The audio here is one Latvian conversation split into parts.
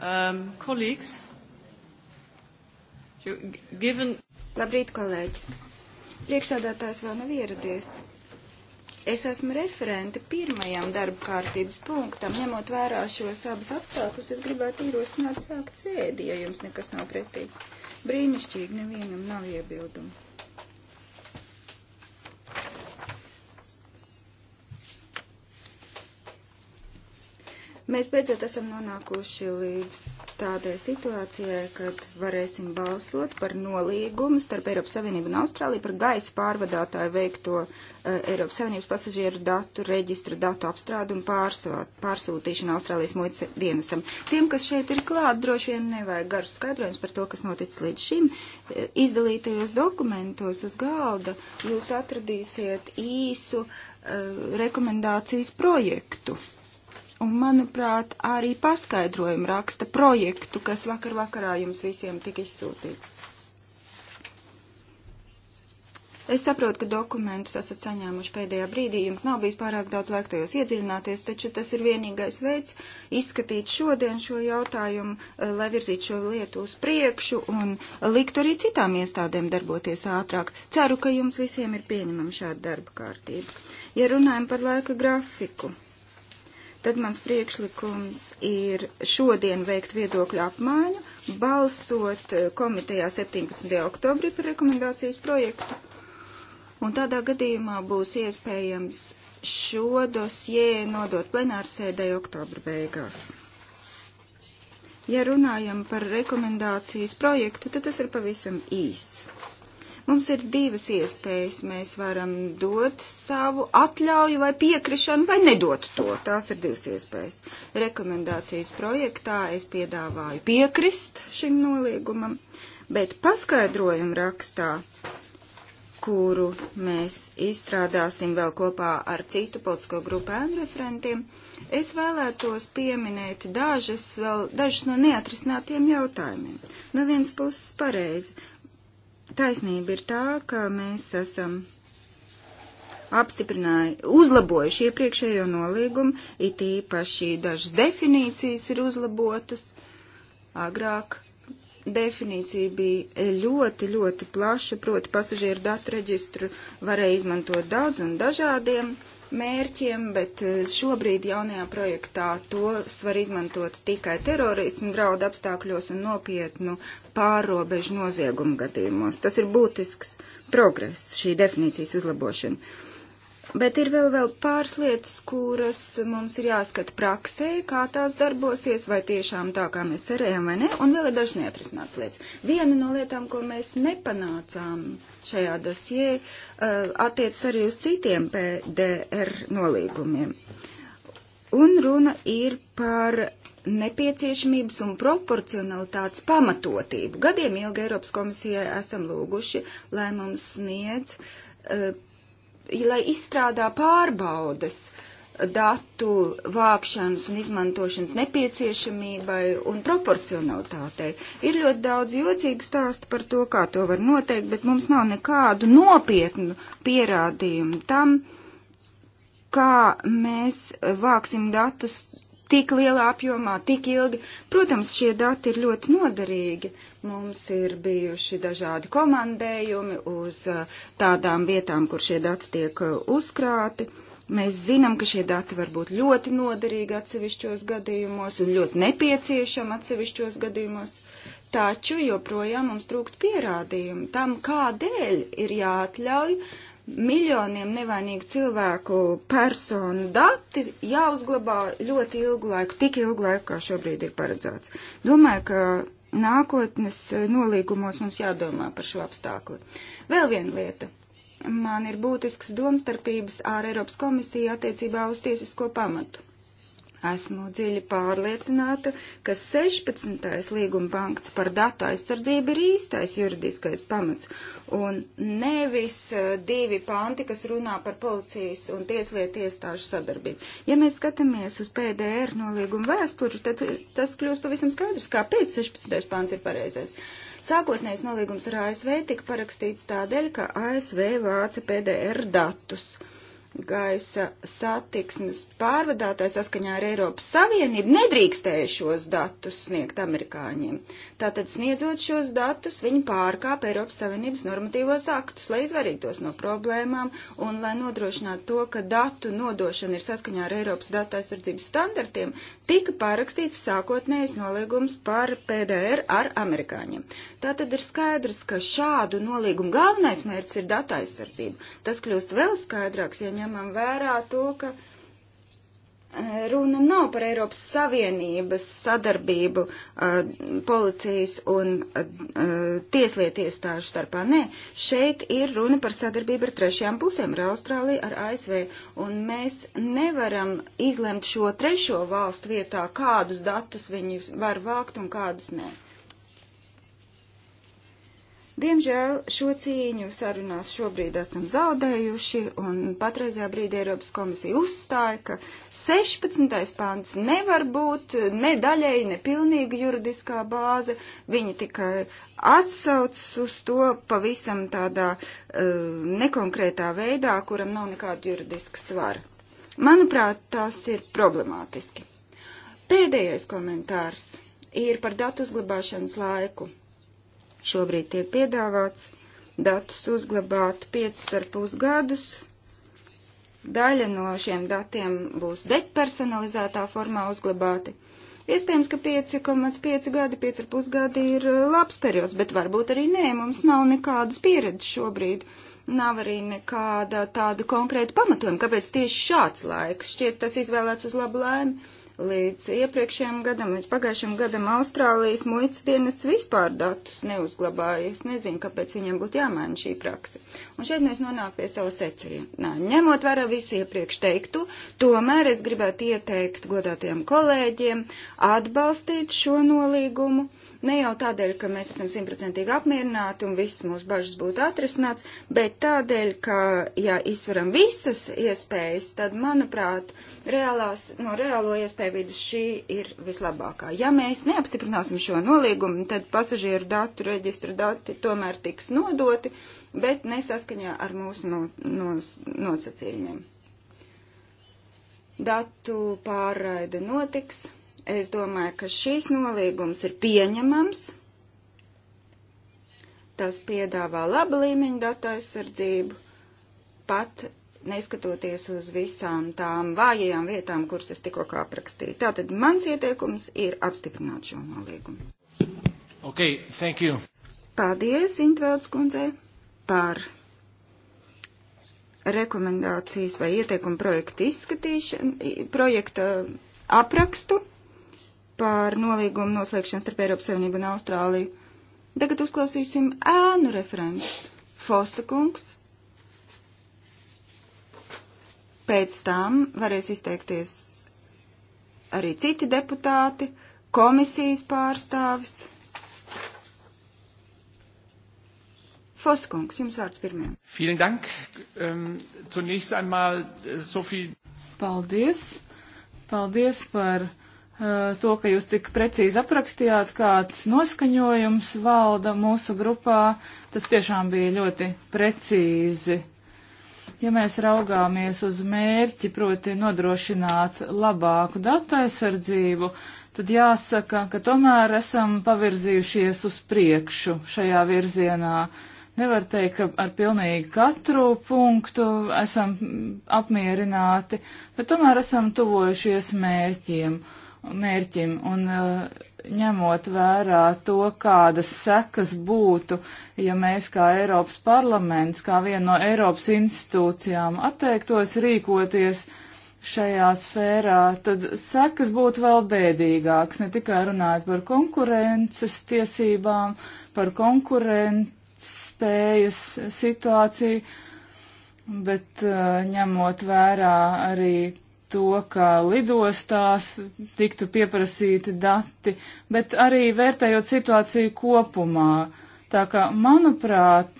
Um, colleagues, given... Labrīt, kolēģi! Priekšādātājs vēl nav ieradies. Es esmu referente pirmajam darba kārtības punktam. Ņemot vērā šos abus apstākļus, es gribētu ierosināt sākt sēdi, ja jums nekas nav pretī. Brīnišķīgi, nevienam nav iebildumu. Mēs beidzot esam nonākuši līdz tādai situācijai, kad varēsim balsot par nolīgumu starp Eiropas Savienību un Austrāliju par gaisa pārvadātāju veikto uh, Eiropas Savienības pasažieru datu reģistru datu apstrādu un pārsot, pārsūtīšanu Austrālijas muitas dienestam. Tiem, kas šeit ir klāt, droši vien nevajag garus skaidrojums par to, kas noticis līdz šim. Eh, izdalītajos dokumentos uz galda jūs atradīsiet īsu uh, rekomendācijas projektu Un, manuprāt, arī paskaidrojumu raksta projektu, kas vakar vakarā jums visiem tika izsūtīts. Es saprotu, ka dokumentus esat saņēmuši pēdējā brīdī, jums nav bijis pārāk daudz laika tajos iedziļināties, taču tas ir vienīgais veids izskatīt šodien šo jautājumu, eh, lai virzītu šo lietu uz priekšu un liktu arī citām iestādēm darboties ātrāk. Ceru, ka jums visiem ir pieņemama šāda darba kārtība. Ja runājam par laika grafiku tad mans priekšlikums ir šodien veikt viedokļu apmaiņu, balsot eh, komitejā 17. oktobrī par rekomendācijas projektu. Un tādā gadījumā būs iespējams šo dosjē nodot plenārsēdē oktobra beigās. Ja runājam par rekomendācijas projektu, tad tas ir pavisam īss. Mums ir divas iespējas. Mēs varam dot savu atļauju vai piekrišanu vai nedot to. Tās ir divas iespējas. Rekomendācijas projektā es piedāvāju piekrist šim noliegumam, bet paskaidrojumu rakstā kuru mēs izstrādāsim vēl kopā ar citu politisko grupu ēnreferentiem, es vēlētos pieminēt dažas, vēl, dažas no neatrisinātiem jautājumiem. No vienas puses pareizi, taisnība ir tā, ka mēs esam apstiprināja, uzlabojuši iepriekšējo nolīgumu, it īpaši dažas definīcijas ir uzlabotas. Agrāk definīcija bija ļoti, ļoti plaša, proti pasažieru datu reģistru varēja izmantot daudz un dažādiem uh, mērķiem, bet eh, šobrīd jaunajā projektā tos var izmantot tikai terorismu draudu apstākļos un nopietnu pārobežu noziegumu gadījumos. Tas ir būtisks progress, šī definīcijas uzlabošana. Bet ir vēl, vēl pāris lietas, kuras mums ir jāskata praksē, kā tās darbosies, vai tiešām tā, kā mēs cerējām, vai ne, un vēl ir dažas neatrisināts lietas. Viena no lietām, ko mēs nepanācām šajā dosjē, eh, attiec arī uz citiem PDR nolīgumiem. Un runa ir par nepieciešamības un proporcionalitātes pamatotību. Gadiem ilgi Eiropas komisijai esam lūguši, lai mums sniedz uh, lai izstrādā pārbaudas datu vākšanas un izmantošanas nepieciešamībai un proporcionalitātei. Ir ļoti daudz jocīgu stāstu par to, kā to var noteikt, bet mums nav nekādu nopietnu pierādījumu tam, kā mēs vāksim datus tik lielā apjomā, tik ilgi. Protams, šie dati ir ļoti noderīgi. Mums ir bijuši dažādi komandējumi uz uh, tādām vietām, kur šie dati tiek uh, uzkrāti. Mēs zinām, ka šie dati var būt ļoti noderīgi atsevišķos gadījumos un ļoti nepieciešami atsevišķos gadījumos. Taču joprojām mums trūkst pierādījumu tam, kādēļ ir jāatļauj uh, miljoniem nevainīgu cilvēku personu dati jāuzglabā ļoti ilgu laiku, tik ilgu laiku, kā šobrīd ir paredzēts. Domāju, ka nākotnes nolīgumos mums jādomā par šo apstākli. Vēl viena lieta. Man ir būtisks domstarpības ar Eiropas komisiju attiecībā uz tiesisko pamatu. Esmu dziļi pārliecināta, ka 16. līguma punkts par datu aizsardzību ir īstais juridiskais pamats, un nevis eh, divi panti, kas runā par policijas un tieslietu iestāžu sadarbību. Ja mēs skatāmies uz PDR nolīguma vēsturi, tad tas kļūst pavisam skaidrs, kāpēc 16. pants ir pareizais. Sākotnējais nolīgums ar ASV tika parakstīts tādēļ, ka ASV vāca PDR datus gaisa satiksmes pārvadātājs saskaņā ar Eiropas Savienību nedrīkstēja šos datus sniegt amerikāņiem. Tātad sniedzot šos datus, viņi pārkāpa Eiropas Savienības normatīvos aktus, lai izvarītos no problēmām un lai nodrošinātu to, ka datu nodošana ir saskaņā ar Eiropas datu aizsardzības standartiem, tika pārakstīts sākotnējs nolīgums par PDR ar amerikāņiem. Tātad ir skaidrs, ka šādu nolīgumu galvenais mērķis ir datu aizsardzība. Tas kļūst vēl skaidrāks, ja ņem ņemam vērā to, ka e, runa nav par Eiropas Savienības sadarbību uh, policijas un uh, tieslietu iestāžu starpā. Nē, šeit ir runa par sadarbību ar trešajām pusēm, ar Austrāliju, ar ASV, un mēs nevaram izlemt šo trešo valstu vietā, kādus datus viņi var vākt un kādus nē. Uh, Diemžēl šo cīņu sarunās šobrīd esam zaudējuši, un patreizajā brīdī Eiropas komisija uzstāja, ka 16. pāns nevar būt ne daļēji, ne pilnīga juridiskā bāze. Viņi tikai atsauc uz to pavisam tādā uh, nekonkrētā veidā, kuram nav nekāda juridiska svara. Manuprāt, tas ir problemātiski. Pēdējais komentārs ir par datu uzglabāšanas laiku. Šobrīd tiek piedāvāts datus uzglabāt 5,5 gadus. Daļa no šiem datiem būs depersonalizētā formā uzglabāti. Iespējams, ka 5,5 gadi, 5,5 gadi ir uh, labs periods, bet varbūt arī nē, mums nav nekādas pieredzes šobrīd. Nav arī nekāda tāda konkrēta pamatojuma, kāpēc tieši šāds laiks šķiet tas izvēlēts uz labu laimi Līdz iepriekšējiem gadam, līdz pagājušajam gadam Austrālijas muitas dienas vispār datus neuzglabāja. Es nezinu, kāpēc viņiem būtu jāmaina šī praksa. Un šeit mēs nonāk pie savu secinājumu. Ņemot vērā visu iepriekš teiktu, tomēr es gribētu ieteikt godātajiem kolēģiem atbalstīt šo nolīgumu Ne jau tādēļ, ka mēs esam simtprocentīgi apmierināti un viss mūsu bažas būtu atrisināts, bet tādēļ, ka, ja izsveram visas iespējas, tad, manuprāt, reālās, no reālo iespēju vidus šī ir vislabākā. Ja mēs neapstiprināsim šo nolīgumu, tad pasažieru datu reģistru dati tomēr tiks nodoti, bet nesaskaņā ar mūsu no, no, nosacījumiem. Datu pārraide notiks es domāju, ka šīs nolīgums ir pieņemams. Tas piedāvā labu līmeņu datu aizsardzību, pat neskatoties uz visām tām vājajām vietām, kuras es tikko aprakstīju. Tātad mans ieteikums ir apstiprināt šo nolīgumu. Ok, thank you. Paldies, Intvelds kundzei, par rekomendācijas vai ieteikumu projektu izskatīšanu, projekta aprakstu par nolīgumu noslēgšanu starp Eiropas Savienību un Austrāliju. Tagad uzklausīsim ēnu referentu. Fosa kungs. Pēc tam varēs izteikties arī citi deputāti, komisijas pārstāvis. Foskungs, jums vārds pirmajam. Vielen dank. Um, zunächst einmal, äh, Sofija. Paldies. Paldies par Eh, to, ka jūs tik precīzi aprakstījāt, kāds noskaņojums valda mūsu grupā. Tas tiešām bija ļoti precīzi. Ja mēs raugāmies uz mērķi, proti nodrošināt labāku datu aizsardzību, tad jāsaka, ka tomēr esam pavirzījušies uz priekšu šajā virzienā. Nevar teikt, ka ar pilnīgi katru punktu esam apmierināti, bet tomēr esam tuvojušies mērķiem. Uh, mērķim un eh, ņemot vērā to, kādas sekas būtu, ja mēs kā Eiropas parlaments, kā viena no Eiropas institūcijām atteiktos rīkoties šajā sfērā, tad sekas būtu vēl bēdīgākas, ne tikai runājot par konkurences tiesībām, par konkurences spējas situāciju, bet eh, ņemot vērā arī to, ka lidostās tiktu pieprasīti dati, bet arī vērtējot situāciju kopumā. Tā kā, manuprāt,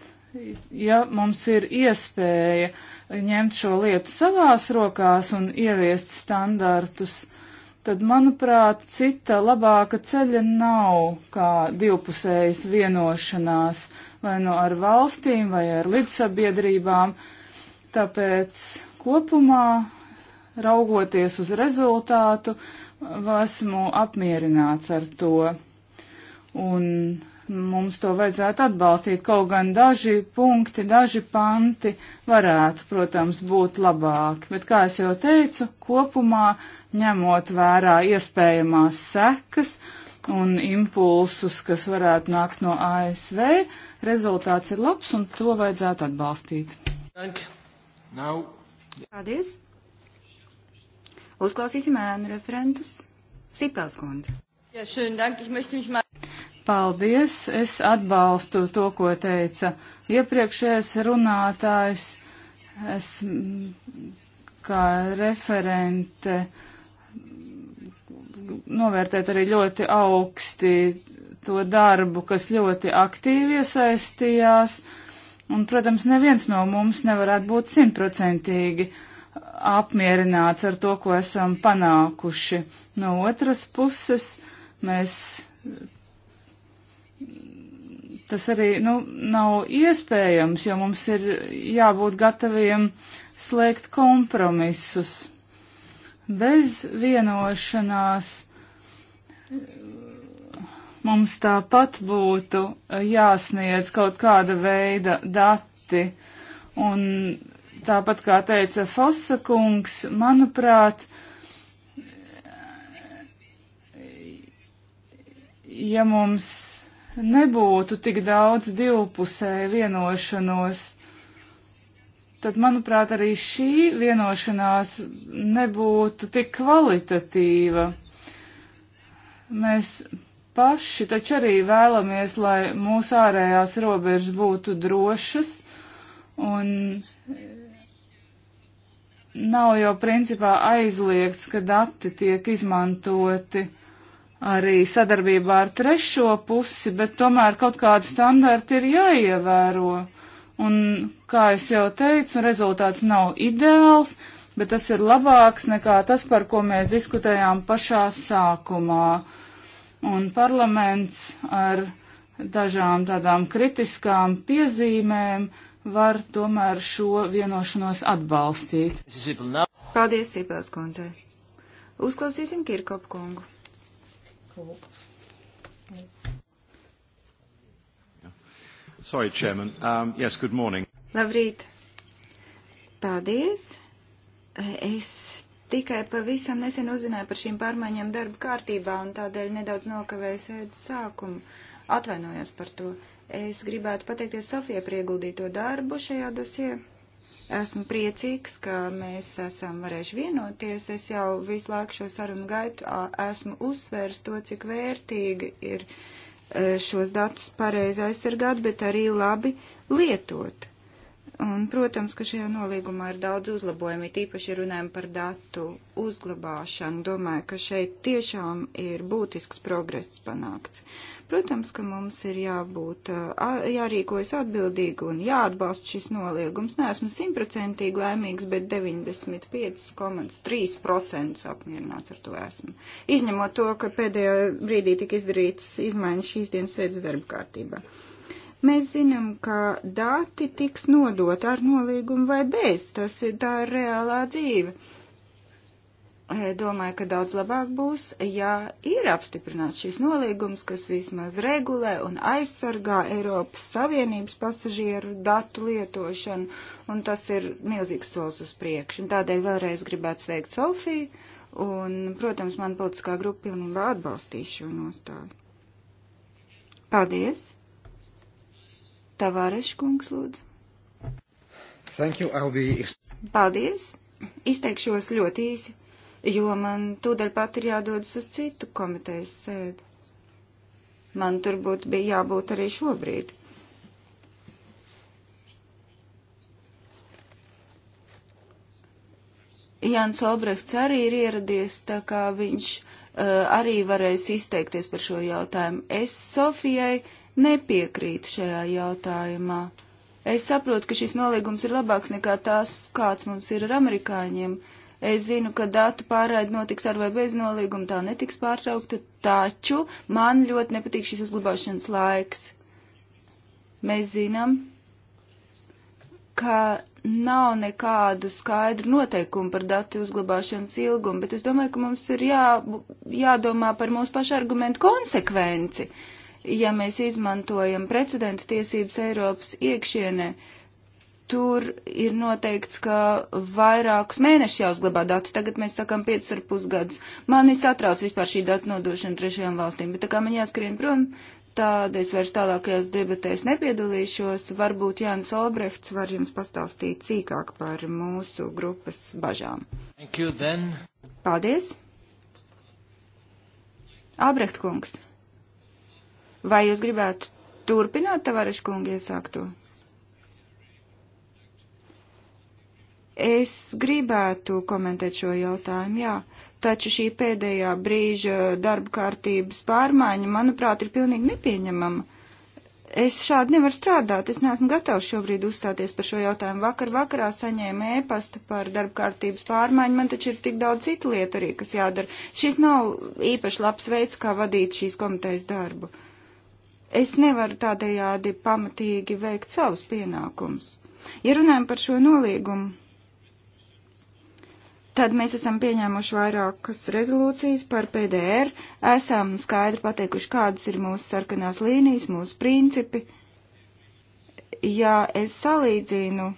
ja mums ir iespēja ņemt šo lietu savās rokās un ieviest standartus, tad, manuprāt, cita labāka ceļa nav kā divpusējas vienošanās vai no nu ar valstīm vai ar līdzsabiedrībām. Tāpēc kopumā raugoties uz rezultātu, esmu apmierināts ar to. Un mums to vajadzētu atbalstīt, kaut gan daži punkti, daži panti varētu, protams, būt labāki. Bet, kā es jau teicu, kopumā ņemot vērā iespējamās sekas un impulsus, kas varētu nākt no ASV, rezultāts ir labs un to vajadzētu atbalstīt. Paldies! Uzklausīsim ēnu referentus. Sipels kundze. Ja, šön, dank, ich möchte mich mal... Paldies, es atbalstu to, ko teica iepriekšējais runātājs. Es kā referente novērtēt arī ļoti augsti to darbu, kas ļoti aktīvi iesaistījās. Un, protams, neviens no mums nevarētu būt simtprocentīgi apmierināts ar to, ko esam panākuši. No otras puses, mēs tas arī nu, nav iespējams, jo mums ir jābūt gataviem slēgt kompromisus. Bez vienošanās mums tāpat būtu jāsniedz kaut kāda veida dati, un Tāpat kā teica Fosa kungs, manuprāt, ja mums nebūtu tik daudz divpusēju vienošanos, tad, manuprāt, arī šī vienošanās nebūtu tik kvalitatīva. Mēs paši taču arī vēlamies, lai mūsu ārējās robežas būtu drošas, un nav jau principā aizliegts, ka dati tiek izmantoti arī sadarbībā ar trešo pusi, bet tomēr kaut kādi standarti ir jāievēro. Un, kā es jau teicu, rezultāts nav ideāls, bet tas ir labāks nekā tas, par ko mēs diskutējām pašā sākumā. Un parlaments ar dažām tādām kritiskām piezīmēm uh, var tomēr šo vienošanos atbalstīt. Paldies, Sīpels kundze. Uzklausīsim Kirkopu kungu. Sorry, Chairman. Um, yes, good morning. Labrīt. Paldies. Es tikai pavisam nesen uzzināju par šīm pārmaiņām darba kārtībā un tādēļ nedaudz nokavēju sēdes sākumu. Atvainojos par to. Es gribētu pateikties Sofijai par ieguldīto darbu šajā dosie. Esmu priecīgs, ka mēs esam varējuši vienoties. Es jau visu laiku šo sarunu gaitu esmu uzsvērs to, cik vērtīgi ir e, šos datus pareizi aizsargāt, bet arī labi lietot. Un, protams, ka šajā nolīgumā ir daudz uzlabojumi, tīpaši runājam par datu uzglabāšanu. Domāju, ka šeit tiešām ir būtisks progress panākts. Protams, ka mums ir jābūt, jārīkojas atbildīgi un jāatbalsta šis noliegums. Neesmu simtprocentīgi laimīgs, bet 95,3% apmierināts ar to esmu. Izņemot to, ka pēdējā brīdī tika izdarīts izmaiņas šīs dienas sēdes darba kārtībā. Mēs zinām, ka dati tiks nodot ar nolīgumu vai bez. Tas ir tā ir reālā dzīve. E, domāju, ka daudz labāk būs, ja ir apstiprināts šis nolīgums, kas vismaz regulē un aizsargā Eiropas Savienības pasažieru datu lietošanu, un tas ir milzīgs solis uz priekšu. Un tādēļ vēlreiz gribētu sveikt Sofiju, un, protams, man politiskā grupa pilnībā atbalstīs šo nostāju. Paldies! Tavāreš kungs, lūdzu. Thank you, I'll be... Paldies! Izteikšos ļoti īsi, jo man tūdaļ pat ir jādodas uz citu komitejas sēdi. Man tur būtu bija jābūt arī šobrīd. Jans Obrechts arī ir ieradies, tā kā viņš uh, arī varēs izteikties par šo jautājumu. Es Sofijai uh, nepiekrīt šajā jautājumā. Es saprotu, ka šis nolīgums ir labāks nekā tās, kāds mums ir ar amerikāņiem. Es zinu, ka datu pārraide notiks ar vai bez nolīguma, tā netiks pārtraukta, taču man ļoti nepatīk šis uzglabāšanas laiks. Mēs zinām, ka nav nekādu skaidru noteikumu par datu uzglabāšanas ilgumu, bet es domāju, ka mums ir jā, jādomā par mūsu pašu argumentu konsekvenci. Uh, ja mēs izmantojam precedenta tiesības Eiropas iekšienē, tur ir noteikts, ka vairākus mēnešus jāuzglabā dati. Tagad mēs sakām 5,5 gadus. Mani satrauc vispār šī datu nodošana trešajām valstīm, bet tā kā man jāskrien prom, tāda es vairs tālākajās debatēs nepiedalīšos. Varbūt Jānis Olbrehts var jums pastāstīt cīkāk par mūsu grupas bažām. Thank you, then. Paldies! Albrecht kungs! Vai jūs gribētu turpināt, tavarašu kungi, iesākto? Es gribētu komentēt šo jautājumu, jā, taču šī pēdējā brīža darba kārtības pārmaiņa, manuprāt, ir pilnīgi nepieņemama. Es šādi nevaru strādāt, es neesmu gatavs šobrīd uzstāties par šo jautājumu. Vakar vakarā saņēmu ēpastu par darba kārtības pārmaiņu, man taču ir tik daudz citu lietu arī, kas jādara. Šis nav īpaši labs veids, kā vadīt šīs komitejas darbu. Uh, es nevaru tādējādi pamatīgi veikt savus pienākumus. Ja runājam par šo nolīgumu, tad mēs esam pieņēmuši vairākas rezolūcijas par PDR, esam skaidri pateikuši, kādas ir mūsu sarkanās līnijas, mūsu principi. Ja es salīdzinu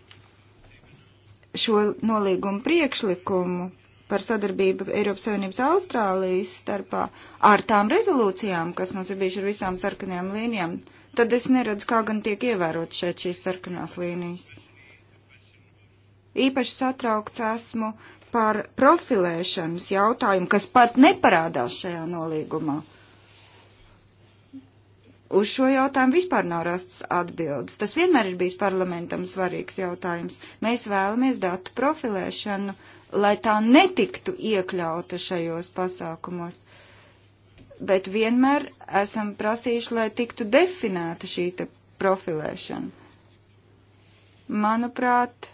šo nolīgumu priekšlikumu par sadarbību Eiropas Savienības Austrālijas starpā ar tām rezolūcijām, kas mums ir bijuši ar visām sarkanajām līnijām, tad es neredzu, kā gan tiek ievērot šeit šīs sarkanās līnijas. Īpaši satraukts esmu par profilēšanas jautājumu, kas pat neparādās šajā nolīgumā. Uz šo jautājumu vispār nav rasts atbildes. Tas vienmēr ir bijis parlamentam svarīgs jautājums. Mēs vēlamies datu profilēšanu uh, lai tā netiktu iekļauta šajos pasākumos. Bet vienmēr esam prasījuši, lai tiktu definēta šī profilēšana. Manuprāt,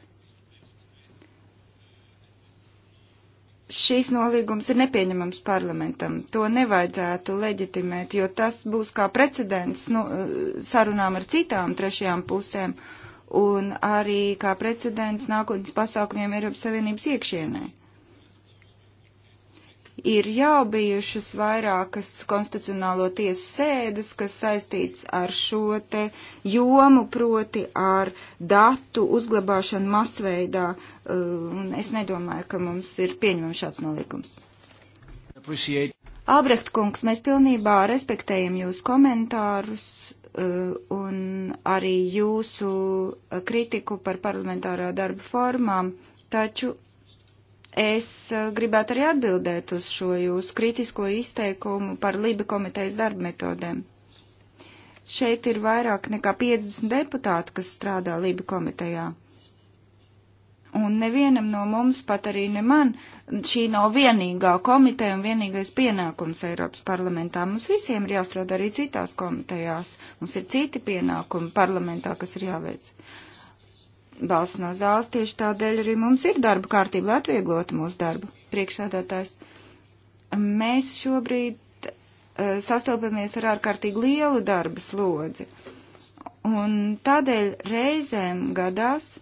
šīs nolīgums ir nepieņemams parlamentam. To nevajadzētu leģitimēt, jo tas būs kā precedents nu, sarunām ar citām trešajām pusēm. Uh, un arī kā precedents nākotnes pasākumiem Eiropas Savienības iekšienē. Ir jau bijušas vairākas konstitucionālo tiesu sēdes, kas saistīts ar šo te jomu, proti ar datu uzglabāšanu masveidā, uh, un es nedomāju, ka mums ir pieņemams šāds nolikums. Appreciate. Albrecht kungs, mēs pilnībā respektējam jūsu komentārus Eh, un arī jūsu kritiku par parlamentārā darba formām, taču es eh, gribētu arī atbildēt uz šo jūsu kritisko izteikumu par Liba komitejas darba metodēm. Šeit ir vairāk nekā 50 deputāti, kas strādā Liba komitejā. Un nevienam no mums, pat arī ne man, šī nav vienīgā komiteja un vienīgais pienākums Eiropas parlamentā. Mums visiem ir jāstrādā arī citās komitejās. Mums ir citi pienākumi parlamentā, kas ir jāveic. Balsts no zāles tieši tādēļ arī mums ir darba kārtība, lai atvieglotu mūsu darbu. Priekšsādātājs, mēs šobrīd uh, sastopamies ar ārkārtīgi lielu darba slodzi. Un tādēļ reizēm gadās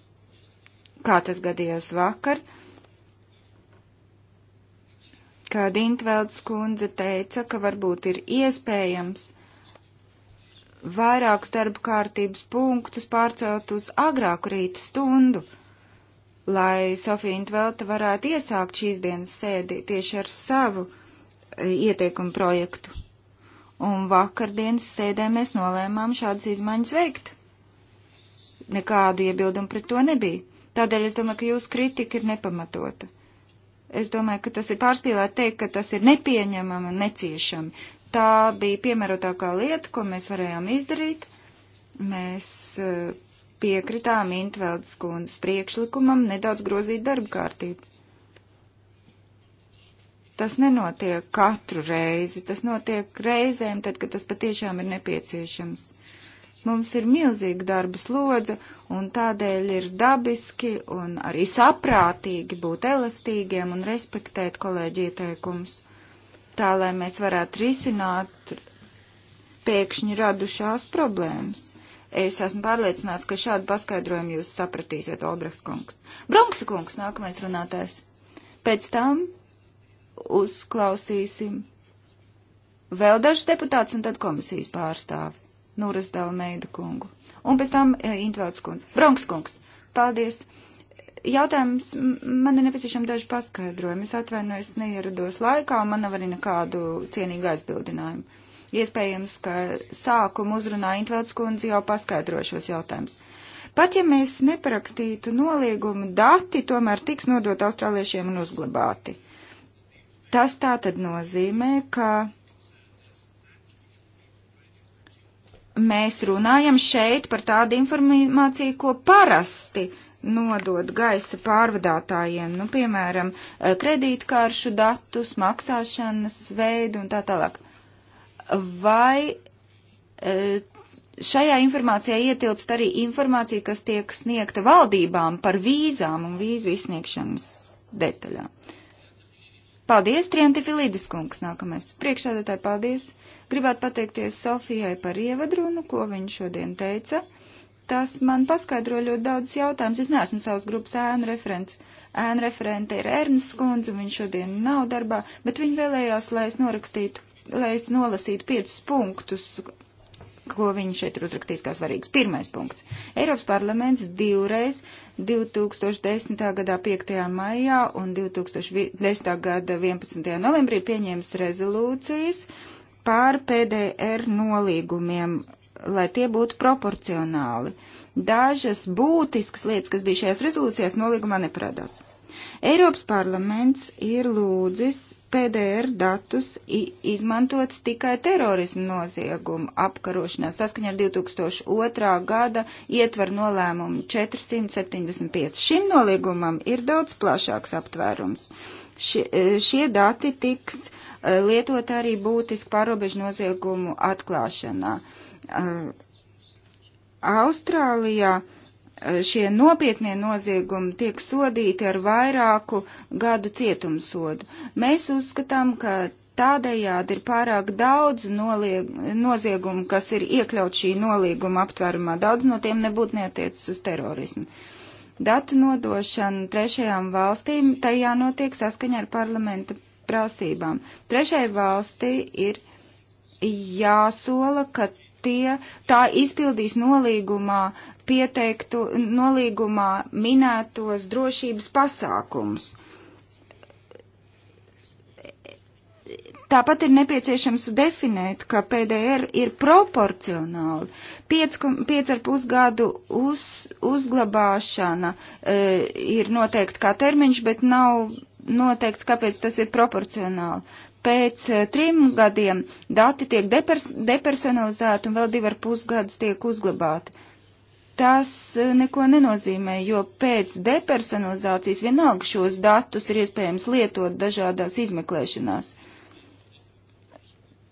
kā tas gadījās vakar, kad Intvelds kundze teica, ka varbūt ir iespējams vairākus darba kārtības punktus pārcelt uz agrāku rīta stundu, lai Sofija Intvelta varētu iesākt šīs dienas sēdi tieši ar savu e, ieteikumu projektu. Un vakardienas sēdē mēs nolēmām šādas izmaiņas veikt. Nekādu iebildumu pret to nebija. Tādēļ es domāju, ka jūsu kritika ir nepamatota. Es domāju, ka tas ir pārspīlēt teikt, ka tas ir nepieņemami un neciešami. Tā bija piemērotākā lieta, ko mēs varējām izdarīt. Mēs eh, piekritām Intveldes kundas priekšlikumam nedaudz grozīt darba kārtību. Tas nenotiek katru reizi, tas notiek reizēm, tad, kad tas patiešām ir nepieciešams. Uh, Mums ir milzīga darba slodze, un tādēļ ir dabiski un arī saprātīgi būt elastīgiem un respektēt kolēģi ieteikumus, tā lai mēs varētu risināt pēkšņi radušās problēmas. Es esmu pārliecināts, ka šādu paskaidrojumu jūs sapratīsiet, Olbrecht kungs. Bronksa kungs, nākamais runātājs. Pēc tam uzklausīsim vēl dažus deputātus un tad komisijas pārstāvi. Nūras Dalmeida kungu. Un pēc tam eh, Intvelds kungs. Bronks kungs. Paldies. Jautājums, man ir nepieciešama daži paskaidrojumi. Es atvainojos, neierados laikā, un man nav arī nekādu cienīgu aizbildinājumu. Iespējams, ka sākumu uzrunā Intvelds kundze jau paskaidrošos jautājumus. Pat ja mēs neparakstītu noliegumu, dati tomēr tiks nodot austrāliešiem un uzglabāti. Tas tā tad nozīmē, ka mēs runājam šeit par tādu informāciju, ko parasti nodod gaisa pārvadātājiem, nu, piemēram, kredītkāršu datus, maksāšanas veidu un tā tālāk. Vai e, šajā informācijā ietilpst arī informācija, kas tiek sniegta valdībām par vīzām un vīzu izsniegšanas detaļām? Paldies, Trientifilīdis kungs, nākamais priekšādātāji, paldies. Uh, Gribētu pateikties Sofijai par ievadrunu, ko viņa šodien teica. Tas man paskaidro ļoti daudz jautājumus. Es neesmu savas grupas ēnu referents. Ēnu referente ir Ernsts Kundze, un viņš šodien nav darbā, bet viņa vēlējās, lai es norakstītu, lai es nolasītu piecus punktus, ko viņš šeit ir uzrakstījis kā svarīgs. Pirmais punkts. Eiropas parlaments divreiz 2010. gadā 5. maijā un 2010. gada 11. novembrī pieņēmis rezolūcijas pār PDR nolīgumiem, lai tie būtu proporcionāli. Dažas būtiskas lietas, kas bija šajās rezolūcijās, nolīgumā neparādās. Eiropas parlaments ir lūdzis PDR datus izmantot tikai terorismu noziegumu apkarošanā saskaņā ar 2002. gada ietvaru nolēmumu 475. Šim noliegumam ir daudz plašāks aptvērums. Šie, šie dati tiks lietot arī būtiski pārobežu noziegumu atklāšanā. Austrālijā šie nopietnie noziegumi tiek sodīti ar vairāku gadu cietumsodu. Mēs uzskatām, ka tādējādi ir pārāk daudz nolieg, noziegumu, kas ir iekļaut šī nolieguma aptvērumā. Daudz no tiem nebūtu neatiecas uz terorismu. Datu nodošana trešajām valstīm tajā notiek saskaņā ar parlamenta prasībām. Trešai valstī ir jāsola, ka tie, tā izpildīs nolīgumā pieteiktu, nolīgumā minētos drošības pasākums. Tāpat ir nepieciešams definēt, ka PDR ir proporcionāli. 5,5 gadu uz, uzglabāšana e, ir noteikti kā termiņš, bet nav noteikts, kāpēc tas ir proporcionāli. Pēc eh, trim gadiem dati tiek depers depersonalizēti un vēl divi ar pusgadus tiek uzglabāti. Tas eh, neko nenozīmē, jo pēc depersonalizācijas vienalga šos datus ir iespējams lietot dažādās izmeklēšanās.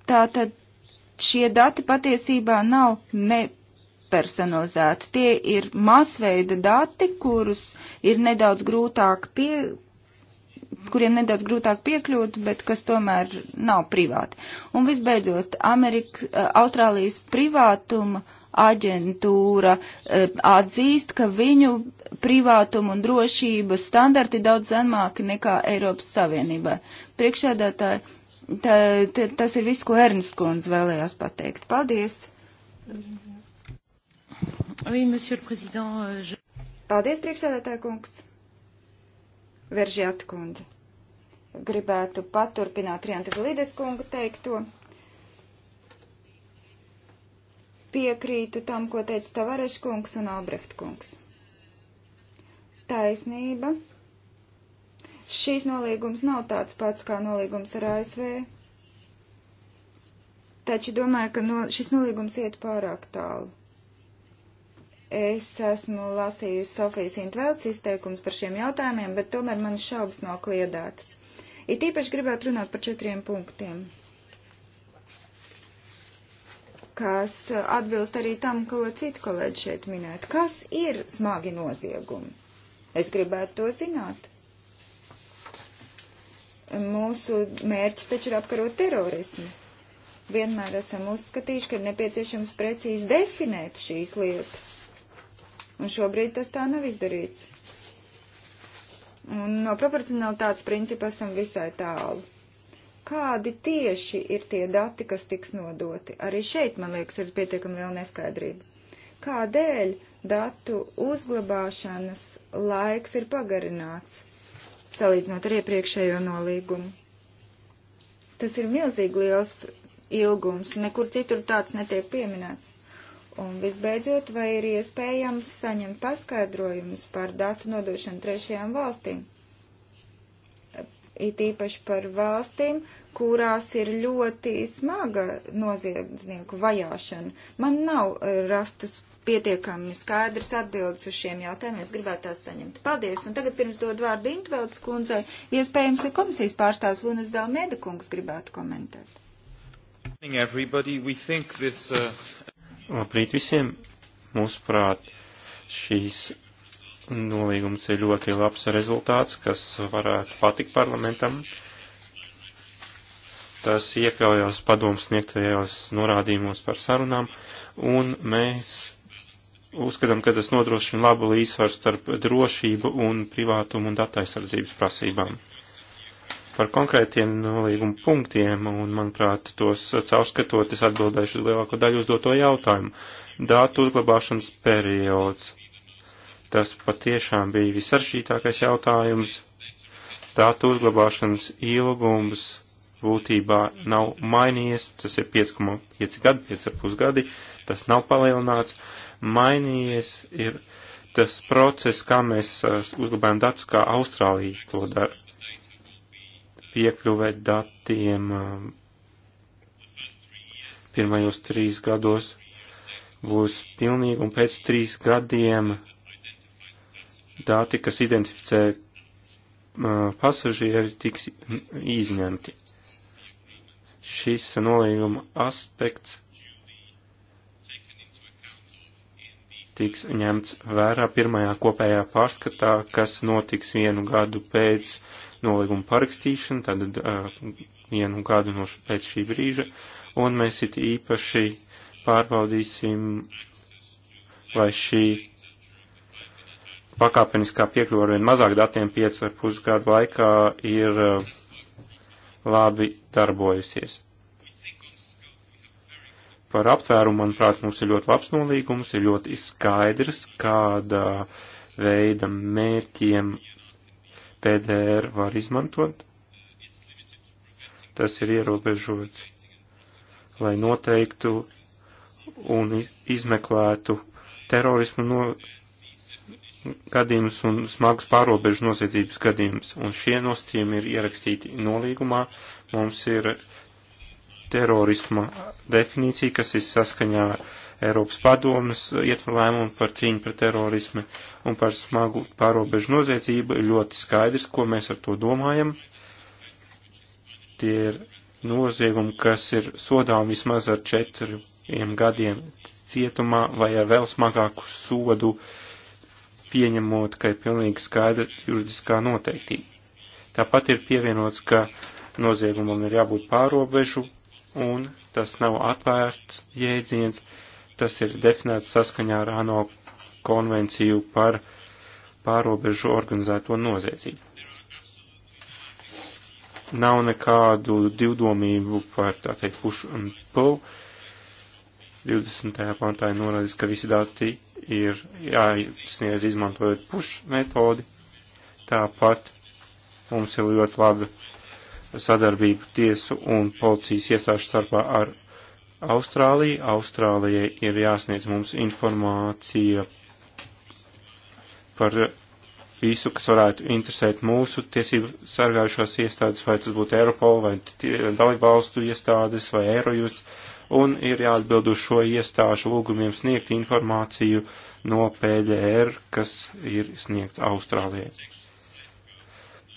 Tātad šie dati patiesībā nav ne personalizēti. Tie ir masveida dati, kurus ir nedaudz grūtāk pie, kuriem nedaudz grūtāk piekļūt, bet kas tomēr nav privāti. Un visbeidzot, Amerika, Austrālijas privātuma aģentūra e, atzīst, ka viņu privātuma un drošības standarti daudz zemāki nekā Eiropas Savienībā. Priekšādātāji, tā, tā, tas ir viss, ko Ernsts Kunz vēlējās pateikt. Paldies! Oui, monsieur le président. Euh, je... Paldies, priekšsēdētāja kungs. Veržiet kundze gribētu paturpināt Rianta Vilides kunga teikto. Piekrītu tam, ko teica Tavareš kungs un Albrecht kungs. Taisnība. Šīs nolīgums nav tāds pats kā nolīgums ar ASV. Taču domāju, ka no, šis nolīgums iet pārāk tālu. Es esmu lasījusi Sofijas Intvelts izteikums par šiem jautājumiem, bet tomēr man šaubas nav kliedētas It īpaši gribētu runāt par četriem punktiem, kas atbilst arī tam, ko citi kolēģi šeit minēt. Kas ir smagi noziegumi? Es gribētu to zināt mūsu mērķis taču ir apkarot terorismu. Vienmēr esam uzskatījuši, ka ir nepieciešams precīzi definēt šīs lietas. Un šobrīd tas tā nav izdarīts. Un no proporcionalitātes principa esam visai tālu. Kādi tieši ir tie dati, kas tiks nodoti? Arī šeit, man liekas, ir pietiekami liela neskaidrība. Kādēļ datu uzglabāšanas laiks ir pagarināts, salīdzinot ar iepriekšējo nolīgumu? Tas ir milzīgi liels ilgums, nekur citur tāds netiek pieminēts. Un visbeidzot, vai ir iespējams saņemt paskaidrojumus par datu nodošanu trešajām valstīm? It īpaši par valstīm, kurās ir ļoti smaga noziedznieku vajāšana. Man nav eh, rastas pietiekami skaidrs atbildes uz šiem jautājumiem. Es gribētu tās saņemt. Paldies! Un tagad pirms dod vārdu Intveldes kundzei, iespējams, ka komisijas pārstāvs Lunas Dalmēda kungs gribētu komentēt. Everybody, we think this uh, Labrīt visiem! Mūsuprāt, šīs nolīgums ir ļoti labs rezultāts, kas varētu patikt parlamentam. Tas iekļaujās padoms sniegtajos norādījumos par sarunām, un mēs uzskatām, ka tas nodrošina labu līdzsvaru starp drošību un privātumu un dataizsardzības prasībām par konkrētiem nolīguma punktiem, un, manuprāt, tos caurskatot, es atbildēšu uz lielāko daļu uzdoto jautājumu. Dātu uzglabāšanas periods. Tas patiešām bija visaršītākais jautājums. Dātu uzglabāšanas ilgums būtībā nav mainījies, tas ir 5,5 gadi, 5,5 gadi, tas nav palielināts. Mainījies ir tas process, kā mēs uh, uzglabājam datus, kā Austrālija to dara piekļuvē datiem um, pirmajos trīs gados būs pilnīgi, un pēc trīs gadiem dati, kas identificē uh, pasažieri, tiks izņemti. Šis nolīguma aspekts tiks ņemts vērā pirmajā kopējā pārskatā, kas notiks vienu gadu pēc uh, nolīguma parakstīšanu, tātad uh, vienu gadu no pēc šī brīža, un mēs it īpaši pārbaudīsim, vai šī pakāpeniskā piekļuva ar vien mazāk datiem piecu ar pusgadu laikā ir uh, labi darbojusies. Par aptvērumu, manuprāt, mums ir ļoti labs nolīgums, ir ļoti skaidrs, kāda veida mērķiem PDR var izmantot. Tas ir ierobežots, lai noteiktu un izmeklētu terorismu no gadījumus un smagas pārobežu noziedzības gadījumus. Un šie nosacījumi ir ierakstīti nolīgumā. Mums ir terorisma definīcija, kas ir saskaņā ar Eiropas padomas ietver lēmumu par cīņu pret terorismu un par smagu pārobežu noziedzību, ir ļoti skaidrs, ko mēs ar to domājam. Tie ir noziegumi, kas ir sodām vismaz ar četriem gadiem cietumā vai ar vēl smagāku sodu, pieņemot, ka ir pilnīgi skaidra juridiskā noteiktība. Tāpat ir pievienots, ka noziegumam ir jābūt pārobežu, un tas nav atvērts jēdziens, Tas ir definēts saskaņā ar ANO konvenciju par pārobežu organizēto noziedzību. Nav nekādu divdomību par, tā teikt, push un pull. 20. pantā ir norādīts, ka visi dati ir jāsniedz izmantojot push metodi. Tāpat mums ir ļoti laba sadarbība tiesu un policijas iestāžu starpā ar Austrāliju. Austrālijai ir jāsniedz mums informācija par visu, kas varētu interesēt mūsu tiesību sargājušās iestādes, vai tas būtu Eiropola, vai dalībvalstu iestādes, vai Eirojus, un ir jāatbild uz šo iestāžu lūgumiem sniegt informāciju no PDR, kas ir sniegts Austrālijai.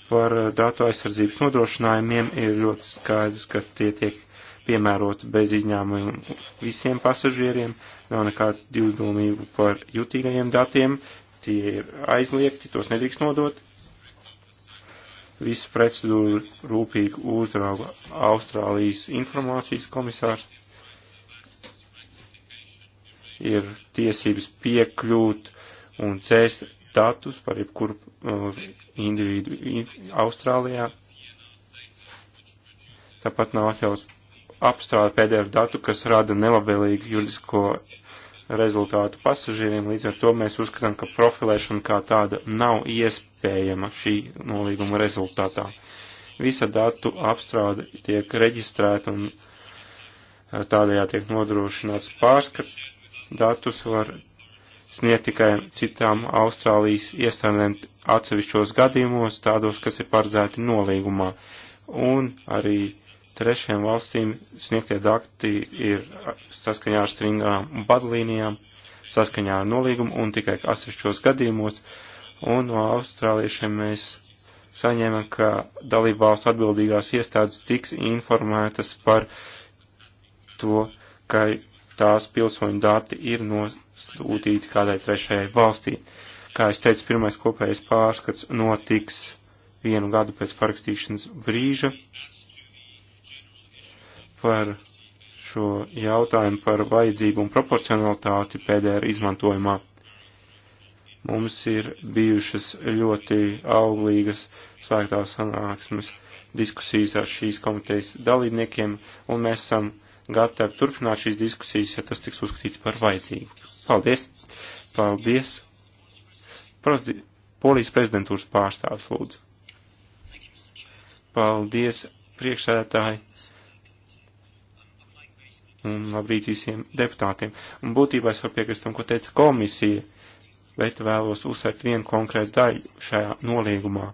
Par datu aizsardzības nodrošinājumiem ir ļoti skaidrs, ka tie tiek piemērota bez izņēmumiem visiem pasažieriem, nav nekādu divdomību par jutīgajiem datiem, tie ir aizliegti, tos nedrīkst nodot. Visu procedūru rūpīgi uzrauga Austrālijas informācijas komisārs. Ir tiesības piekļūt un cēst datus par jebkuru uh, individu in, Austrālijā. Tāpat nav atļauts apstrādi pēdējo datu, kas rada nelabvēlīgu juridisko rezultātu pasažieriem, līdz ar to mēs uzskatām, ka profilēšana kā tāda nav iespējama šī nolīguma rezultātā. Visa datu apstrāde tiek reģistrēta un eh, tādējā tiek nodrošināts pārskats. Datus var sniegt tikai citām Austrālijas iestādēm atsevišķos gadījumos, tādos, kas ir paredzēti nolīgumā. Un arī trešajām valstīm sniegtie dati ir saskaņā ar stringām badlīnijām, saskaņā ar nolīgumu un tikai atsevišķos gadījumos, un no austrāliešiem mēs saņēmām, ka dalību valstu atbildīgās iestādes tiks informētas par to, ka tās pilsoņu dati ir nosūtīti kādai trešajai valstī. Kā es teicu, pirmais kopējais pārskats notiks vienu gadu pēc parakstīšanas brīža par šo jautājumu par vajadzību un proporcionalitāti PDR izmantojumā. Mums ir bijušas ļoti auglīgas slēgtās sanāksmes diskusijas ar šīs komitejas dalībniekiem, un mēs esam gatavi turpināt šīs diskusijas, ja tas tiks uzskatīts par vajadzīgu. Paldies! Paldies! Prozdi, Polijas prezidentūras pārstāvis lūdzu. Paldies, priekšsēdētāji! un labrīt visiem deputātiem. Un būtībā es varu piekrist tam, ko teica komisija, bet vēlos uzsvērt vienu konkrētu daļu šajā nolīgumā.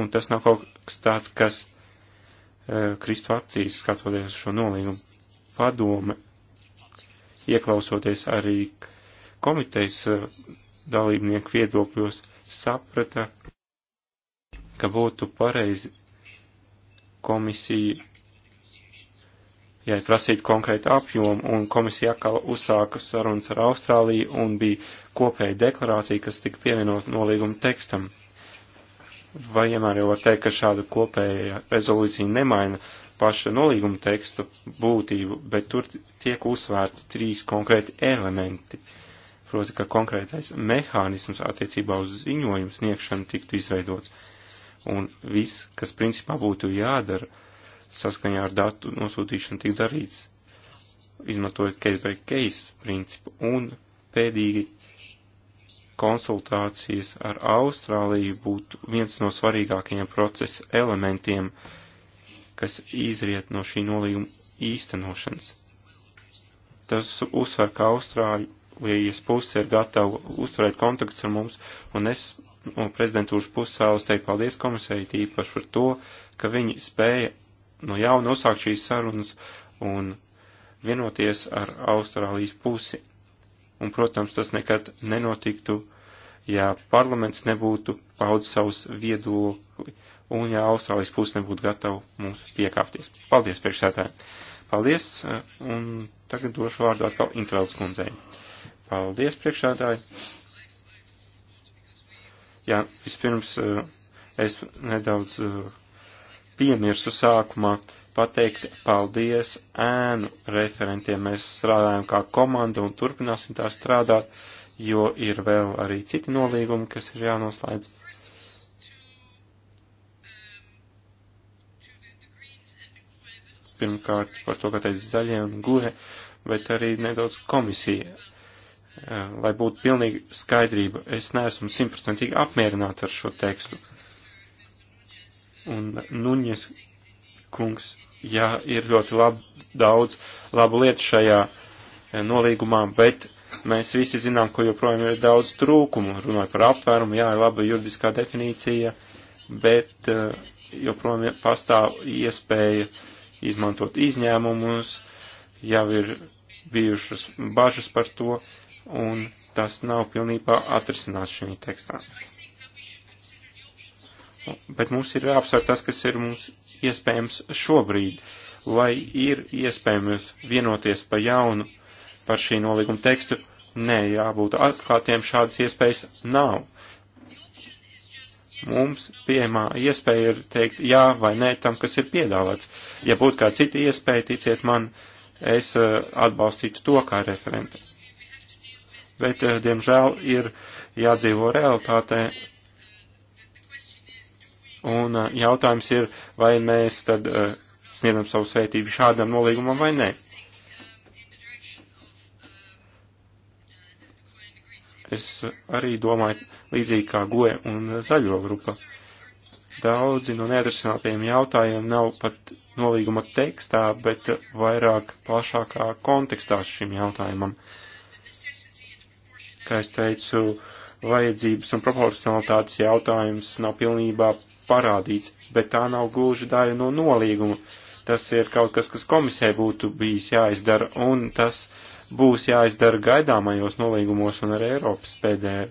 Un tas nav kaut kas tāds, kas uh, kristu acīs skatoties uz šo nolīgumu. Padome, ieklausoties arī komitejas uh, dalībnieku viedokļos, saprata, ka būtu pareizi komisija ja prasītu konkrētu apjomu, un komisija atkal uzsāka sarunas ar Austrāliju un bija kopēja deklarācija, kas tika pievienot nolīguma tekstam. Vai vienmēr jau var teikt, ka šāda kopēja rezolūcija nemaina paša nolīguma tekstu būtību, bet tur tiek uzsvērti trīs konkrēti elementi. Proti, ka konkrētais mehānisms attiecībā uz ziņojumu sniegšanu tiktu izveidots. Un viss, kas principā būtu jādara, uh, saskaņā ar datu nosūtīšanu tiek darīts, izmantojot case by case principu un pēdīgi konsultācijas ar Austrāliju būtu viens no svarīgākajiem procesa elementiem, kas izriet no šī nolīguma īstenošanas. Tas uzsver, ka Austrālijas puse ir gatava uzturēt kontakts ar mums, un es no prezidentūras puses vēlos teikt paldies komisēji tīpaši par to, ka viņi spēja no jauna uzsākt šīs sarunas un vienoties ar Austrālijas pusi. Un, protams, tas nekad nenotiktu, ja parlaments nebūtu paudz savus viedokli un ja Austrālijas puse nebūtu gatava mums piekāpties. Paldies, priekšsētāji! Paldies, un tagad došu vārdu atkal Intrēlas kundzei. Paldies, priekšsētāji! Jā, vispirms eh, es nedaudz eh, piemirsu sākumā pateikt paldies ēnu referentiem. Mēs strādājam kā komanda un turpināsim tā strādāt, jo ir vēl arī citi nolīgumi, kas ir jānoslēdz. Pirmkārt par to, ka teica zaļie un guļie, bet arī nedaudz komisija. Eh, lai būtu pilnīgi skaidrība, es neesmu simtprocentīgi apmierināts ar šo tekstu. Uh, Un Nuņies kungs, jā, ir ļoti lab, daudz labu lietu šajā eh, nolīgumā, bet mēs visi zinām, ka joprojām ir daudz trūkumu. Runāju par aptvērumu, jā, ir laba juridiskā definīcija, bet eh, joprojām pastāv iespēja izmantot izņēmumus, jau ir bijušas bažas par to, un tas nav pilnībā atrisināts šī tekstā bet mums ir jāapsver tas, kas ir mums iespējams šobrīd, vai ir iespējams vienoties pa jaunu par šī nolīguma tekstu. Nē, jābūt atklātiem, šādas iespējas nav. Mums pieejamā iespēja ir teikt jā vai nē tam, kas ir piedāvāts. Ja būtu kā cita iespēja, ticiet man, es eh, atbalstītu to kā referenta. Bet, eh, diemžēl, ir jādzīvo realitātē Un uh, jautājums ir, vai mēs tad uh, sniedzam savu svētību šādam nolīgumam vai nē. Es arī domāju līdzīgi kā goja un zaļo grupa. Daudzi no neatrisinātajiem jautājumiem nav pat nolīguma tekstā, bet vairāk plašākā kontekstā šim jautājumam. Kā es teicu, vajadzības un proporcionalitātes jautājums nav pilnībā parādīts, bet tā nav gluži daļa no nolīguma. Tas ir kaut kas, kas komisē būtu bijis jāizdara, un tas būs jāizdara gaidāmajos nolīgumos un ar Eiropas pēdējā.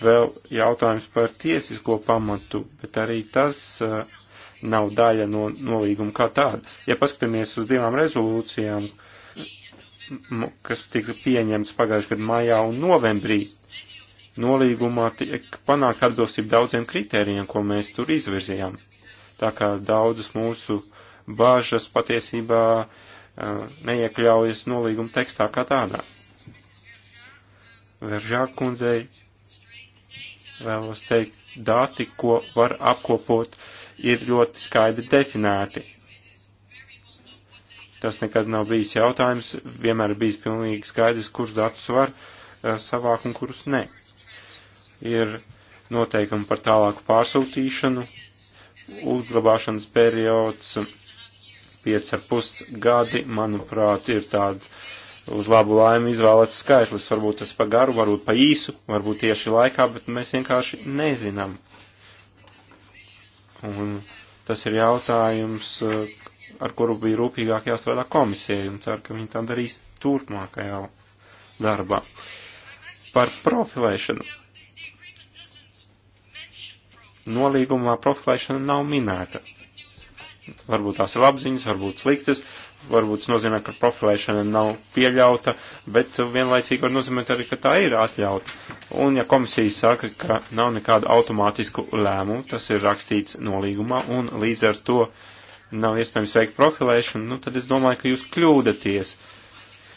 Vēl jautājums par tiesisko pamatu, bet arī tas uh, nav daļa no nolīguma kā tāda. Ja paskatāmies uz divām rezolūcijām, kas tika pieņemts pagājušajā gadā maijā un novembrī, nolīgumā tiek panākt atbilstību daudziem kritērijiem, ko mēs tur izvirzījām. Tā kā daudzas mūsu bāžas patiesībā uh, neiekļaujas nolīguma tekstā kā tādā. Veržāk kundzei vēlos teikt, dati, ko var apkopot, ir ļoti skaidri definēti. Tas nekad nav bijis jautājums, vienmēr bijis pilnīgi skaidrs, kurus datus var uh, savākt un kurus ne. Uh, ir noteikumi par tālāku pārsūtīšanu, uzglabāšanas periods 5,5 gadi, manuprāt, ir tāds uz labu laimi izvēlēts skaitlis. Varbūt tas pa garu, varbūt pa īsu, varbūt tieši laikā, bet mēs vienkārši nezinām. Un tas ir jautājums, ar kuru bija rūpīgāk jāstrādā komisijai, un ceru, ka viņi tā darīs turpmākajā darbā. Par profilēšanu nolīgumā profilēšana nav minēta. Varbūt tās ir labziņas, varbūt sliktas, varbūt tas nozīmē, ka profilēšana nav pieļauta, bet vienlaicīgi var nozīmēt arī, ka tā ir atļauta. Un ja komisija saka, ka nav nekādu automātisku lēmumu, tas ir rakstīts nolīgumā, un līdz ar to nav iespējams veikt profilēšanu, nu tad es domāju, ka jūs kļūdaties,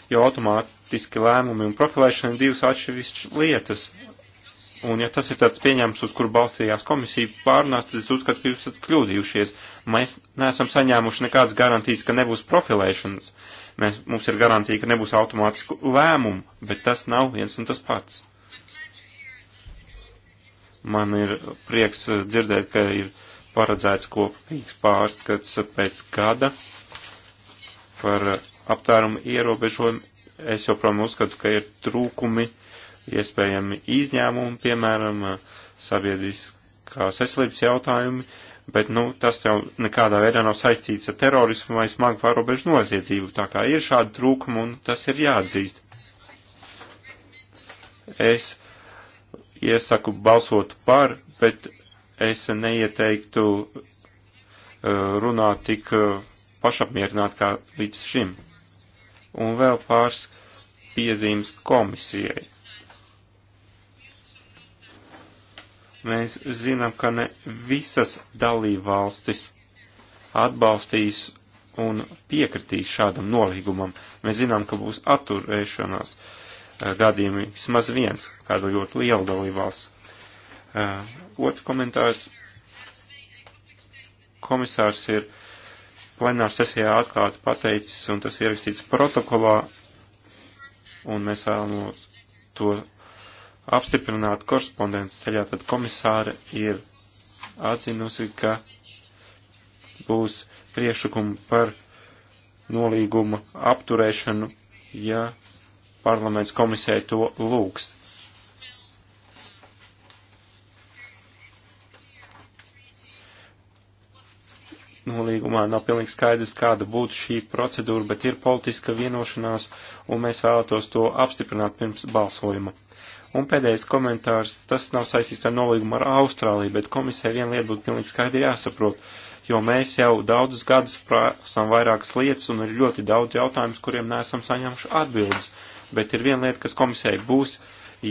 jo automātiski lēmumi un profilēšana ir divas atšķirīgas lietas, Un ja tas ir tāds pieņēmums, uz kuru balstījās komisija pārunās, tad es uzskatu, ka jūs esat kļūdījušies. Mēs neesam saņēmuši nekādas garantijas, ka nebūs profilēšanas. Mēs, mums ir garantija, ka nebūs automātisku lēmumu, bet tas nav viens un tas pats. Man ir prieks eh, dzirdēt, ka ir paredzēts kopīgs pārskats pēc gada par eh, aptvērumu ierobežojumu. Es joprojām uzskatu, ka ir trūkumi. Uh, iespējami izņēmumi, piemēram, sabiedriskās veselības jautājumi, bet, nu, tas jau nekādā veidā nav saistīts ar terorismu vai smagu pārobežu noziedzību, tā kā ir šādi trūkumi un tas ir jāatzīst. Es iesaku balsot par, bet es neieteiktu uh, runāt tik uh, pašapmierināt kā līdz šim. Un vēl pāris piezīmes komisijai. Mēs zinām, ka ne visas dalībvalstis atbalstīs un piekritīs šādam nolīgumam. Mēs zinām, ka būs atturēšanās eh, gadījumi vismaz viens, kāda ļoti liela dalībvalsts. Eh, otrs komentārs. Komisārs ir plenāra sesijā atklāti pateicis, un tas ierakstīts protokolā, un mēs vēlamies to apstiprinātu korespondences ceļā, tad komisāra ir atzinusi, ka būs priešakumi par nolīguma apturēšanu, ja parlaments komisē to lūgs. Nolīgumā nav pilnīgi skaidrs, kāda būtu šī procedūra, bet ir politiska vienošanās, un mēs vēlētos to apstiprināt pirms balsojuma. Uh, Un pēdējais komentārs, tas nav saistīts ar nolīgumu ar Austrāliju, bet komisē viena lieta būtu pilnīgi skaidri jāsaprot, jo mēs jau daudzus gadus prasām vairākas lietas un ir ļoti daudz jautājumus, kuriem neesam saņēmuši atbildes. Bet ir viena lieta, kas komisē būs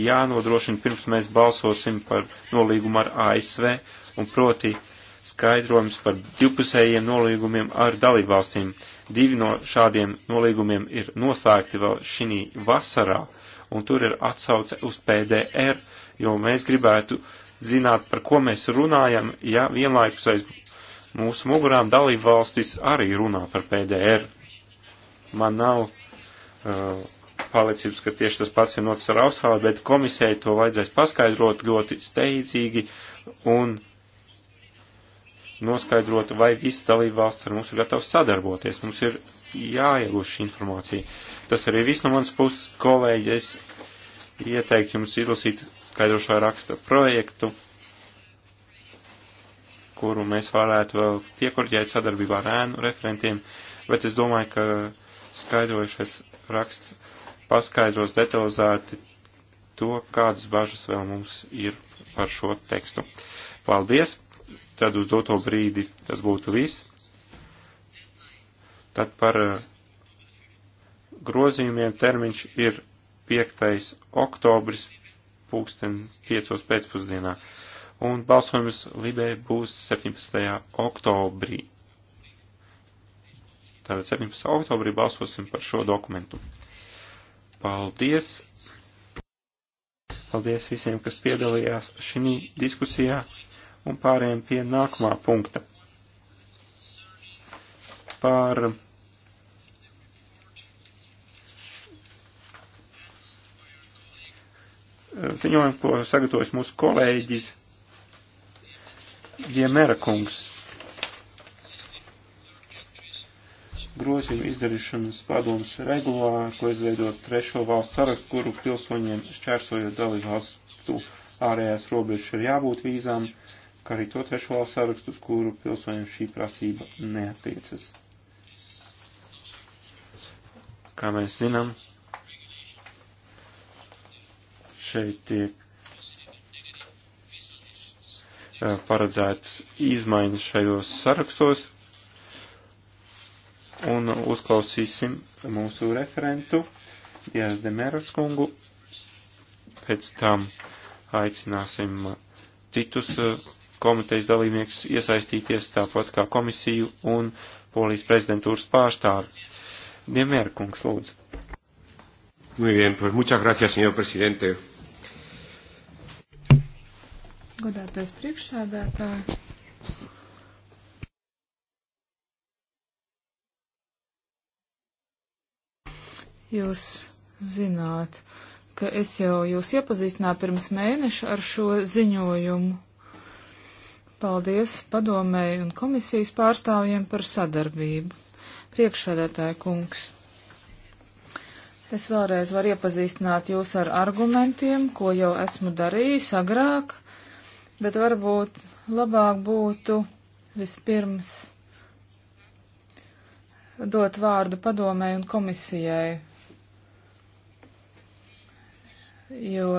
jānodrošina pirms mēs balsosim par nolīgumu ar ASV un proti skaidrojums par divpusējiem nolīgumiem ar dalībvalstīm. Divi no šādiem nolīgumiem ir noslēgti vēl šī vasarā un tur ir atsauce uz PDR, jo mēs gribētu zināt, par ko mēs runājam, ja vienlaikus aiz mūsu mugurām dalību valstis arī runā par PDR. Man nav uh, pārliecības, ka tieši tas pats ir noticis ar Austrāliju, bet komisēji to vajadzēs paskaidrot ļoti steidzīgi un noskaidrot, vai visas dalību valsts ar mums ir gatavs sadarboties. Mums ir jāiegūst šī informācija. Uh, Tas arī viss no manas puses, kolēģi, es ieteiktu jums izlasīt skaidrošā raksta projektu, kuru mēs varētu vēl piekurģēt sadarbībā ar ēnu referentiem, bet es domāju, ka skaidrojušais raksts paskaidros detalizēti to, kādas bažas vēl mums ir par šo tekstu. Paldies! Tad uz doto brīdi tas būtu viss. Tad par grozījumiem termiņš ir 5. oktobris pūksten 5. pēcpusdienā, un balsojums Libē būs 17. oktobrī. Tātad 17. oktobrī balsosim par šo dokumentu. Paldies! Paldies visiem, kas piedalījās šī diskusijā un pārējiem pie nākamā punkta. Par ziņojumu, ko sagatavojas mūsu kolēģis Diemēra kungs. Grozījumu izdarīšanas padomus regulā, ko izveido trešo valstu sarakstu, kuru pilsoņiem šķērsojot dalībvalstu ārējās robežas ir jābūt vīzām, kā arī to trešo valstu sarakstu, uz kuru pilsoņiem šī prasība neatiecas. Kā mēs zinām, Šeit tiek eh, paredzētas izmaiņas šajos sarakstos. Un uzklausīsim mūsu referentu Dievs Demēras kungu. Pēc tam aicināsim citus eh, komitejas dalībniekus iesaistīties tāpat kā komisiju un polijas prezidentūras pārstāvi. Demēra kungs, lūdzu. Muy bien, pues muchas gracias, señor presidente godātais priekšsēdētāji. Jūs zināt, ka es jau jūs iepazīstināju pirms mēneša ar šo ziņojumu. Paldies padomēju un komisijas pārstāvjiem par sadarbību. Priekšsēdētāja kungs. Es vēlreiz varu iepazīstināt jūs ar argumentiem, ko jau esmu darījis agrāk, bet varbūt labāk būtu vispirms dot vārdu padomēji un komisijai, jo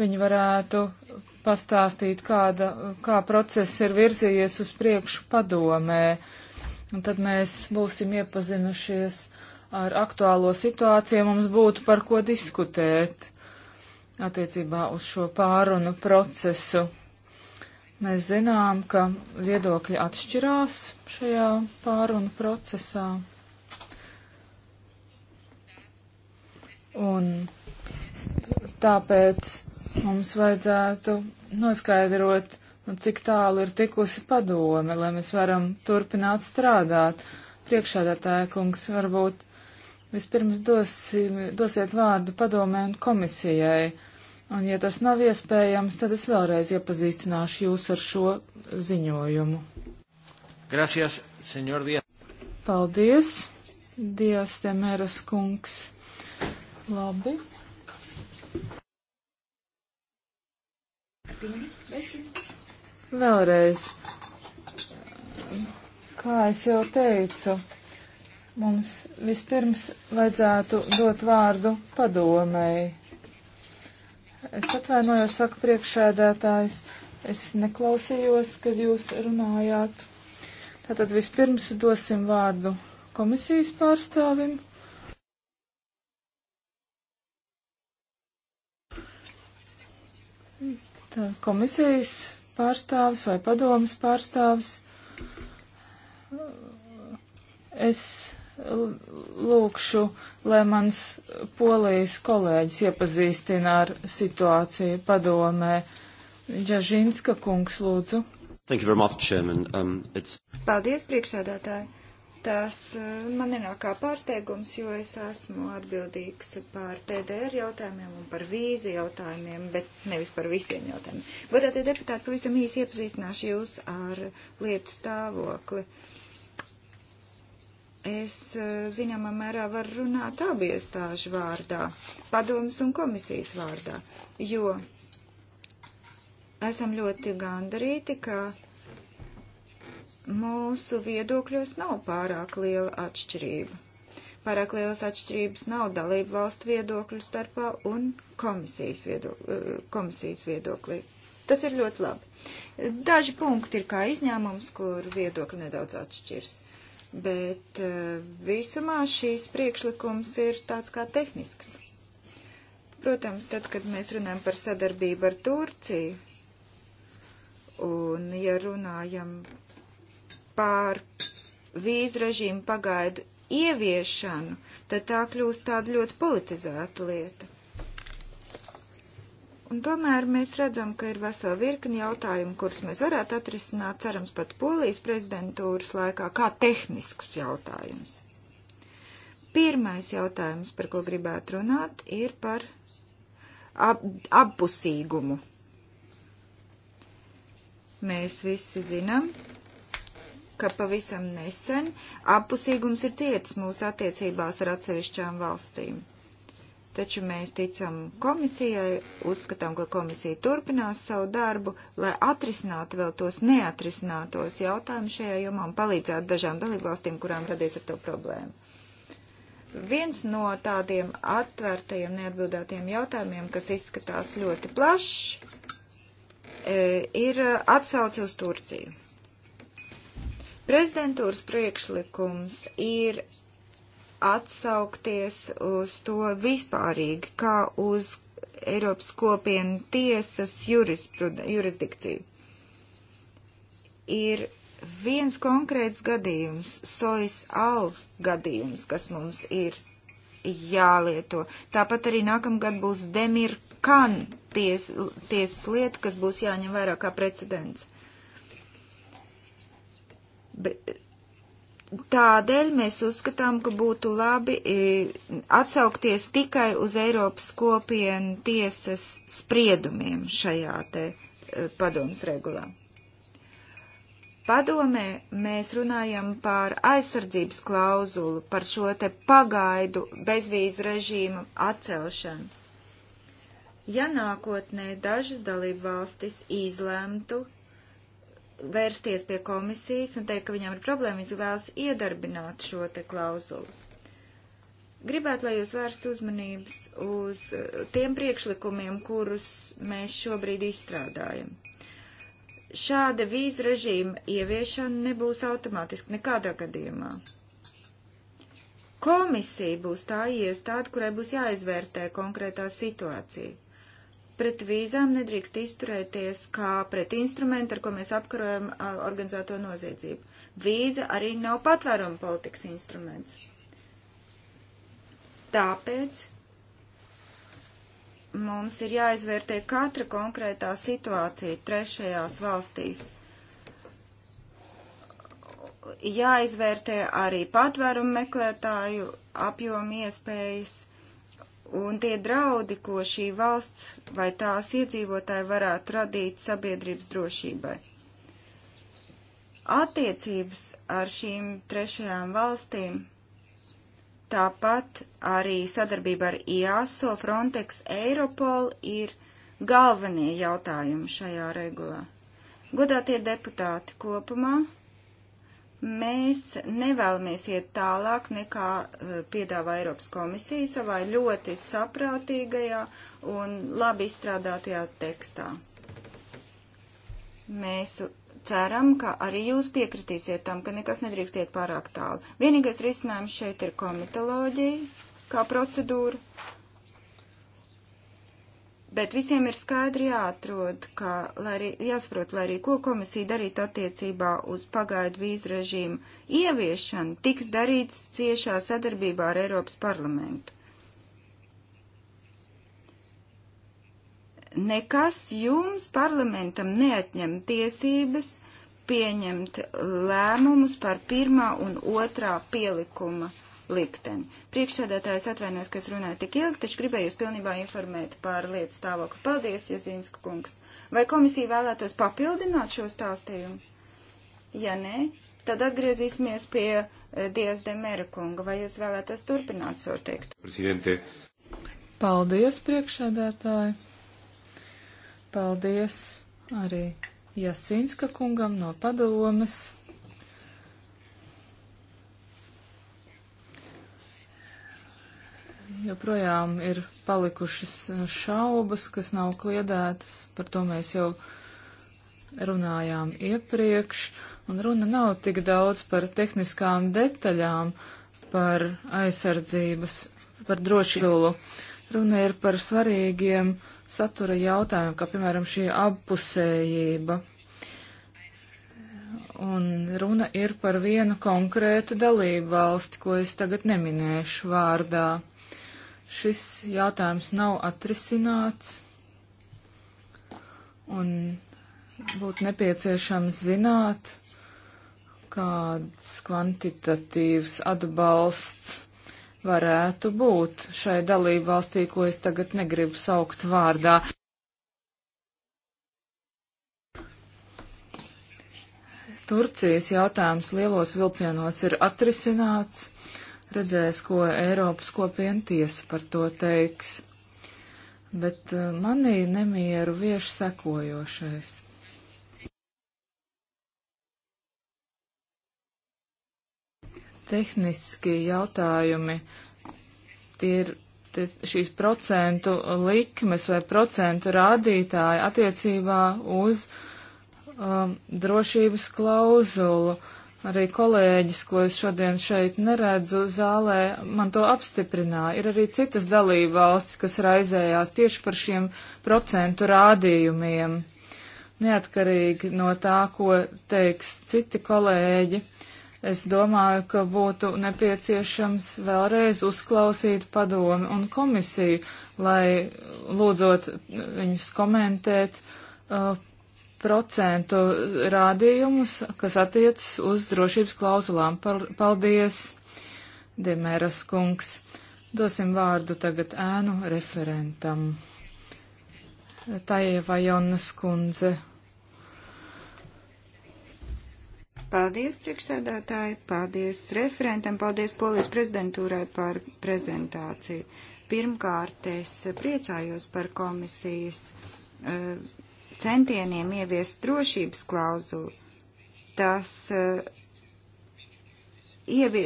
viņi varētu pastāstīt, kāda, kā process ir virzījies uz priekšu padomē. Un tad mēs būsim iepazinušies ar aktuālo situāciju, mums būtu par ko diskutēt attiecībā uz šo pārunu procesu. Mēs zinām, ka viedokļi atšķirās šajā pārunu procesā. Un tāpēc mums vajadzētu noskaidrot, cik tālu ir tikusi padome, lai mēs varam turpināt strādāt. Priekšādātāja kungs varbūt vispirms dosim, dosiet vārdu padomē un komisijai Un ja tas nav iespējams, tad es vēlreiz iepazīstināšu jūs ar šo ziņojumu. Gracias, senor Dias. Paldies, Dias Temeras kungs. Labi. Vēlreiz kā es jau teicu, mums vispirms vajadzētu dot vārdu padomēji. Es atvainojos, saka priekšēdētājs, es neklausījos, kad jūs runājāt. Tātad vispirms dosim vārdu komisijas pārstāvim. Tad komisijas pārstāvis vai padomas pārstāvis. Es lūkšu lai mans polijas kolēģis iepazīstina ar situāciju padomē. Džažinska kungs, lūdzu. Much, Chairman. um, it's... Paldies, priekšādātāji. Tas uh, man ir kā pārsteigums, jo es esmu atbildīgs par PDR jautājumiem un par vīzi jautājumiem, bet nevis par visiem jautājumiem. Godātie deputāti, pavisam īsi iepazīstināšu jūs ar lietu stāvokli. Uh, Es eh, zināmā mērā varu runāt abu iestāžu vārdā, padomas un komisijas vārdā, jo esam ļoti gandarīti, ka mūsu viedokļos nav pārāk liela atšķirība. Pārāk lielas atšķirības nav dalību valstu viedokļu starpā un komisijas, viedokli, eh, komisijas viedoklī. Tas ir ļoti labi. Daži punkti ir kā izņēmums, kur viedokļi nedaudz atšķirs bet eh, visumā šīs priekšlikums ir tāds kā tehnisks. Protams, tad, kad mēs runājam par sadarbību ar Turciju, un ja runājam pār vīzu režīmu pagaidu ieviešanu, tad tā kļūst tāda ļoti politizēta lieta. Un tomēr mēs redzam, ka ir vesela virkni jautājumu, kurus mēs varētu atrisināt, cerams, pat polijas prezidentūras laikā, kā tehniskus jautājumus. Pirmais jautājums, par ko gribētu runāt, ir par ab abpusīgumu. Mēs visi zinām, ka pavisam nesen abpusīgums ir cietis mūsu attiecībās ar atsevišķām valstīm taču mēs ticam komisijai, uzskatām, ka komisija turpinās savu darbu, lai atrisinātu vēl tos neatrisinātos jautājumus šajā jomā un palīdzētu dažām dalībvalstīm, kurām radies ar to problēmu. Viens no tādiem atvērtajiem neatbildētiem jautājumiem, kas izskatās ļoti plašs, e, ir atsauce uz Turciju. Prezidentūras priekšlikums ir atsaukties uz to vispārīgi, kā uz Eiropas kopienu tiesas jurisdikciju. Ir viens konkrēts gadījums, sojas al gadījums, kas mums ir jālieto. Tāpat arī nākamgad būs Demirkan ties, tiesas lieta, kas būs jāņem vērā kā precedents. Bet, Tādēļ mēs uzskatām, ka būtu labi e, atsaukties tikai uz Eiropas kopienu tiesas spriedumiem šajā te e, padomas regulā. Padomē mēs runājam par aizsardzības klauzulu, par šo te pagaidu bezvīzu režīmu atcelšanu. Ja nākotnē dažas dalību valstis izlemtu vērsties pie komisijas un teikt, ka viņam ir problēma, viņš vēlas iedarbināt šo te klauzulu. Gribētu, lai jūs vērstu uzmanības uz eh, tiem priekšlikumiem, kurus mēs šobrīd izstrādājam. Šāda vīzu režīma ieviešana nebūs automātiski nekādā gadījumā. Komisija būs tā iestāde, kurai būs jāizvērtē konkrētā situācija. Pret vīzām nedrīkst izturēties kā pret instrumentu, ar ko mēs apkarojam organizēto noziedzību. Vīza arī nav patvēruma politikas instruments. Tāpēc mums ir jāizvērtē katra konkrētā situācija trešajās valstīs jāizvērtē arī patvērumu meklētāju apjomu iespējas Un tie draudi, ko šī valsts vai tās iedzīvotāji varētu radīt sabiedrības drošībai. Attiecības ar šīm trešajām valstīm, tāpat arī sadarbība ar IASO, Frontex, Eiropol ir galvenie jautājumi šajā regulā. Godātie deputāti kopumā Mēs nevēlamies iet tālāk nekā eh, piedāvā Eiropas komisija savā ļoti saprātīgajā un labi izstrādātajā tekstā. Mēs ceram, ka arī jūs piekritīsiet tam, ka nekas nedrīkst iet pārāk tālu. Vienīgais risinājums šeit ir komitoloģija kā procedūra, Bet visiem ir skaidri jāatrod, ka, lai arī, jāsaprot, lai arī ko komisija darīt attiecībā uz pagaidu vīzu režīmu ieviešanu, tiks darīts ciešā sadarbībā ar Eiropas parlamentu. Nekas jums parlamentam neatņem tiesības pieņemt lēmumus par pirmā un otrā pielikuma likteni. Priekšsēdētājs atvainojas, ka es runāju tik ilgi, taču gribēju jūs pilnībā informēt par lietas stāvokli. Paldies, Jazinska kungs. Vai komisija vēlētos papildināt šo stāstījumu? Ja nē, tad atgriezīsimies pie eh, Dievs Demēra kunga. Vai jūs vēlētos turpināt savu teikt? Presidente. Paldies, priekšsēdētāji. Paldies arī Jasinska kungam no padomas. joprojām ir palikušas eh, šaubas, kas nav kliedētas, par to mēs jau runājām iepriekš, un runa nav tik daudz par tehniskām detaļām, par aizsardzības, par drošību. Runa ir par svarīgiem satura jautājumiem, kā piemēram šī appusējība. Un runa ir par vienu konkrētu dalību valsti, ko es tagad neminēšu vārdā. Šis jautājums nav atrisināts un būtu nepieciešams zināt, kāds kvantitatīvs atbalsts varētu būt šai dalību valstī, ko es tagad negribu saukt vārdā. Turcijas jautājums lielos vilcienos ir atrisināts, redzēs, ko Eiropas kopiena tiesa par to teiks. Bet uh, manī nemieru vieši sekojošais. Tehniski jautājumi tie ir te, šīs procentu likmes vai procentu rādītāji attiecībā uz um, drošības klauzulu. Uh, Arī kolēģis, ko es šodien šeit neredzu zālē, man to apstiprināja. Ir arī citas dalībvalstis, kas raizējās tieši par šiem procentu rādījumiem. Neatkarīgi no tā, ko teiks citi kolēģi, es domāju, ka būtu nepieciešams vēlreiz uzklausīt padomi un komisiju, lai lūdzot viņus komentēt uh, procentu rādījumus, kas attiecas uz drošības klauzulām. Paldies, Demēras kungs. Dosim vārdu tagad ēnu referentam. Taieva Jonas kundze. Paldies, priekšsēdētāji, paldies referentam, paldies polijas prezidentūrai par prezentāciju. Pirmkārt, es priecājos par komisijas uh, centieniem ieviest drošības klauzulu, tas uh, ievie,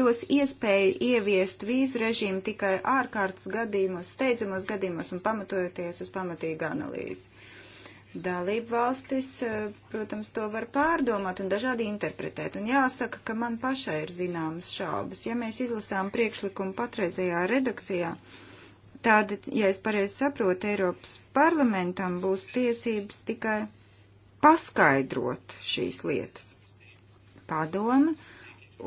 dos iespēju ieviest vīzu režīmu tikai ārkārtas gadījumos, steidzamos gadījumos un pamatojoties uz pamatīgu analīzi. Dalību valstis, uh, protams, to var pārdomāt un dažādi interpretēt. Un jāsaka, ka man pašai ir zināmas šaubas. Ja mēs izlasām priekšlikumu patreizajā redakcijā, uh, Tad, ja es pareizi saprotu, Eiropas parlamentam būs tiesības tikai paskaidrot šīs lietas. Padoma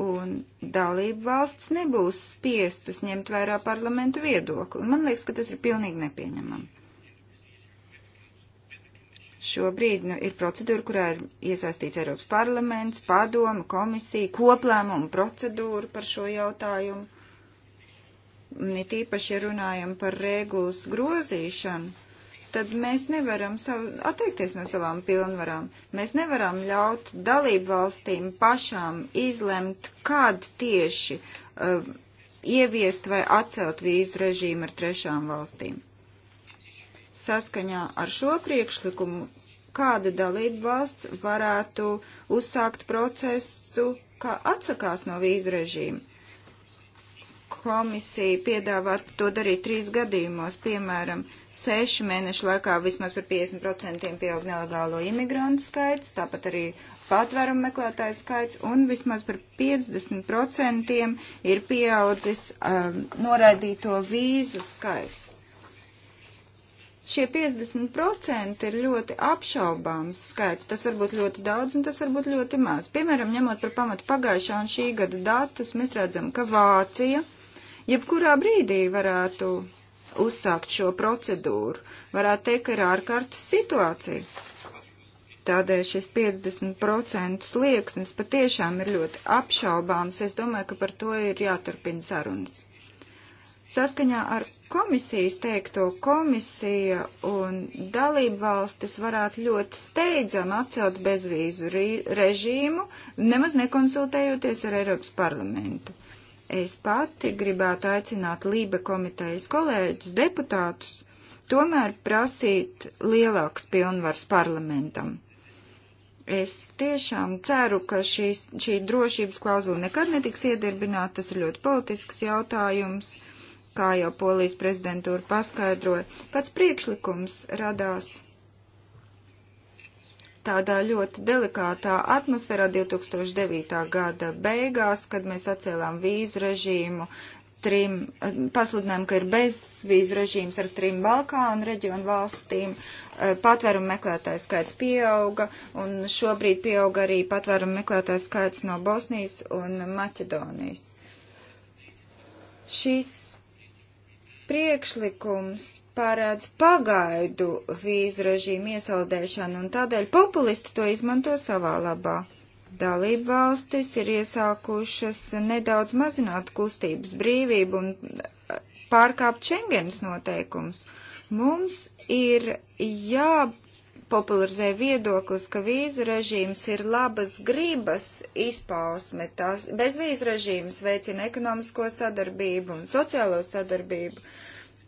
un dalību valsts nebūs spiestas ņemt vērā parlamentu viedokli. Man liekas, ka tas ir pilnīgi nepieņemami. Šobrīd nu, ir procedūra, kurā ir iesaistīts Eiropas parlaments, padoma, komisija, koplēmuma procedūra par šo jautājumu it īpaši, ja runājam par regulas grozīšanu, tad mēs nevaram savu, atteikties no savām pilnvarām. Mēs nevaram ļaut dalību valstīm pašām izlemt, kad tieši uh, ieviest vai atcelt vīzu režīmu ar trešām valstīm. Saskaņā ar šo priekšlikumu kāda dalība valsts varētu uzsākt procesu, kā atsakās no vīzu režīma komisija piedāvāt to darīt trīs gadījumos, piemēram, sešu mēnešu laikā vismaz par 50% pieaug nelegālo imigrantu skaits, tāpat arī patvērumu meklētāju skaits, un vismaz par 50% ir pieaudzis um, noraidīto vīzu skaits. Šie 50% ir ļoti apšaubāms skaits. Tas var būt ļoti daudz un tas var būt ļoti maz. Piemēram, ņemot par pamatu pagājušā un šī gada datus, mēs redzam, ka Vācija jebkurā brīdī varētu uzsākt šo procedūru. Varētu teikt, ka ir ārkārtas situācija. Tādēļ šis 50% slieksnis patiešām ir ļoti apšaubāms. Es domāju, ka par to ir jāturpina sarunas. Saskaņā ar komisijas teikto komisija un dalību valstis varētu ļoti steidzam atcelt bezvīzu režīmu, nemaz nekonsultējoties ar Eiropas parlamentu. Es pati gribētu aicināt Lībe komitejas kolēģus, deputātus, tomēr prasīt lielāks pilnvars parlamentam. Es tiešām ceru, ka šīs, šī drošības klauzula nekad netiks iedarbināta. Tas ir ļoti politisks jautājums, kā jau Polijas prezidentūra paskaidroja. Pats priekšlikums radās tādā ļoti delikātā atmosfērā 2009. gada beigās, kad mēs atcēlām vīzu režīmu, trim, pasludinājām, ka ir bezvīzu režīms ar trim Balkānu reģionu valstīm, e, patvērumu meklētāju skaits pieauga, un šobrīd pieauga arī patvērumu meklētāju skaits no Bosnijas un Maķedonijas. Šis priekšlikums pārēdz pagaidu vīzu režīmu iesaldēšanu, un tādēļ populisti to izmanto savā labā. Dalību valstis ir iesākušas nedaudz mazināt kustības brīvību un eh, pārkāpt Schengens noteikums. Mums ir jā popularizē viedoklis, ka vīzu režīms ir labas gribas izpausme. Tās bezvīzu režīms veicina ekonomisko sadarbību un sociālo sadarbību. Uh,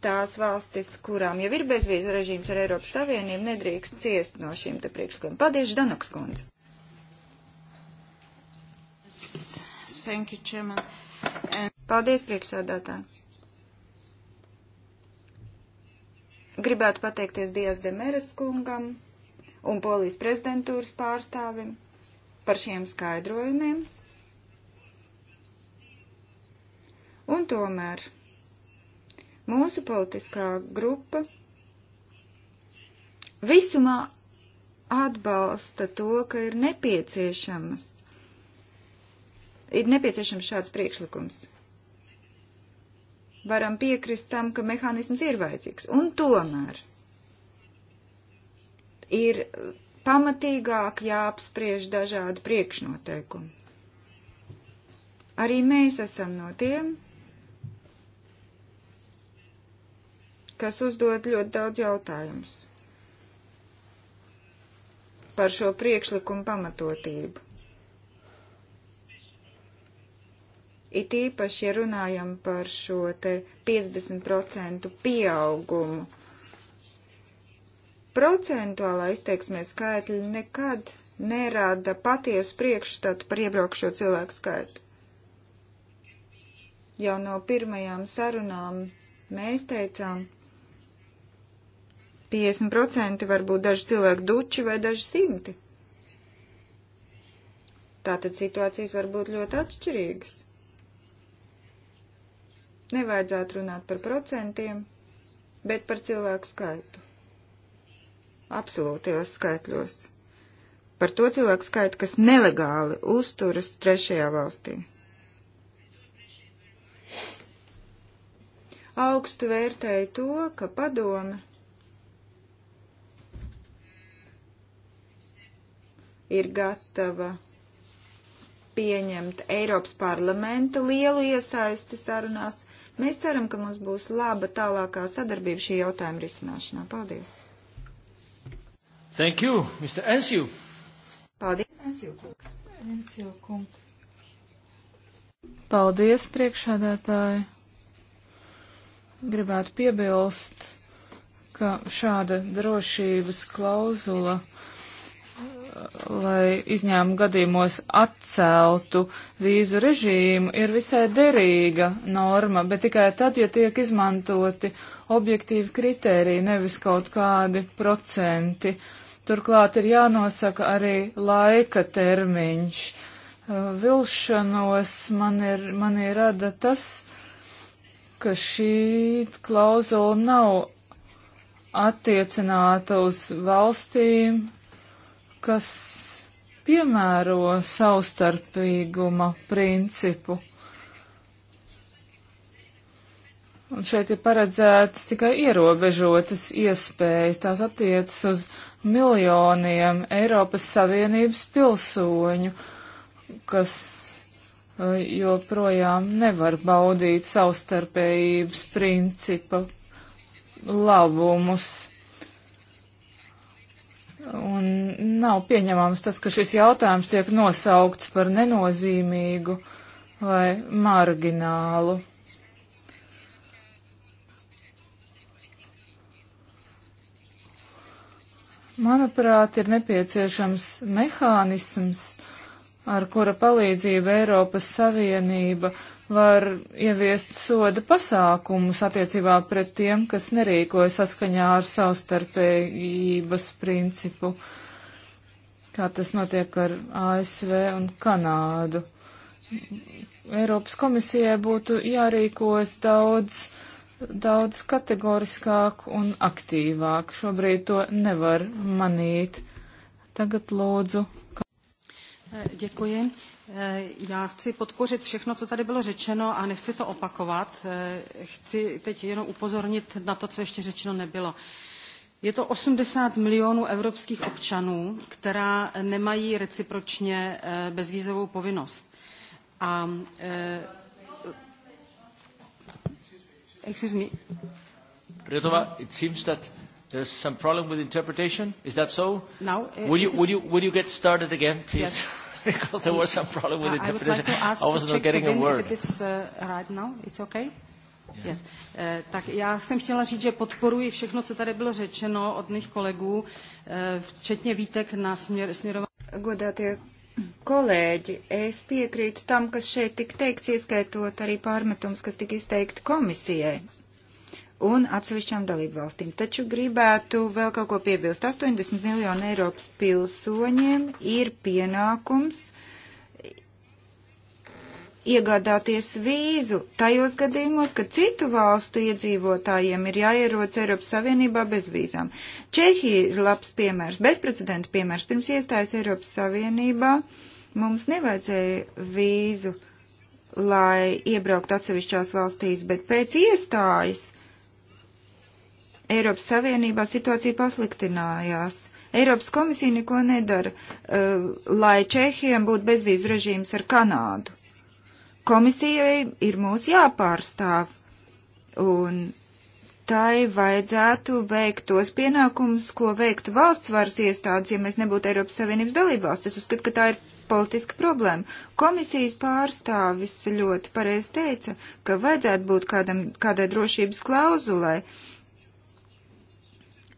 tās valstis, kurām jau ir bezvīzu režīms ar Eiropas Savienību, nedrīkst ciest no šīm te priekšlikumiem. Paldies, Danoks kundze! Paldies, priekšsādātāji! Gribētu pateikties Dijas Demeres kungam un Polijas prezidentūras pārstāvim par šiem skaidrojumiem. Un tomēr. Mūsu politiskā grupa visumā atbalsta to, ka ir nepieciešamas, ir nepieciešams šāds priekšlikums. Varam piekrist tam, ka mehānisms ir vajadzīgs. Un tomēr ir pamatīgāk jāapspriež dažādi priekšnoteikumi. Arī mēs esam no tiem, kas uzdod ļoti daudz jautājumus par šo priekšlikumu pamatotību. It īpaši, ja runājam par šo te 50% pieaugumu, procentuālā izteiksmē skaitļi nekad nerāda patiesu priekšstatu par iebraukšo cilvēku skaitu. Jau no pirmajām sarunām mēs teicām, 50% var būt daži cilvēki duči vai daži simti. Tātad situācijas var būt ļoti atšķirīgas. Nevajadzētu runāt par procentiem, bet par cilvēku skaitu. Absolūtajos skaitļos. Par to cilvēku skaitu, kas nelegāli uzturas trešajā valstī. Augstu vērtēju to, ka padome ir gatava pieņemt Eiropas parlamenta lielu iesaisti sarunās. Mēs ceram, ka mums būs laba tālākā sadarbība šī jautājuma risināšanā. Paldies! Thank you, Mr. Ensju! Paldies, Ensju kungs! Ensju kungs! Paldies, priekšādātāji! Gribētu piebilst, ka šāda drošības klauzula lai izņēmu gadījumos atceltu vīzu režīmu, ir visai derīga norma, bet tikai tad, ja tiek izmantoti objektīvi kriteriji, nevis kaut kādi procenti. Turklāt ir jānosaka arī laika termiņš. Uh, vilšanos man ir, man ir rada tas, ka šī klauzula nav attiecināta uz valstīm, kas piemēro savstarpīguma principu. Un šeit ir paredzētas tikai ierobežotas iespējas. Tās attiecas uz miljoniem Eiropas Savienības pilsoņu, kas uh, joprojām nevar baudīt savstarpējības principa labumus. Un nav pieņemams tas, ka šis jautājums tiek nosaukts par nenozīmīgu vai marginālu. Manuprāt, ir nepieciešams mehānisms, ar kura palīdzību Eiropas Savienība var ieviest soda pasākumus attiecībā pret tiem, kas nerīkoja saskaņā ar savstarpējības principu, kā tas notiek ar ASV un Kanādu. Eiropas komisijai būtu jārīkojas daudz, daudz kategoriskāk un aktīvāk. Šobrīd to nevar manīt. Tagad lūdzu. Ka... Ďakujem. Eh, já chci podpořit všechno, co tady bylo řečeno a nechci to opakovat. Eh, chci teď jenom upozornit na to, co ještě řečeno nebylo. Je to 80 milionů evropských občanů, která nemají recipročně eh, bezvízovou povinnost. A, excuse me. Rytova, it seems that there's some problem with interpretation. Is that so? No. Would you, would you, would you get started again, please? Yes. because there was some problem with the interpretation. I would like to ask I was not getting a word. If it is uh, right now, it's okay? Yes. Eh, tak já jsem chtěla říct, že podporuji všechno, co tady bylo řečeno od mých kolegů, eh, včetně výtek na směr, směrování. Godātie kolēģi, es piekrītu tam, kas šeit tik teikts, ieskaitot arī pārmetums, kas tika izteikti komisijai un atsevišķām dalību valstīm. Taču gribētu vēl kaut ko piebilst. 80 miljonu Eiropas pilsoņiem ir pienākums iegādāties vīzu tajos gadījumos, kad citu valstu iedzīvotājiem ir jāierodas Eiropas Savienībā bez vīzām. Čehija ir labs piemērs, bezprecedenta piemērs. Pirms iestājas Eiropas Savienībā mums nevajadzēja vīzu, lai iebrauktu atsevišķās valstīs, bet pēc iestājas Eiropas Savienībā situācija pasliktinājās. Eiropas komisija neko nedara, uh, lai Čehiem būtu bezvīzu režīms ar Kanādu. Komisijai ir mūs jāpārstāv, un tai vajadzētu veikt tos pienākumus, ko veiktu valsts varas iestādes, ja mēs nebūtu Eiropas Savienības dalībvalsts. Es uzskatu, ka tā ir politiska problēma. Komisijas pārstāvis ļoti pareizi teica, ka vajadzētu būt kādam, kādai drošības klauzulai. Uh,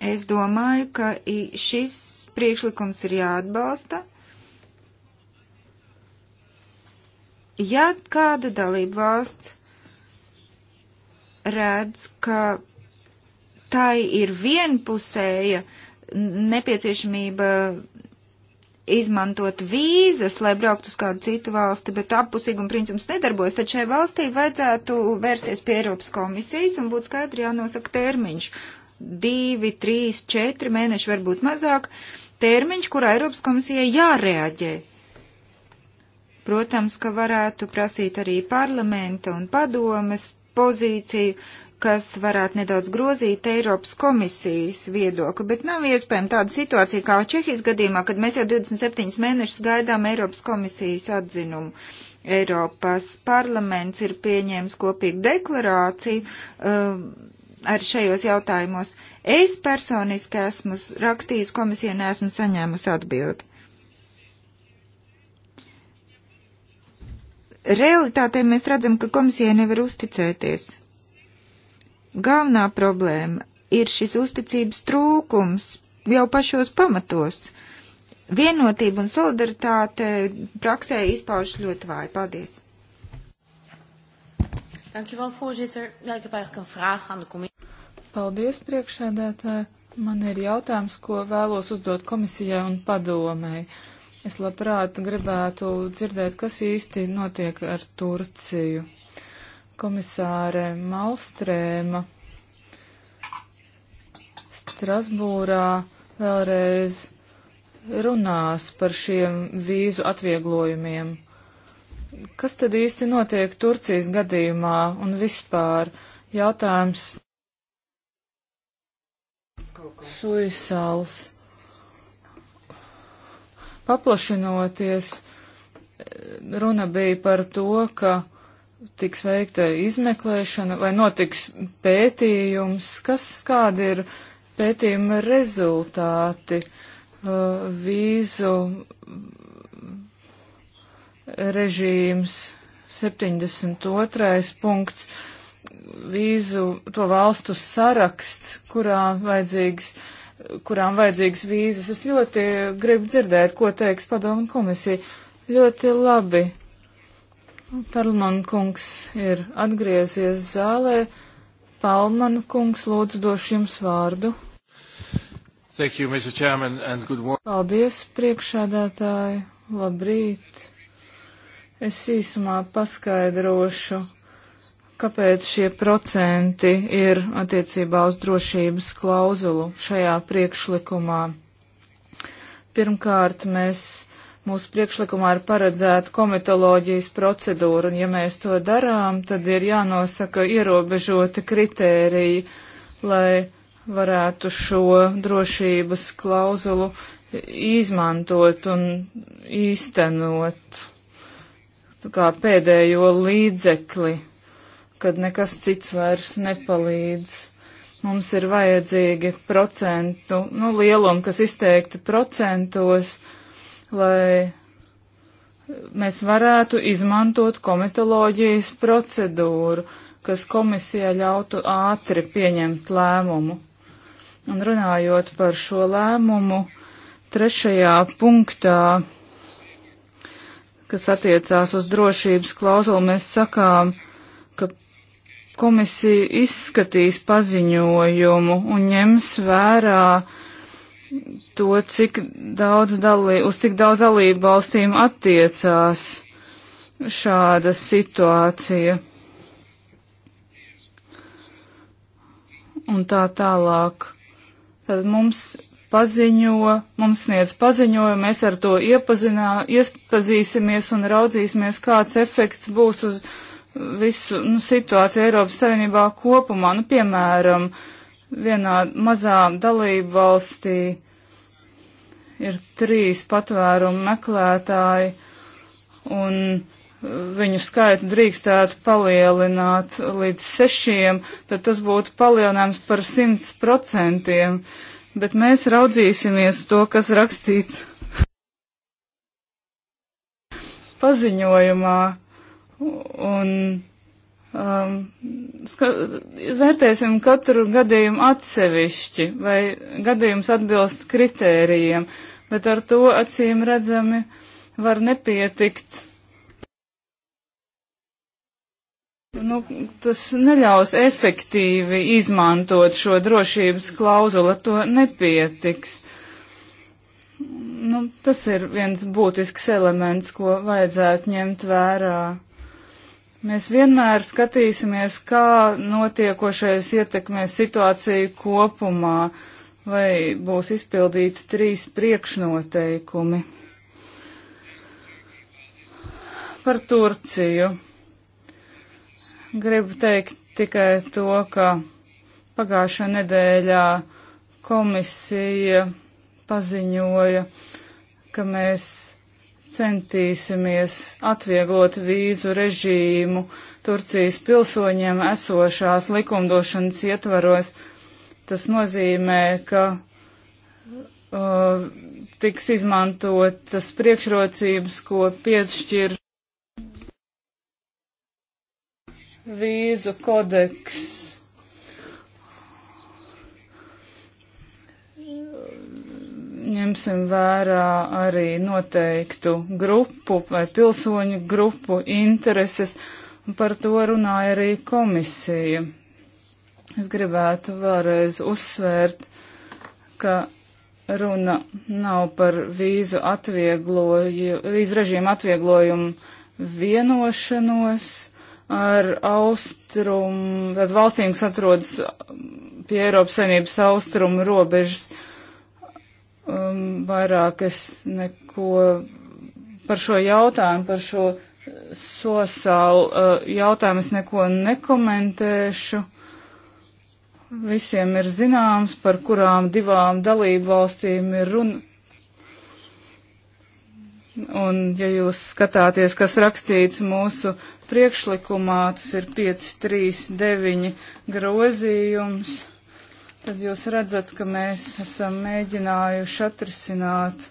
Es domāju, ka šis priekšlikums ir jāatbalsta. Ja kāda dalība valsts redz, ka tai ir vienpusēja nepieciešamība izmantot vīzas, lai brauktu uz kādu citu valsti, bet apusīguma princips nedarbojas, tad šai valstī vajadzētu vērsties pie Eiropas komisijas un būtu skaidri jānosaka termiņš, divi, trīs, četri mēneši, varbūt mazāk, termiņš, kurā Eiropas komisijai jārēģē. Protams, ka varētu prasīt arī parlamenta un padomes pozīciju, kas varētu nedaudz grozīt Eiropas komisijas viedokli, bet nav iespējama tāda situācija kā Čehijas gadījumā, kad mēs jau 27 mēnešus gaidām Eiropas komisijas atzinumu. Eiropas parlaments ir pieņēmis kopīgu deklarāciju. Uh, ar šajos jautājumos. Es personiski esmu rakstījis komisijai, neesmu saņēmusi atbildi. Realitātē mēs redzam, ka komisijai nevar uzticēties. Galvenā problēma ir šis uzticības trūkums jau pašos pamatos. Vienotība un solidaritāte praksē izpauž ļoti vāji. Paldies! Dankjewel, voorzitter. Ja, ik heb eigenlijk een vraag aan de commissie. Paldies, priekšsēdētāji. Man ir jautājums, ko vēlos uzdot komisijai un padomēji. Es labprāt gribētu dzirdēt, kas īsti notiek ar Turciju. Komisāre Malstrēma Strasbūrā vēlreiz runās par šiem vīzu atvieglojumiem Kas tad īsti notiek Turcijas gadījumā un vispār? Jautājums. Suisāls. Paplašinoties, runa bija par to, ka tiks veikta izmeklēšana vai notiks pētījums, kas kādi ir pētījuma rezultāti uh, vīzu režīms, 72. punkts, vīzu to valstu saraksts, kurā vajadzīgs kurām vajadzīgas vīzas. Es ļoti gribu dzirdēt, ko teiks padomu komisija. Ļoti labi. Perlman kungs ir atgriezies zālē. Palman kungs, lūdzu, došu jums vārdu. Thank you, Mr. Chairman, and good morning. Paldies, priekšādātāji. Labrīt. Es īsumā paskaidrošu, kāpēc šie procenti ir attiecībā uz drošības klauzulu šajā priekšlikumā. Pirmkārt, mēs mūsu priekšlikumā ir paredzēta komitoloģijas procedūra, un ja mēs to darām, tad ir jānosaka ierobežoti kritēriji, lai varētu šo drošības klauzulu izmantot un īstenot kā pēdējo līdzekli, kad nekas cits vairs nepalīdz. Mums ir vajadzīgi procentu, nu, lielumu, kas izteikti procentos, lai mēs varētu izmantot komitoloģijas procedūru, kas komisijā ļautu ātri pieņemt lēmumu. Un runājot par šo lēmumu, trešajā punktā kas attiecās uz drošības klauzulu, mēs sakām, ka komisija izskatīs paziņojumu un ņems vērā to, cik daudz dalī, uz cik daudz dalību valstīm attiecās šāda situācija. Un tā tālāk. Tad mums paziņo, mums sniedz paziņojumu, mēs ar to iepazinā, iepazīsimies un raudzīsimies, kāds efekts būs uz visu nu, situāciju Eiropas Savienībā kopumā. Nu, piemēram, vienā mazā dalība valstī ir trīs patvērumu meklētāji un viņu skaitu drīkstētu palielināt līdz sešiem, tad tas būtu palielinājums par simts procentiem. Uh, bet mēs raudzīsimies to, kas rakstīts paziņojumā. Un um, ska, vērtēsim katru gadījumu atsevišķi, vai gadījums atbilst kritērijiem, bet ar to acīm redzami var nepietikt Nu, tas neļaus efektīvi izmantot šo drošības klauzulu, to nepietiks. Nu, tas ir viens būtisks elements, ko vajadzētu ņemt vērā. Mēs vienmēr skatīsimies, kā notiekošais ietekmē situāciju kopumā, vai būs izpildīti trīs priekšnoteikumi. Par Turciju. Gribu teikt tikai to, ka pagājušā nedēļā komisija paziņoja, ka mēs centīsimies atvieglot vīzu režīmu Turcijas pilsoņiem esošās likumdošanas ietvaros. Tas nozīmē, ka uh, tiks izmantotas priekšrocības, ko piešķir vīzu kodeks. Ņemsim vērā arī noteiktu grupu vai pilsoņu grupu intereses, un par to runāja arī komisija. Es gribētu vēlreiz uzsvērt, ka runa nav par vīzu, vīzu režīmu atvieglojumu vienošanos ar austrumu, tad valstīm, kas atrodas um, pie Eiropas Savienības austrumu robežas, um, vairāk es neko par šo jautājumu, par šo sosālu uh, jautājumu es neko nekomentēšu. Visiem ir zināms, par kurām divām dalību valstīm ir runa Un, ja jūs skatāties, kas rakstīts mūsu priekšlikumā, tas ir 539 grozījums, tad jūs redzat, ka mēs esam mēģinājuši atrisināt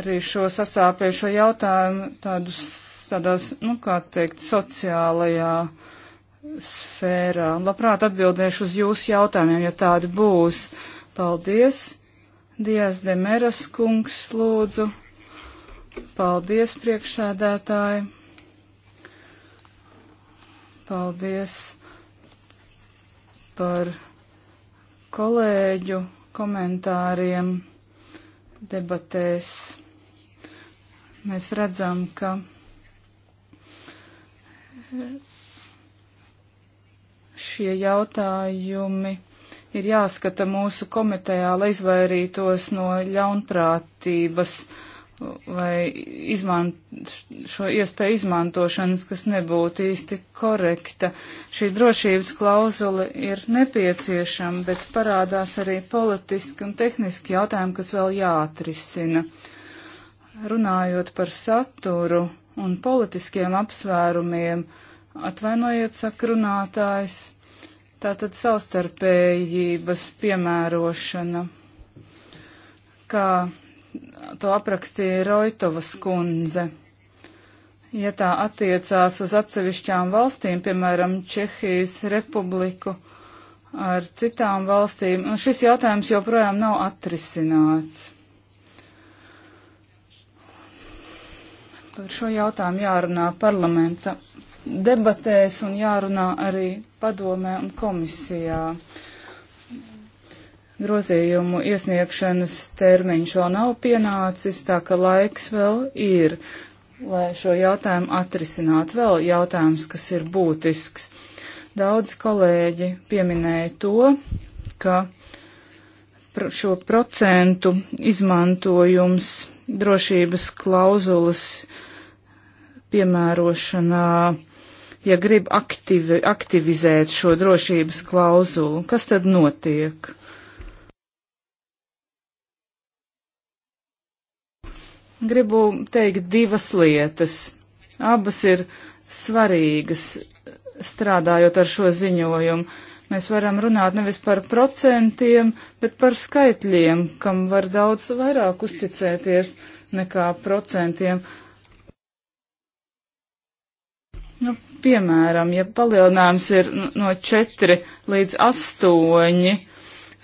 arī šo sasāpējušo jautājumu tādus, tādās, nu, kā teikt, sociālajā sfērā. Labprāt atbildēšu uz jūsu jautājumiem, ja tādi būs. Paldies! Dievs Demeras kungs, lūdzu! Paldies, priekšsēdētāji. Paldies par kolēģu komentāriem debatēs. Mēs redzam, ka šie jautājumi ir jāskata mūsu komitejā, lai izvairītos no ļaunprātības vai izmant, šo iespēju izmantošanas, kas nebūtu īsti korekta. Šī drošības klauzula ir nepieciešama, bet parādās arī politiski un tehniski jautājumi, kas vēl jāatrisina. Runājot par saturu un politiskiem apsvērumiem, atvainojiet sakrunātājs, tātad savstarpējības piemērošana. Kā to aprakstīja Roitovas kundze. Ja tā attiecās uz atsevišķām valstīm, piemēram, Čehijas republiku ar citām valstīm, nu, šis jautājums joprojām nav atrisināts. Par šo jautājumu jārunā parlamenta debatēs un jārunā arī padomē un komisijā. Uh, Grozījumu iesniegšanas termiņš vēl nav pienācis, tā ka laiks vēl ir, lai šo jautājumu atrisināt. Vēl jautājums, kas ir būtisks. Daudz kolēģi pieminēja to, ka šo procentu izmantojums drošības klauzulas piemērošanā, ja grib aktivi, aktivizēt šo drošības klauzulu, kas tad notiek? Uh, gribu teikt divas lietas. Abas ir svarīgas strādājot ar šo ziņojumu. Mēs varam runāt nevis par procentiem, bet par skaitļiem, kam var daudz vairāk uzticēties nekā procentiem. Nu, piemēram, ja palielinājums ir no 4 līdz 8,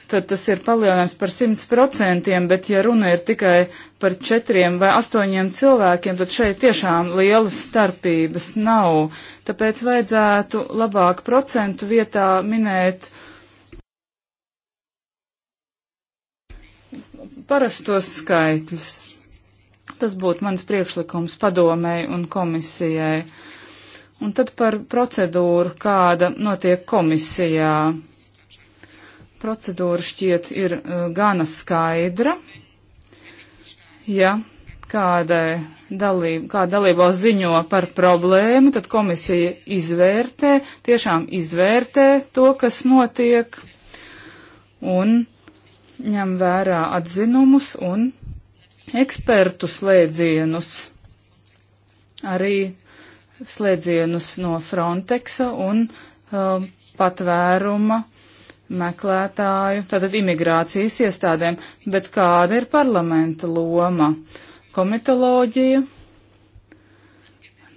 tad tas ir palielinājums par 100%, bet ja runa ir tikai par četriem vai astoņiem cilvēkiem, tad šeit tiešām lielas starpības nav. Tāpēc vajadzētu labāk procentu vietā minēt parastos skaitļus. Tas būtu mans priekšlikums padomēji un komisijai. Un tad par procedūru, kāda notiek komisijā. Procedūra šķiet ir uh, gana skaidra. Ja kādai dalību, kā dalībvalsts ziņo par problēmu, tad komisija izvērtē, tiešām izvērtē to, kas notiek, un ņem vērā atzinumus un ekspertu slēdzienus, arī slēdzienus no Frontexa un um, patvēruma meklētāju, tātad imigrācijas iestādēm, bet kāda ir parlamenta loma? Komitoloģija,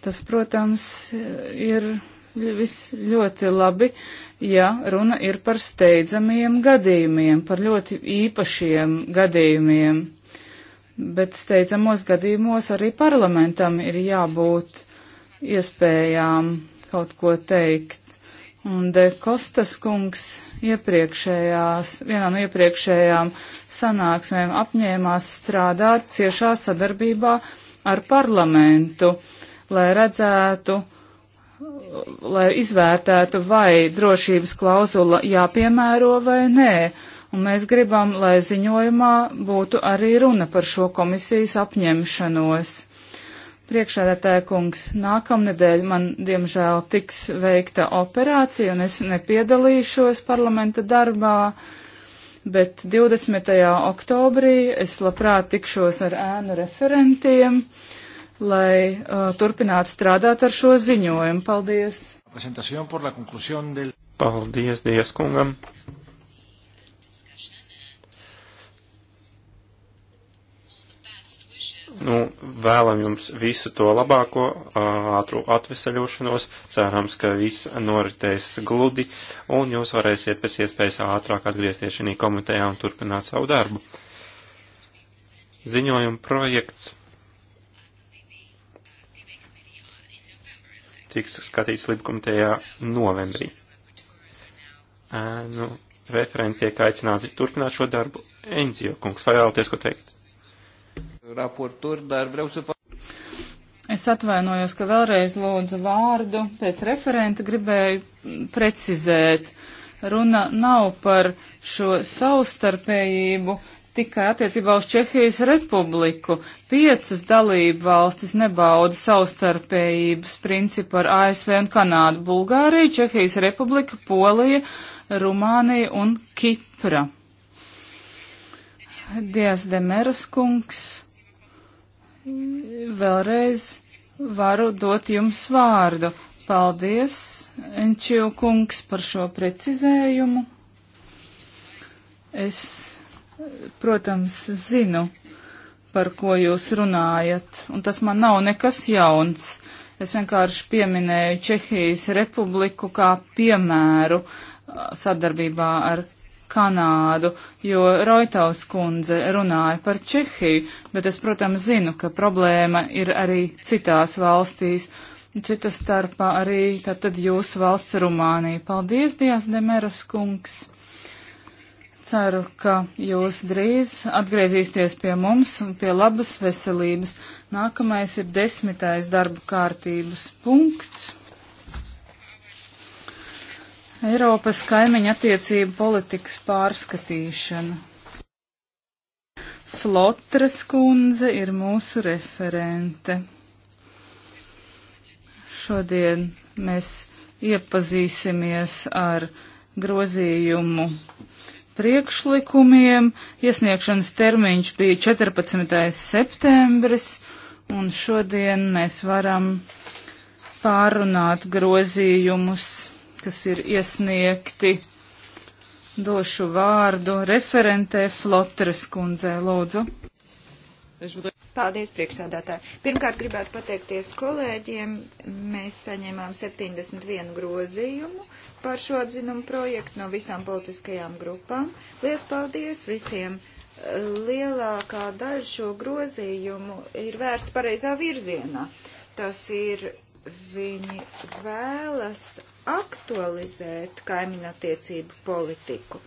tas, protams, ir viss ļoti labi, ja runa ir par steidzamiem gadījumiem, par ļoti īpašiem gadījumiem, bet steidzamos gadījumos arī parlamentam ir jābūt iespējām kaut ko teikt. Un De Kostas kungs iepriekšējās, vienā no iepriekšējām sanāksmēm apņēmās strādāt ciešā sadarbībā ar parlamentu, lai redzētu, lai izvērtētu, vai drošības klauzula jāpiemēro vai nē. Un mēs gribam, lai ziņojumā būtu arī runa par šo komisijas apņemšanos. Priekšādātāja kungs, nākamnedēļ man, diemžēl, tiks veikta operācija un es nepiedalīšos parlamenta darbā, bet 20. oktobrī es labprāt tikšos ar ēnu referentiem, lai uh, turpinātu strādāt ar šo ziņojumu. Paldies! Paldies, Dievs kungam! Nu, vēlam jums visu to labāko, ātru atveseļošanos, cerams, ka viss noritēs gludi un jūs varēsiet pēc iespējas ātrāk atgriezties šī komitejā un turpināt savu darbu. Ziņojuma projekts tiks skatīts Libkomitejā novembrī. Nu, referenti tiek aicināti turpināt šo darbu. Enzio kungs, vai vēlaties ko teikt? raportori, dar vreau să fac. Es atvainojos, ka vēlreiz lūdzu vārdu. Pēc referenta gribēju precizēt. Runa nav par šo savstarpējību tikai attiecībā uz Čehijas republiku. Piecas dalību valstis nebauda savstarpējības principu ar ASV un Kanādu - Bulgārija, Čehijas republika, Polija, Rumānija un Kipra. Dievs Demeras kungs vēlreiz varu dot jums vārdu. Paldies, Enčiju kungs, par šo precizējumu. Es, protams, zinu, par ko jūs runājat, un tas man nav nekas jauns. Es vienkārši pieminēju Čehijas republiku kā piemēru sadarbībā ar Kanādu, jo Roitaus kundze runāja par Čehiju, bet es, protams, zinu, ka problēma ir arī citās valstīs. Cita starpā arī tātad jūsu valsts Rumānija. Paldies, Dijas Demeras kungs! Ceru, ka jūs drīz atgriezīsieties pie mums un pie labas veselības. Nākamais ir desmitais darba kārtības punkts. Eiropas kaimiņa attiecību politikas pārskatīšana. Flotras kundze ir mūsu referente. Šodien mēs iepazīsimies ar grozījumu priekšlikumiem. Iesniegšanas termiņš bija 14. septembris, un šodien mēs varam pārunāt grozījumus kas ir iesniegti. Došu vārdu referentē Flotres kundzē, lūdzu. Paldies, priekšsādātāji. Pirmkārt, gribētu pateikties kolēģiem. Mēs saņēmām 71 grozījumu par šo atzinumu projektu no visām politiskajām grupām. Lielas paldies visiem! Lielākā daļa šo grozījumu ir vērsta pareizā virzienā. Tas ir viņi vēlas aktualizēt kaimiņattiecību politiku.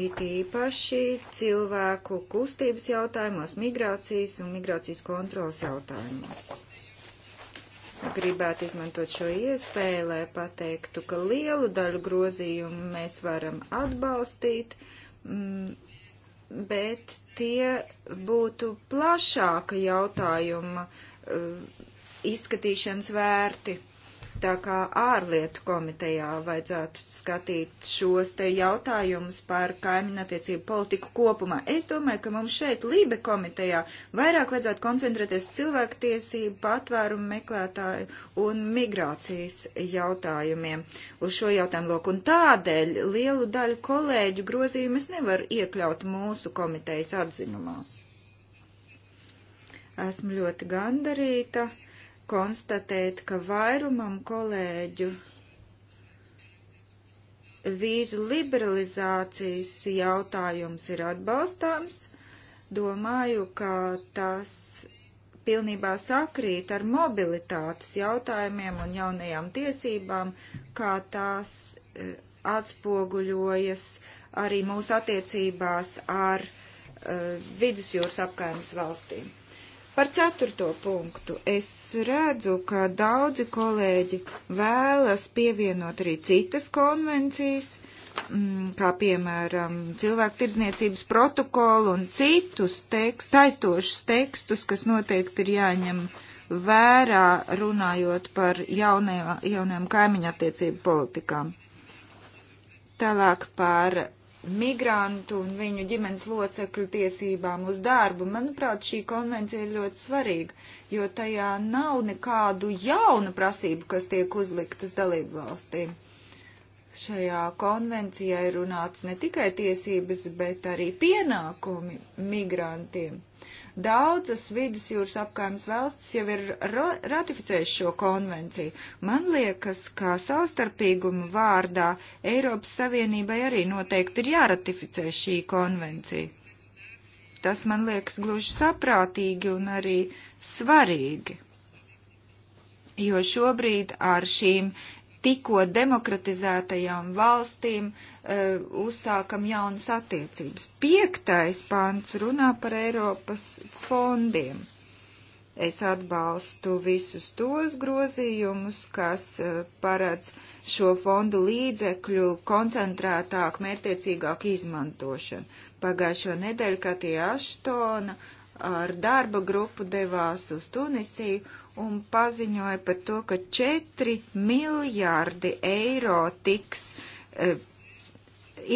It īpaši cilvēku kustības jautājumos, migrācijas un migrācijas kontrolas jautājumos. Gribētu izmantot šo iespēju, lai pateiktu, ka lielu daļu grozījumu mēs varam atbalstīt, mm, bet tie būtu plašāka jautājuma mm, izskatīšanas vērti. Tā kā ārlietu komitejā vajadzētu skatīt šos te jautājumus par kaimiņattiecību politiku kopumā. Es domāju, ka mums šeit, Lībe komitejā, vairāk vajadzētu koncentrēties cilvēku tiesību, patvērumu meklētāju un migrācijas jautājumiem uz šo jautājumu loku. Un tādēļ lielu daļu kolēģu grozījumu es nevaru iekļaut mūsu komitejas atzinumā. Esmu ļoti gandarīta konstatēt, ka vairumam kolēģu vīzu liberalizācijas jautājums ir atbalstāms. Domāju, ka tas pilnībā sakrīt ar mobilitātes jautājumiem un jaunajām tiesībām, kā tās e, atspoguļojas arī mūsu attiecībās ar e, vidusjūras apkaimes valstīm. Par ceturto punktu es redzu, ka daudzi kolēģi vēlas pievienot arī citas konvencijas, mm, kā piemēram cilvēktirdzniecības protokolu un citus tekst, saistošus tekstus, kas noteikti ir jāņem vērā runājot par jaunajām, jaunajām kaimiņu attiecību politikām. Tālāk par migrantu un viņu ģimenes locekļu tiesībām uz darbu. Manuprāt, šī konvencija ir ļoti svarīga, jo tajā nav nekādu jaunu prasību, kas tiek uzliktas dalību valstīm. Šajā konvencijā ir runāts ne tikai tiesības, bet arī pienākumi migrantiem. Daudzas vidusjūras apkārtnes valstis jau ir ratificējušas šo konvenciju. Man liekas, ka savstarpīguma vārdā Eiropas Savienībai arī noteikti ir jāratificē šī konvencija. Tas man liekas gluži saprātīgi un arī svarīgi. Jo šobrīd ar šīm tikko demokratizētajām valstīm uh, Uh, uzsākam jaunas attiecības. Piektais pants runā par Eiropas fondiem. Es atbalstu visus tos grozījumus, kas uh, paredz šo fondu līdzekļu koncentrētāk, mērtiecīgāk izmantošanu. Pagājušo nedēļu Katija Aštona ar darba grupu devās uz Tunisiju un paziņoja par to, ka 4 miljārdi eiro tiks eh,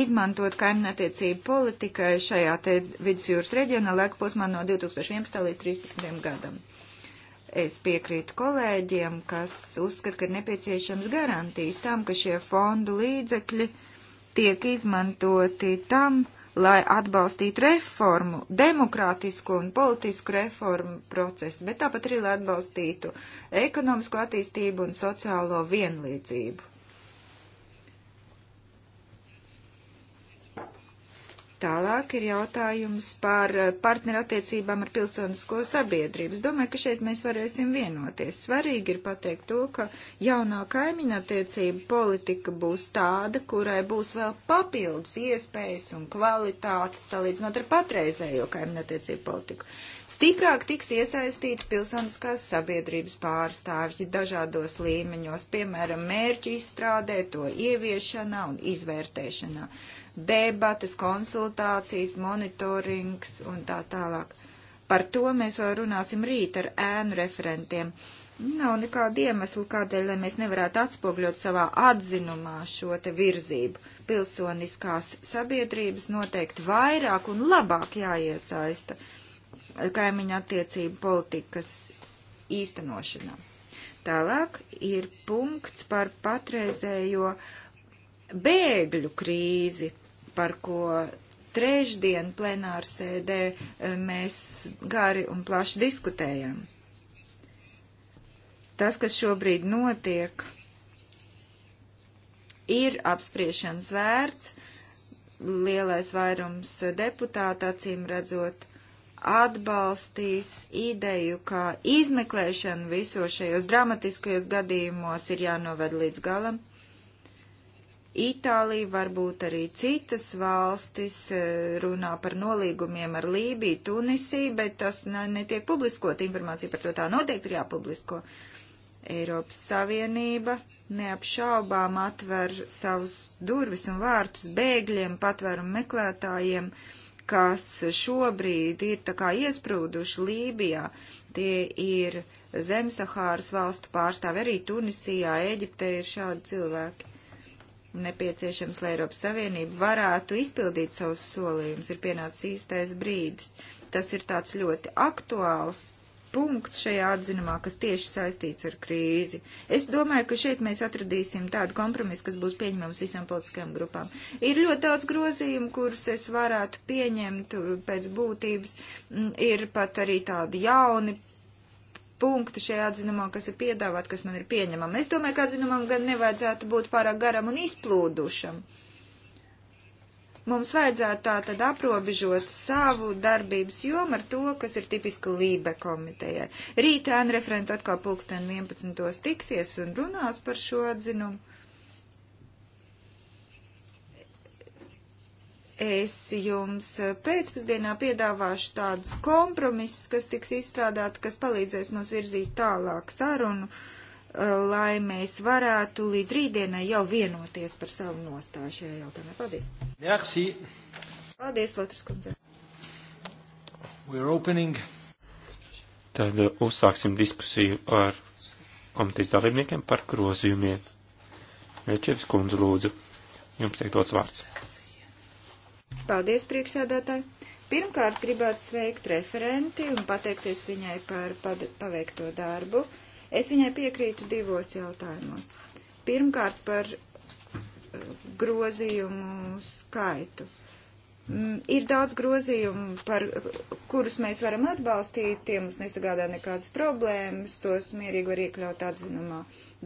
izmantot kaimiņattiecību politikai šajā te vidusjūras reģionā laika posmā no 2011. līdz 2013. gadam. Es piekrītu kolēģiem, kas uzskata, ka ir nepieciešams garantijas tam, ka šie fondu līdzekļi tiek izmantoti tam, lai atbalstītu reformu, demokrātisku un politisku reformu procesu, bet tāpat arī, lai atbalstītu ekonomisko attīstību un sociālo vienlīdzību. Tālāk ir jautājums par eh, partnerattiecībām ar pilsonisko sabiedrību. Es domāju, ka šeit mēs varēsim vienoties. Svarīgi ir pateikt to, ka jaunā kaimiņattiecība politika būs tāda, kurai būs vēl papildus iespējas un kvalitātes salīdzinot ar patreizējo kaimiņattiecību politiku. Stiprāk tiks iesaistīti pilsoniskās sabiedrības pārstāvji dažādos līmeņos, piemēram, mērķu izstrādē, to ieviešanā un izvērtēšanā debatas, konsultācijas, monitorings un tā tālāk. Par to mēs vēl runāsim rīt ar ēnu referentiem. Nav nekāda iemesla, kādēļ mēs nevarētu atspogļot savā atzinumā šo te virzību. Pilsoniskās sabiedrības noteikti vairāk un labāk jāiesaista kaimiņa attiecību politikas īstenošanā. Tālāk ir punkts par patreizējo bēgļu krīzi par ko trešdien plenāru sēdē eh, mēs gari un plaši diskutējām. Tas, kas šobrīd notiek, ir apspriešanas vērts. Lielais vairums deputāta acīm redzot atbalstīs ideju, ka izmeklēšana visos šajos dramatiskajos gadījumos ir jānoved līdz galam Itālija, varbūt arī citas valstis e, runā par nolīgumiem ar Lībiju, Tunisiju, bet tas netiek publiskot. Informācija par to tā noteikti ir jāpublisko. Eiropas Savienība neapšaubām atver savus durvis un vārtus bēgļiem, patvērumu meklētājiem, kas šobrīd ir tā kā iesprūduši Lībijā. Tie ir Zemsahāras valstu pārstāvi, arī Tunisijā, Eģiptē ir šādi cilvēki nepieciešams, lai Eiropas Savienība varētu izpildīt savus solījumus. Ir pienācis īstais brīdis. Tas ir tāds ļoti aktuāls punkts šajā atzinumā, kas tieši saistīts ar krīzi. Es domāju, ka šeit mēs atradīsim tādu kompromisu, kas būs pieņemams visām politiskajām grupām. Ir ļoti daudz grozījumu, kurus es varētu pieņemt pēc būtības. Mm, ir pat arī tādi jauni punkti šajā atzinumā, kas ir piedāvāt, kas man ir pieņemama. Es domāju, ka atzinumam gan nevajadzētu būt pārāk garam un izplūdušam. Mums vajadzētu tā tad aprobežot savu darbības jomu ar to, kas ir tipiski Lībe komitejai. Rītā referents atkal pulksten 11. tiksies un runās par šo atzinumu. Es jums eh, pēcpusdienā piedāvāšu tādus kompromisus, kas tiks izstrādāti, kas palīdzēs mums virzīt tālāk sarunu, eh, lai mēs varētu līdz rītdienai jau vienoties par savu nostāju šajā jautājumā. Paldies! Merci! Paldies, Lotras kundze! We're opening. Tad eh, uzsāksim diskusiju ar komitejas dalībniekiem par grozījumiem. Večevs kundze lūdzu, jums tiek dots vārds. Paldies, priekšsēdētāji! Pirmkārt, gribētu sveikt referenti un pateikties viņai par paveikto darbu. Es viņai piekrītu divos jautājumos. Pirmkārt, par eh, grozījumu skaitu. Mm, ir daudz grozījumu, par kurus mēs varam atbalstīt, tie mums nesagādā nekādas problēmas, tos mierīgi var iekļaut atzinumā.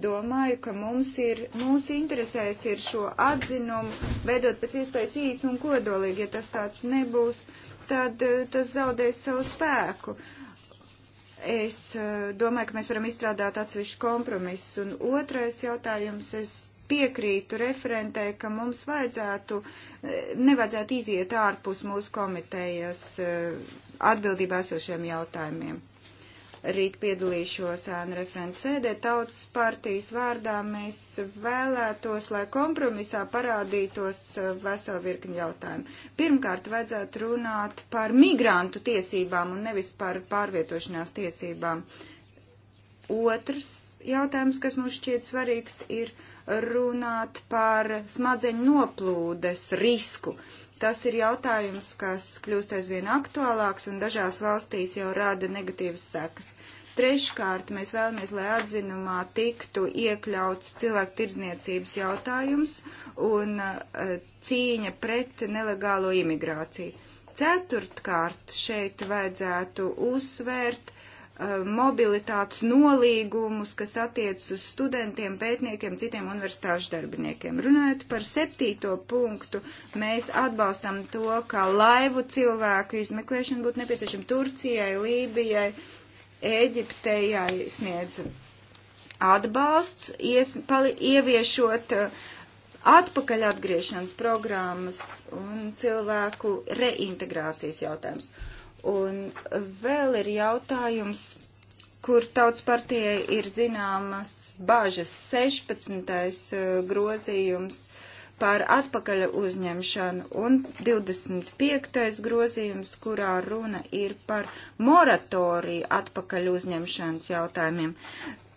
Domāju, ka mums ir, mūsu interesēs ir šo atzinumu veidot pēc iespējas īsu un kodolīgi, ja tas tāds nebūs, tad eh, tas zaudēs savu spēku. Es eh, domāju, ka mēs varam izstrādāt atsevišķu kompromisu. Un otrais jautājums, es piekrītu referentē, ka mums vajadzētu, eh, nevajadzētu iziet ārpus mūsu komitejas eh, atbildībā esošiem jautājumiem. Rīt piedalīšos ēnu referents sēdē. Tautas partijas vārdā mēs vēlētos, lai kompromisā parādītos eh, vesela virkni jautājumu. Pirmkārt, vajadzētu runāt par migrantu tiesībām un nevis par pārvietošanās tiesībām. Otrs jautājums, kas mums šķiet svarīgs, ir runāt par smadzeņu noplūdes risku. Tas ir jautājums, kas kļūst aizvien aktuālāks un dažās valstīs jau rada negatīvas sekas. Treškārt, mēs vēlamies, lai atzinumā tiktu iekļauts cilvēku tirdzniecības jautājums un uh, cīņa pret nelegālo imigrāciju. Ceturtkārt, šeit vajadzētu uzsvērt Uh, mobilitātes nolīgumus, kas attiec uz studentiem, pētniekiem, citiem universitāšu darbiniekiem. Runājot par septīto punktu, mēs atbalstam to, ka laivu cilvēku izmeklēšana būtu nepieciešama Turcijai, Lībijai, Ēģiptei jāsniedz atbalsts, ies, pali, ieviešot uh, atpakaļ atgriešanas programmas un cilvēku reintegrācijas jautājums. Uh, Un vēl ir jautājums, kur tautas partijai ir zināmas bažas 16. Eh, grozījums par atpakaļ uzņemšanu un 25. grozījums, kurā runa ir par moratoriju atpakaļ uzņemšanas jautājumiem.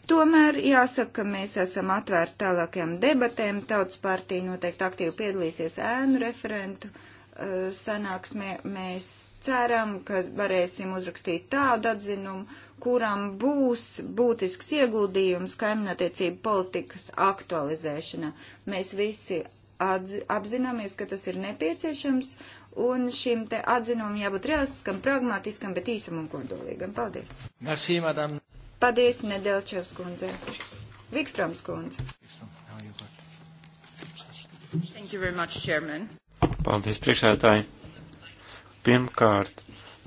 Tomēr jāsaka, ka mēs esam atvērti tālākajām debatēm. Tautas partija noteikti aktīvi piedalīsies ēnu referentu eh, sanāksmē. Mēs ceram, ka varēsim uzrakstīt tādu atzinumu, kuram būs būtisks ieguldījums kaimiņattiecību politikas aktualizēšanā. Mēs visi apzināmies, ka tas ir nepieciešams, un šim te atzinumam jābūt realistiskam, pragmatiskam, bet īsam un kodolīgam. Paldies! Merci, madam! Paldies, Nedelčevs kundze! Vikstroms kundze! Thank you very much, Chairman! Paldies, priekšētāji! Pirmkārt,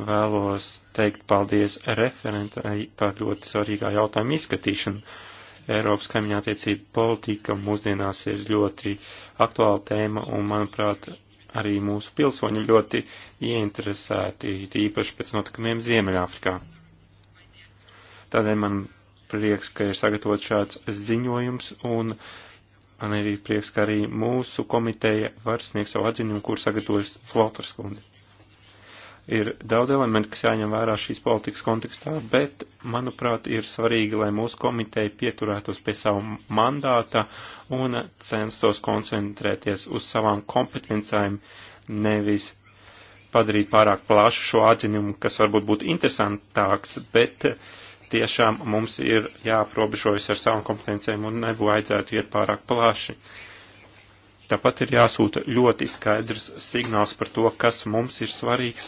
vēlos teikt paldies referentai par ļoti svarīgā jautājuma izskatīšanu. Eiropas kaimiņā tiecība politika mūsdienās ir ļoti aktuāla tēma un, manuprāt, arī mūsu pilsoņi ļoti ieinteresēti, īpaši pēc notikumiem Ziemeļāfrikā. Tādēļ man prieks, ka ir sagatavots šāds ziņojums un man arī prieks, ka arī mūsu komiteja var sniegt savu atziņumu, kur sagatavojas Flotras kundze. Ir daudz elementu, kas jāņem vērā šīs politikas kontekstā, bet, manuprāt, ir svarīgi, lai mūsu komiteja pieturētos pie savu mandāta un censtos koncentrēties uz savām kompetencēm, nevis padarīt pārāk plašu šo atziņumu, kas varbūt būtu interesantāks, bet tiešām mums ir jāaprobežojas ar savām kompetencijām un nevajadzētu iet pārāk plaši. Tāpat ir jāsūta ļoti skaidrs signāls par to, kas mums ir svarīgs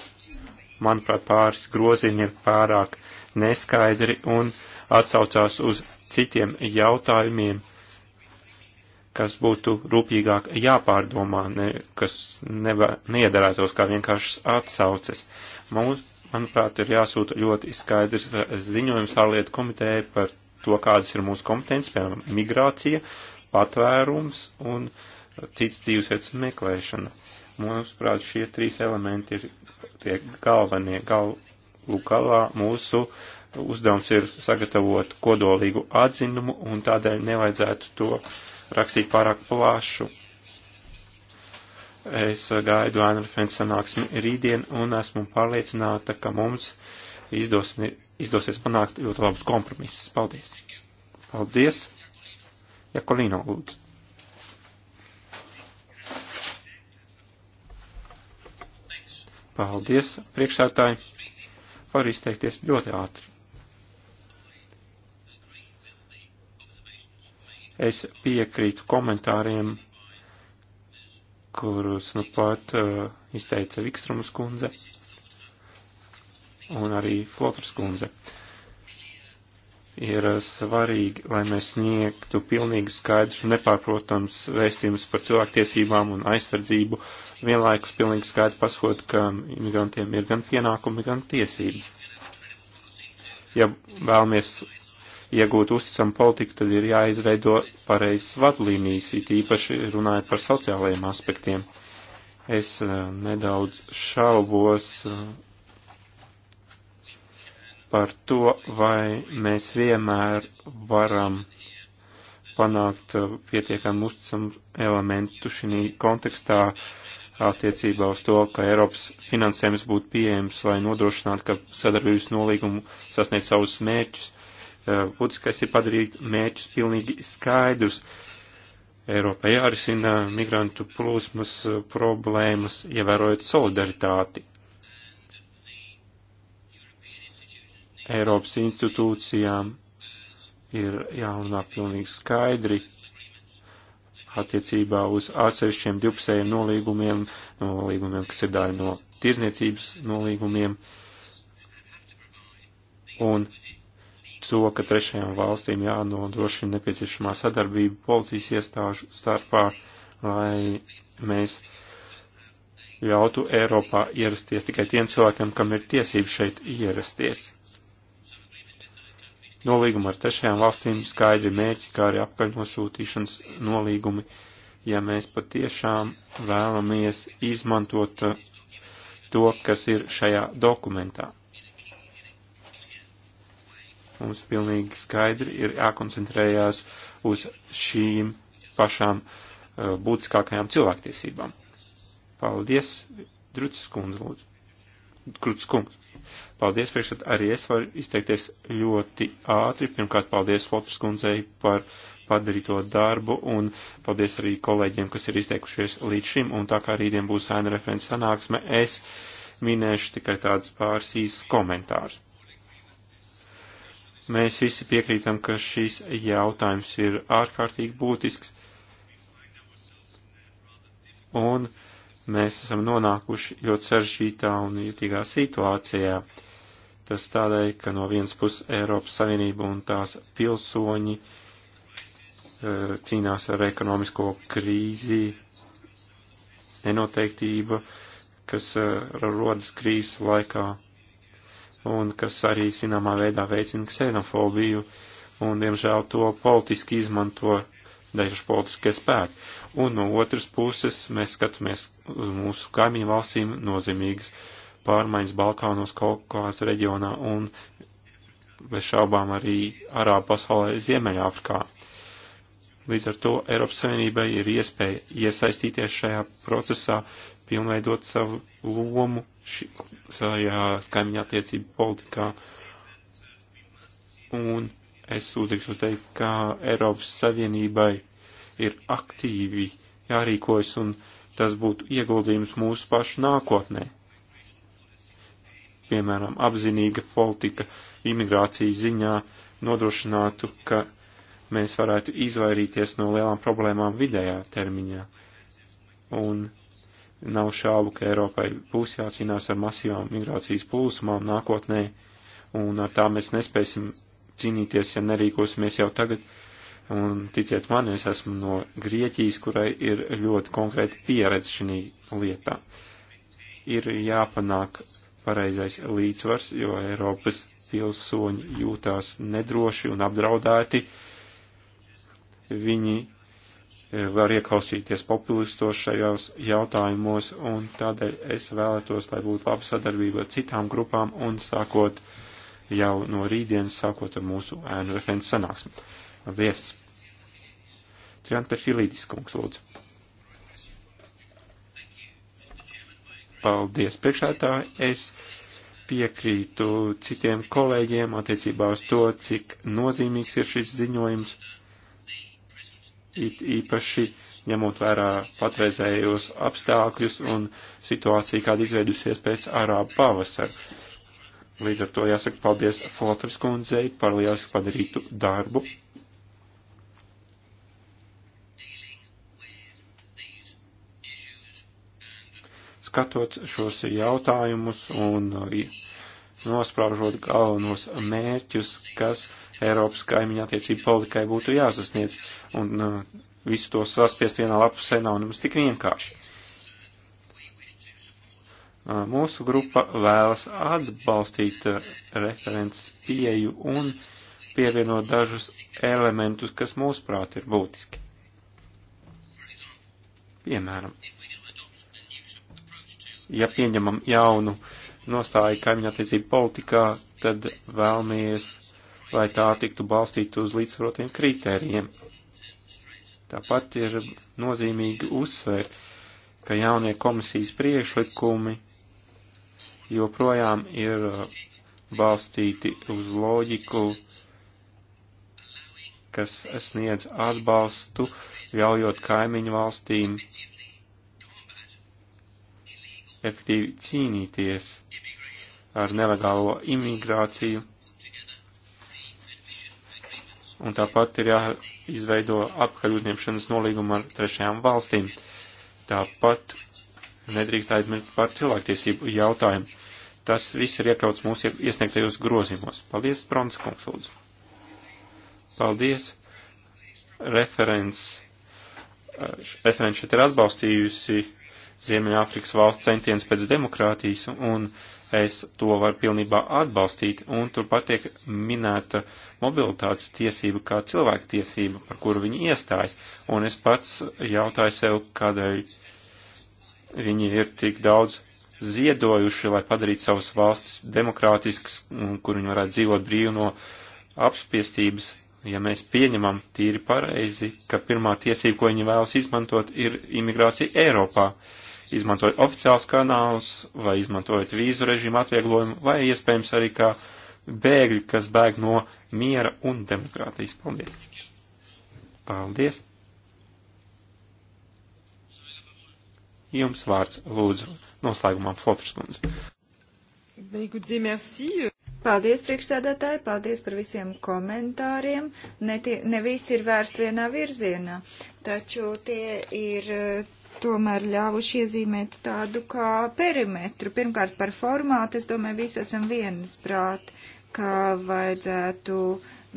manuprāt, pāris grozījumi ir pārāk neskaidri un atsaucās uz citiem jautājumiem, kas būtu rūpīgāk jāpārdomā, ne, kas neva, neiedarētos kā vienkāršas atsauces. Mums, manuprāt, ir jāsūta ļoti skaidrs ziņojums ārlietu komitēja par to, kādas ir mūsu kompetences, piemēram, migrācija, patvērums un cits dzīvesvietas meklēšana. Mums, prāt, šie trīs elementi ir tie galvenie galvu galā mūsu uzdevums ir sagatavot kodolīgu atzinumu un tādēļ nevajadzētu to rakstīt pārāk plašu. Es gaidu Ainrfens sanāksmi rītdien un esmu pārliecināta, ka mums izdos, izdosies panākt ļoti labus kompromisus. Paldies! Paldies! Jakolino, lūdzu! Paldies, priekšsētāji. Var izteikties ļoti ātri. Es piekrītu komentāriem, kurus nu pat uh, izteica Vikstrumas kundze un arī Flotras kundze. Uh, ir eh, svarīgi, lai mēs sniegtu pilnīgi skaidrs un nepārprotams vēstījums par cilvēktiesībām un aizsardzību, vienlaikus pilnīgi skaidri pasakot, ka imigrantiem ir gan pienākumi, gan tiesības. Ja vēlamies iegūt uzticamu politiku, tad ir jāizveido pareizas vadlīnijas, it īpaši runājot par sociālajiem aspektiem. Es eh, nedaudz šaubos eh, par to, vai mēs vienmēr varam panākt uh, pietiekami uzticamu elementu šī kontekstā attiecībā uz to, ka Eiropas finansējums būtu pieejams, lai nodrošinātu, ka sadarbības nolīgumu sasniedz savus mērķus. Uh, Būtiskais ir padarīt mērķus pilnīgi skaidrus. Eiropā jārisina migrantu plūsmas uh, problēmas, ievērojot solidaritāti Eiropas institūcijām ir jārunā pilnīgi skaidri attiecībā uz atsevišķiem divpusējiem nolīgumiem, nolīgumiem, kas ir daļa no tirzniecības nolīgumiem, un to, ka trešajām valstīm jānodrošina nepieciešamā sadarbība policijas iestāžu starpā, lai mēs ļautu Eiropā ierasties tikai tiem cilvēkiem, kam ir tiesības šeit ierasties nolīguma ar trešajām valstīm, skaidri mērķi, kā arī apkaļnosūtīšanas nolīgumi, ja mēs patiešām vēlamies izmantot uh, to, kas ir šajā dokumentā. Mums pilnīgi skaidri ir jākoncentrējās uz šīm pašām uh, būtiskākajām cilvēktiesībām. Paldies, Drucis kundze, lūdzu. Kruts kungs. Paldies, priekšsat, arī es varu izteikties ļoti ātri. Pirmkārt, paldies Flotras kundzei par padarīto darbu, un paldies arī kolēģiem, kas ir izteikušies līdz šim, un tā kā rītdien būs ēna referents sanāksme, es minēšu tikai tādas pāris īsas komentārus. Mēs visi piekrītam, ka šīs jautājums ir ārkārtīgi būtisks, un uh, mēs esam nonākuši ļoti saržģītā un jutīgā situācijā. Tas tādēļ, ka no vienas puses Eiropas Savienība un tās pilsoņi e, cīnās ar ekonomisko krīzi, nenoteiktība, kas e, rodas krīzes laikā un kas arī zināmā veidā veicina ksenofobiju un, diemžēl, to politiski izmanto dažas politiskie spēki un no otras puses mēs skatāmies uz mūsu kaimiņu valstīm nozīmīgas pārmaiņas Balkānos, Kaukās reģionā un bez šaubām arī Arābu pasaulē Ziemeļāfrikā. Līdz ar to Eiropas Savienībai ir iespēja iesaistīties šajā procesā, pilnveidot savu lomu šajā kaimiņā attiecību politikā. Un es uzdrīkstu teikt, ka Eiropas Savienībai ir aktīvi jārīkojas un tas būtu ieguldījums mūsu pašu nākotnē. Piemēram, apzinīga politika imigrācijas ziņā nodrošinātu, ka mēs varētu izvairīties no lielām problēmām vidējā termiņā. Un nav šaubu, ka Eiropai būs jācīnās ar masīvām migrācijas plūsmām nākotnē, un ar tām mēs nespēsim cīnīties, ja nerīkosimies jau tagad, Un ticiet man, es esmu no Grieķijas, kurai ir ļoti konkrēta pieredze šī lietā. Ir jāpanāk pareizais līdzsvars, jo Eiropas pilsoņi jūtās nedroši un apdraudēti. Viņi e, var ieklausīties populistos šajos jautājumos, un tādēļ es vēlētos, lai būtu laba sadarbība ar citām grupām un sākot jau no rītdienas, sākot ar mūsu ēnu referents sanāksmi. Paldies. Trianta Filīdis kungs lūdzu. Paldies priekšētā. Es piekrītu citiem kolēģiem attiecībā uz to, cik nozīmīgs ir šis ziņojums. It īpaši ņemot vērā patreizējos apstākļus un situāciju, kāda izveidusies pēc ārābu pavasara. Līdz ar to jāsaka paldies Flotras kundzei par lielisku padarītu darbu. skatot šos jautājumus un uh, nospraužot galvenos mērķus, kas Eiropas kaimiņa attiecību politikai būtu jāsasniedz, un uh, visu to saspiest vienā lapusē nav nemaz tik vienkārši. Uh, mūsu grupa vēlas atbalstīt referents pieju un pievienot dažus elementus, kas mūsuprāt ir būtiski. Piemēram, ja pieņemam jaunu nostāju kaimiņu attiecību politikā, tad vēlamies, lai tā tiktu balstīta uz līdzsvarotiem kritērijiem. Tāpat ir nozīmīgi uzsvērt, ka jaunie komisijas priekšlikumi joprojām ir uh, balstīti uz loģiku, kas sniedz atbalstu, ļaujot kaimiņu valstīm efektīvi cīnīties ar nelegālo imigrāciju. Un tāpat ir jāizveido apkaļ uzņemšanas nolīgumu ar trešajām valstīm. Tāpat nedrīkst aizmirst par cilvēktiesību jautājumu. Tas viss ir iekļauts mūsu iesniegtajos grozījumos. Paldies, Brons kungs, lūdzu. Paldies. Referents, eh, referents šeit ir atbalstījusi Ziemeņāfrikas valsts centiens pēc demokrātijas, un es to varu pilnībā atbalstīt, un turpat tiek minēta mobilitātes tiesība kā cilvēka tiesība, par kuru viņi iestājas, un es pats jautāju sev, kādēļ viņi ir tik daudz ziedojuši, lai padarītu savas valstis demokrātiskas, kur viņi varētu dzīvot brīvi no apspiestības, ja mēs pieņemam tīri pareizi, ka pirmā tiesība, ko viņi vēlas izmantot, ir imigrācija Eiropā. Uh, izmantojot oficiāls kanāls, vai izmantojot vīzu režīmu atvieglojumu, vai iespējams arī kā bēgļi, kas bēg no miera un demokrātijas. Paldies! Paldies! Jums vārds, lūdzu, noslēgumā Flotras kundze. Paldies, priekšsēdētāji, paldies par visiem komentāriem. Ne, tie, ne visi ir vērsti vienā virzienā, taču tie ir tomēr ļāvuši iezīmēt tādu kā perimetru. Pirmkārt, par formātu, es domāju, visi esam vienas prāt, ka vajadzētu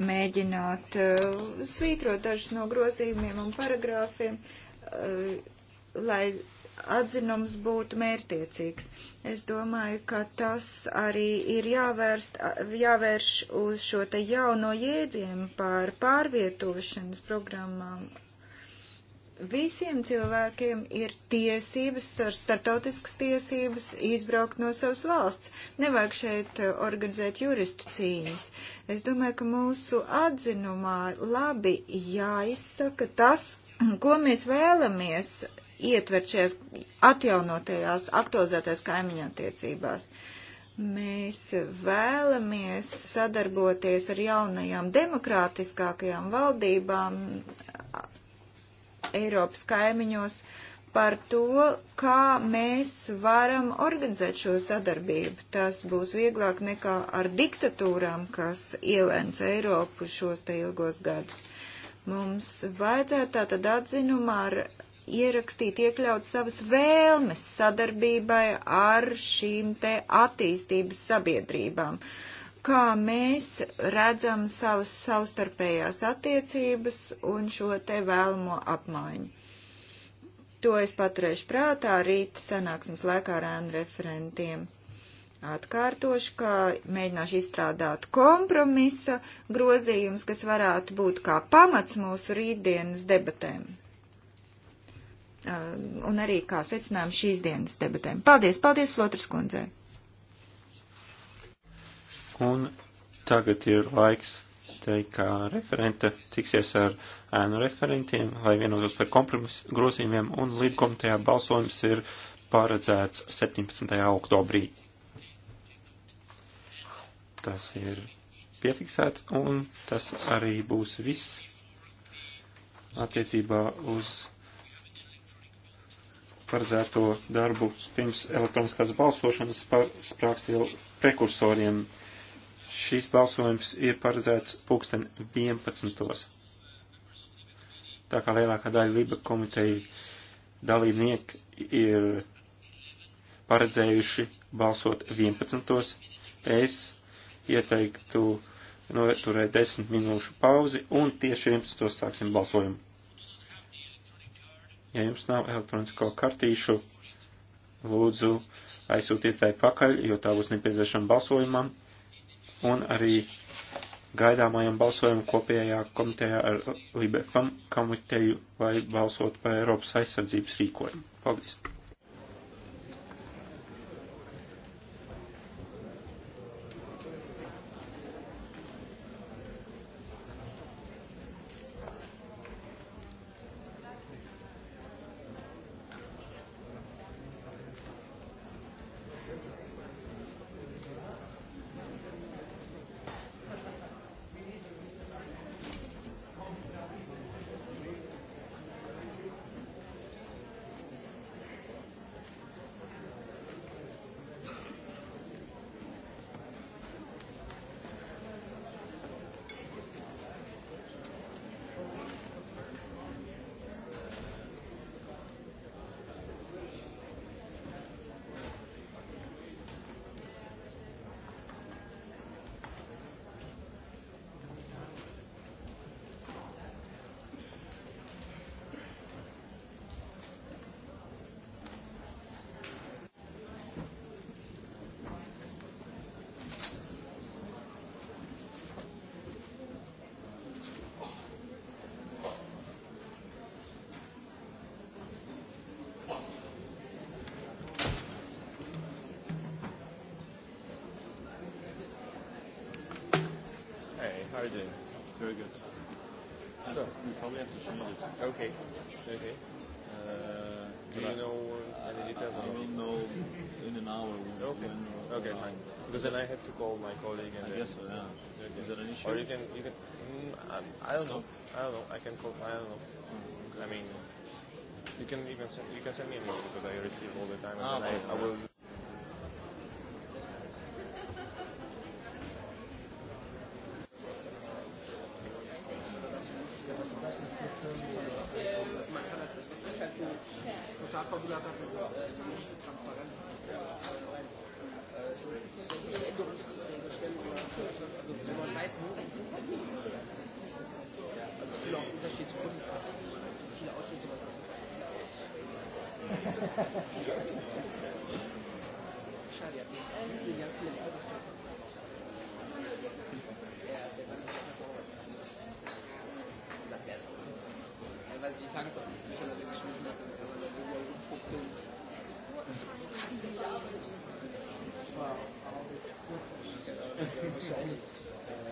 mēģināt uh, svītrot dažus no grozījumiem un paragrāfiem, uh, lai atzinums būtu mērtiecīgs. Es domāju, ka tas arī ir jāvērst, uh, jāvērš uz šo te jauno jēdzienu par pārvietošanas programmām Visiem cilvēkiem ir tiesības, startautiskas tiesības izbraukt no savas valsts. Nevajag šeit eh, organizēt juristu cīņas. Es domāju, ka mūsu atzinumā labi jāizsaka tas, ko mēs vēlamies ietvert šajās atjaunotajās, aktualizētajās kaimiņā tiecībās. Mēs vēlamies sadarboties ar jaunajām demokrātiskākajām valdībām Eiropas kaimiņos par to, kā mēs varam organizēt šo sadarbību. Tas būs vieglāk nekā ar diktatūrām, kas ielēns Eiropu šos te ilgos gadus. Mums vajadzētu tātad atzinumā ar ierakstīt, iekļaut savas vēlmes sadarbībai ar šīm te attīstības sabiedrībām. Uh, kā mēs redzam savas savstarpējās attiecības un šo te vēlamo apmaiņu. To es paturēšu prātā rīta sanāksmes laikā ar ēnu referentiem. Atkārtošu, ka mēģināšu izstrādāt kompromisa grozījums, kas varētu būt kā pamats mūsu rītdienas debatēm. Uh, un arī kā secinājums šīs dienas debatēm. Paldies, paldies, Flotras kundzei! Un tagad ir laiks teikt, ka referente tiksies ar ēnu referentiem, lai vienotos par kompromisu grozījumiem, un līdkomitejā balsojums ir paredzēts 17. oktobrī. Tas ir piefiksēts, un tas arī būs viss attiecībā uz paredzēto darbu pirms elektroniskās balsošanas par sprākstvielu prekursoriem. Šīs balsojums ir paredzēts pulksten 11. Tā kā lielākā daļa Liba komiteja dalībnieki ir paredzējuši balsot 11. Es ieteiktu noturēt 10 minūšu pauzi un tieši 11. sāksim balsojumu. Ja jums nav elektronisko kartīšu, lūdzu aizsūtiet tai pakaļ, jo tā būs nepieciešama balsojumam un arī gaidāmajam balsojumam kopējā komitejā ar Libekam komiteju, lai balsot par Eiropas aizsardzības rīkojumu. Paldies! How are you doing? Very good. So we probably have to change it. Okay. Okay. Uh, Do you I, know uh, any details? I, I will know in an hour. When, okay. When or, okay. Fine. Uh, because then I have to call my colleague. And I guess so. Yeah. Okay. Is that an issue? Or you can you can. Mm, I, I don't Stop. know. I don't know. I can call. I don't know. Mm, mm-hmm. okay. I mean, you can even send, you can send me an email because I receive all the time, and ah, then okay. I, I will. Änderungsanträge stellen oder also, wenn man weiß, wo wir sind. Ja, also es ist auch ein Unterschied zum Bundestag. Viele Ausschüsse oder so. Schade, ja. Ja, vielen Dank. Ja, der war sauer. Das ist ja so. Er weiß nicht, die Tagesordnungstücher da geschmissen hat, aber der will ja rumfuchteln. Wow.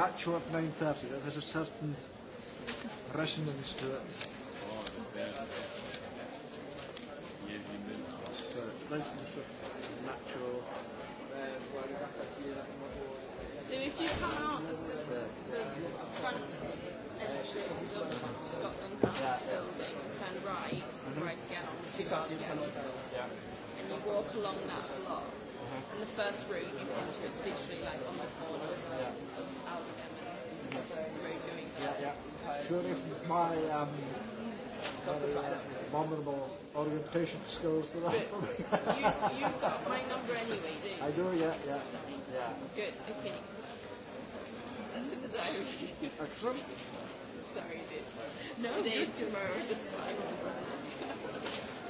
not show up 9.30. There's a certain resonance to it. So if you come out of the, the, the front entrance of Scotland House yeah. building, turn right, mm-hmm. right again on the yeah. and you walk along that block, -hmm. And the first room you enter is literally like on the corner of, a, yeah. of Albion and mm -hmm. road going there. Yeah, yeah. Sure, if my um, very abominable orientation skills that I have. you, you've got my number anyway, do you? I do, yeah, yeah. yeah. Good, okay. That's in the diary. Excellent. Sorry, dude. No, today, tomorrow, just climb.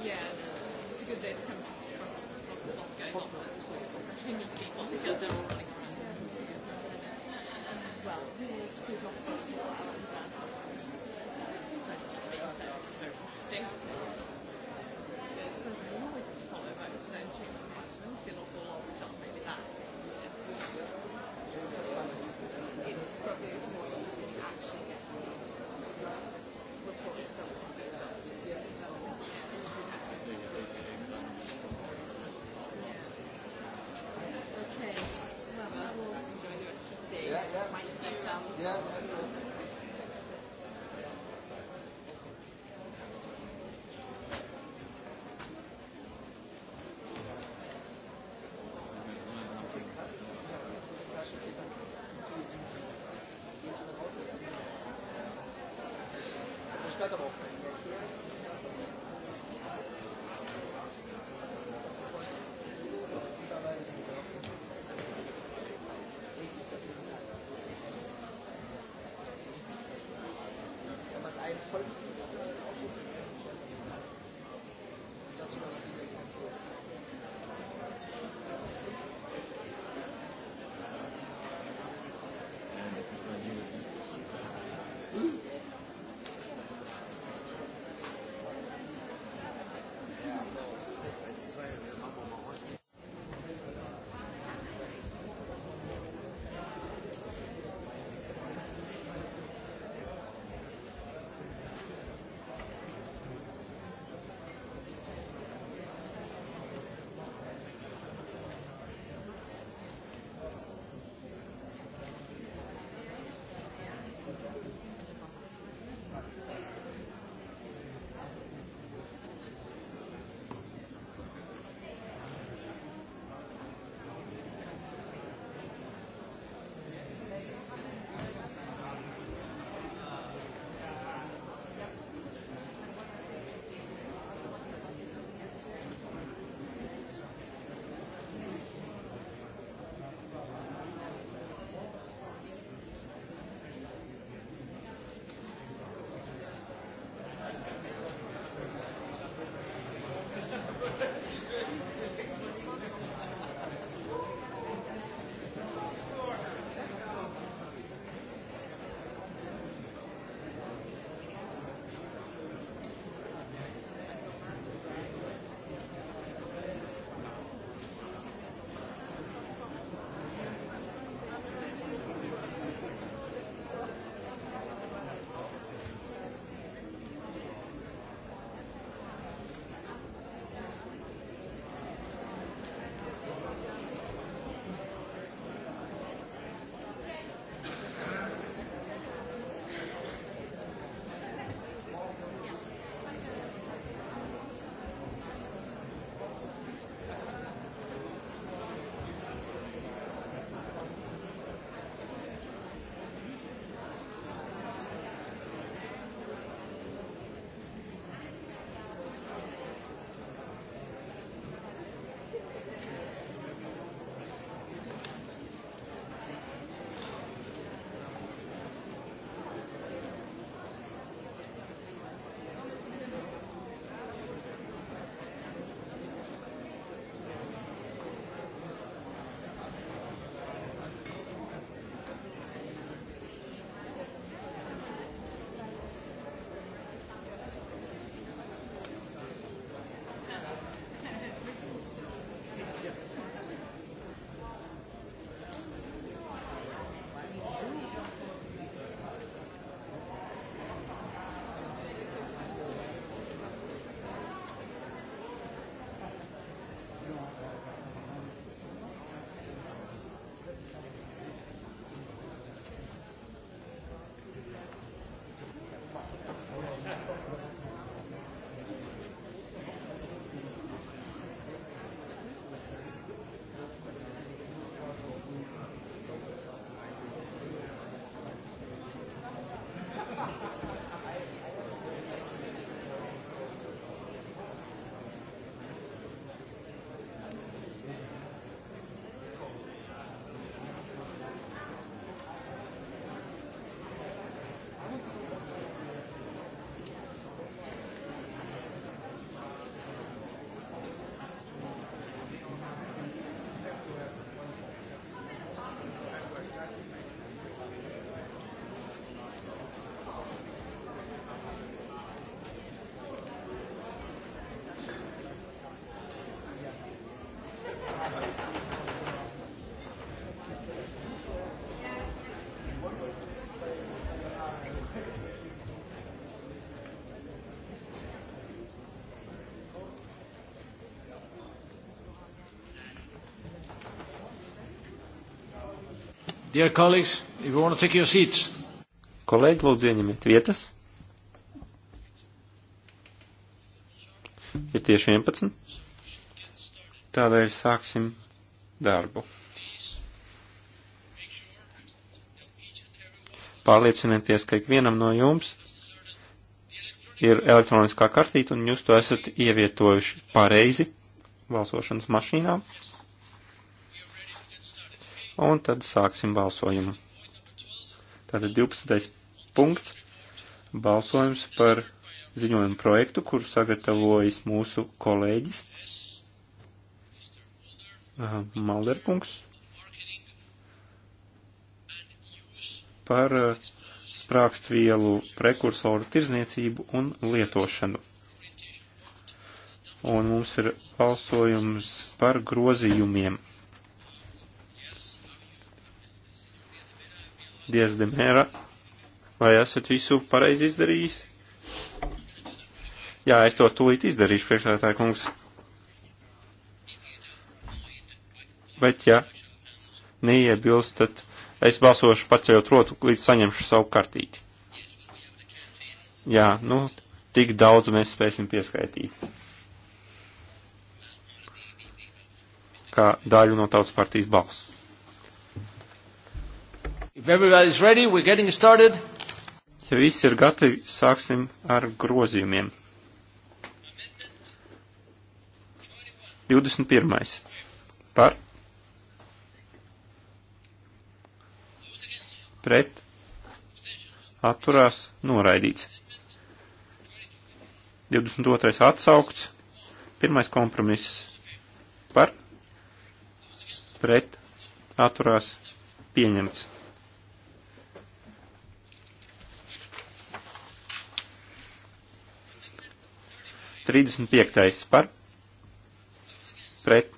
yeah, no. It's a good day to come to Moscow. Moscow clinically because they're all running around. Well, who was good off for a while as well. Dear colleagues, if you want to take your seats. Kolēģi, lūdzu, ieņemiet vietas. Ir tieši 11. Tādēļ sāksim darbu. Pārliecinieties, ka ikvienam no jums ir elektroniskā kartīte un jūs to esat ievietojuši pareizi balsošanas mašīnām. Yes un tad sāksim balsojumu. Tātad 12. punkts - balsojums par ziņojumu projektu, kuru sagatavojas mūsu kolēģis Malderkungs par sprākstvielu prekursoru tirzniecību un lietošanu. Un mums ir balsojums par grozījumiem. Dievs Demēra, vai esat visu pareizi izdarījis? Jā, es to tūlīt izdarīšu, priekšsēdētāja kungs. Bet, ja neiebilstat, es balsošu paceļot rotu, līdz saņemšu savu kartīti. Jā, nu, tik daudz mēs spēsim pieskaitīt. Kā daļu no tautas partijas balss. Ready, ja visi ir gatavi, sāksim ar grozījumiem. 21. Par. Pret. Atturās. Noraidīts. 22. atsaukts. Pirmais kompromiss. Par. Pret. Atturās. Pieņemts. 35. par pret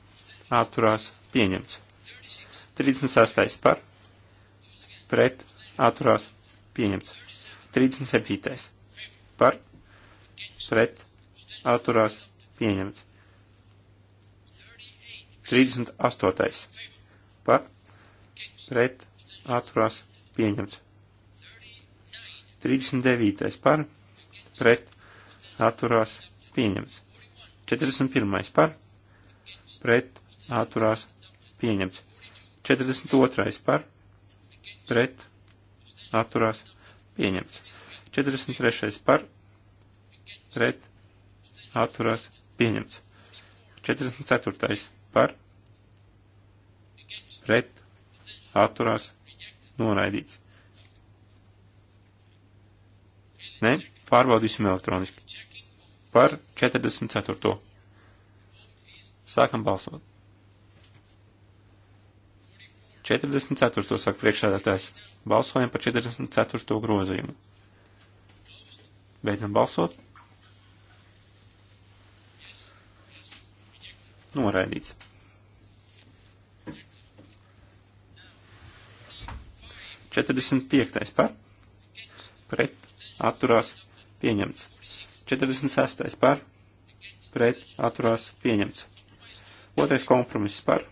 atturās pieņemts. 36. par pret atturās pieņemts. 37. par pret atturās pieņemts. 38. par pret atturās pieņemts. 39. par pret atturās pieņemts. 39. par pret atturās pieņemts pieņemts. 41. par, pret, atturās, pieņemts. 42. par, pret, atturās, pieņemts. 43. par, pret, atturās, pieņemts. 44. par, pret, atturās, noraidīts. Ne, pārbaudīsim elektroniski par 44. Sākam balsot. 44. saka priekšsēdētājs. Balsojam par 44. grozījumu. Beidzam balsot. Noraidīts. Četrdesmit piektais par, pret, atturās, pieņemts. 46. par, pret, atturās, pieņemts. Otrais kompromiss par,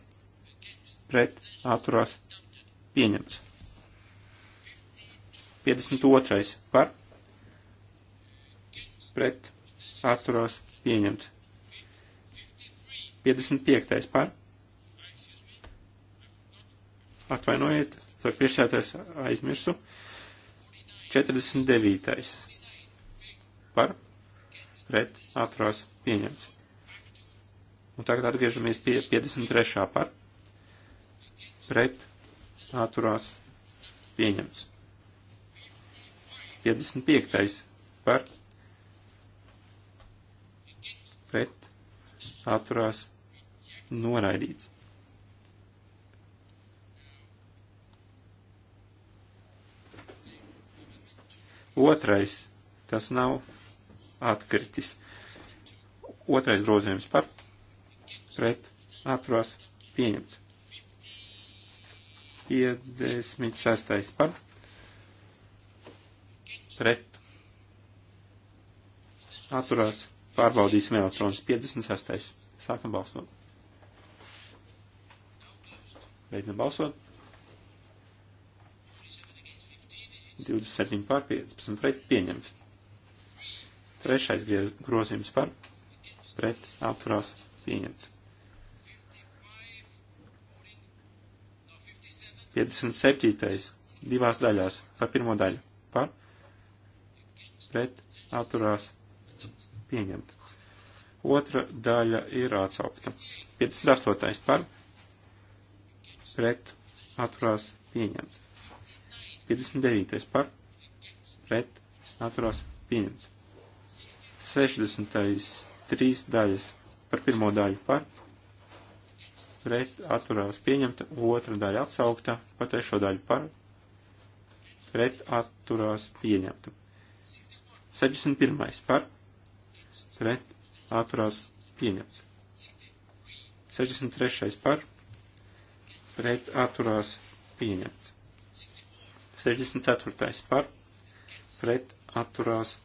pret, atturās, pieņemts. 52. par, pret, atturās, pieņemts. 55. par, atvainojiet, par priekšētais aizmirsu. 49. par, pret atturās pieņemts. Un tagad atgriežamies pie 53. par pret atturās pieņemts. 55. par pret atturās noraidīts. Otrais, tas nav atkritis. Otrais grozījums par pret atturās pieņemts. 56. par pret atturās pārbaudīsim elektronus 56. Sākam balsot. Beidzam balsot. 27 pār 15 pret pieņemts. Trešais grozījums par pret atturās pieņemts. 57. divās daļās par pirmo daļu par pret atturās pieņemt. Otra daļa ir atsaukta. 58. par pret atturās pieņemts. 59. par pret atturās pieņemts. 60. trīs daļas par pirmo daļu par, pret atturās pieņemta, otra daļa atsaukta, par trešo daļu par, pret atturās pieņemta. 61. par, pret atturās pieņemts. 63. par, pret atturās pieņemts. 64. par, pret atturās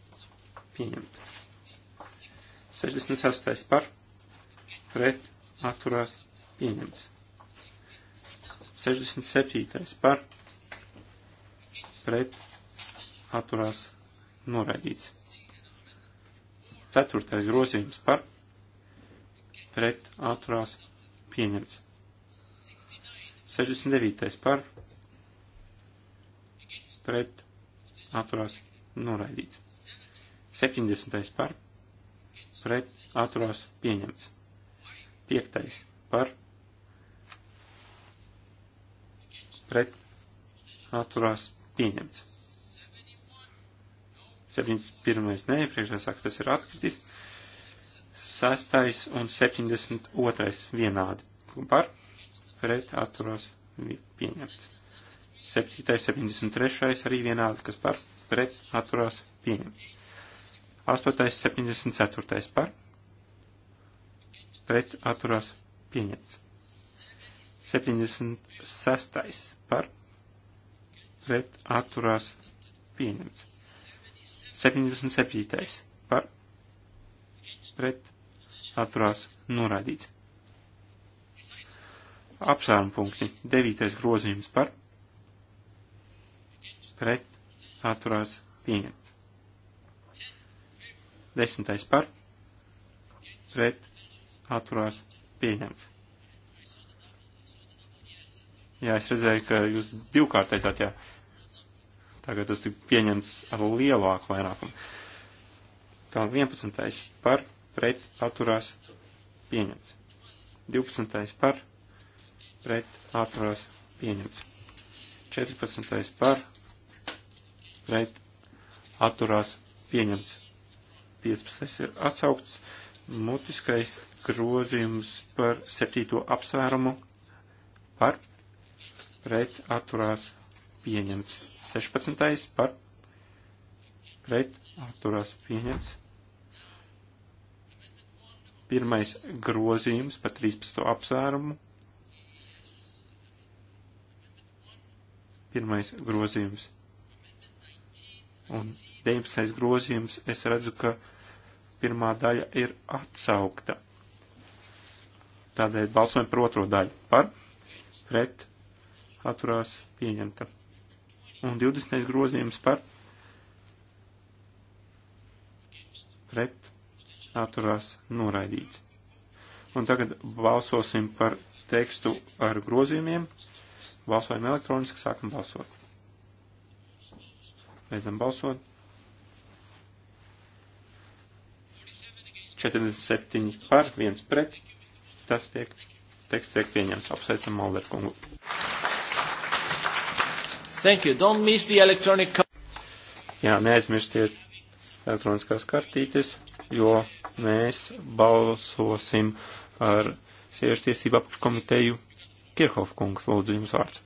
pieņemts. 66. par pret atturās pieņemts. 67. par pret atturās noraidīts. 4. grozījums par pret atturās pieņemts. 69. par pret atturās noraidīts. 70. par pret atturās pieņemts. Piektais par pret atturās pieņemts. 71. nē, priekšā saka, tas ir atkritis. 6. un 72. vienādi par pret atturās pieņemts. 7. 73. arī vienādi, kas par pret atturās pieņemts. 874. par pret atturās pieņemts. 76. par pret atturās pieņemts. 77. par pret atturās noraidīts. Apsvērumu punkti. 9. grozījums par pret atturās pieņemts. Desmitais par, pret, atturās, pieņemts. Jā, es redzēju, ka jūs divkārt teicāt, jā. Tagad tas tika pieņemts ar lielāku vairākumu. Tā 11. par, pret, atturās, pieņemts. 12. par, pret, atturās, pieņemts. 14. par, pret, atturās, pieņemts. 15. ir atsaukts mutiskais grozījums par 7. apsvērumu par pret atturās pieņemts. 16. par pret atturās pieņemts. Pirmais grozījums par 13. apsvērumu. Pirmais grozījums. Un 19. grozījums es redzu, ka pirmā daļa ir atsaukta. Tādēļ balsojam par otro daļu. Par, pret, atturās, pieņemta. Un 20. grozījums par, pret, atturās, noraidīts. Un tagad balsosim par tekstu ar grozījumiem. Balsojam elektroniski, sākam balsot. Beidzam balsot. 47 par, 1 pret. Tas tiek, teksts tiek pieņemts. Apsveicam Malderkungu. Thank you. Don't miss the electronic. Jā, neaizmirstiet elektroniskās kartītes, jo mēs balsosim ar sieviešu tiesību apakškomiteju Kirhof kungs, lūdzu jums vārds.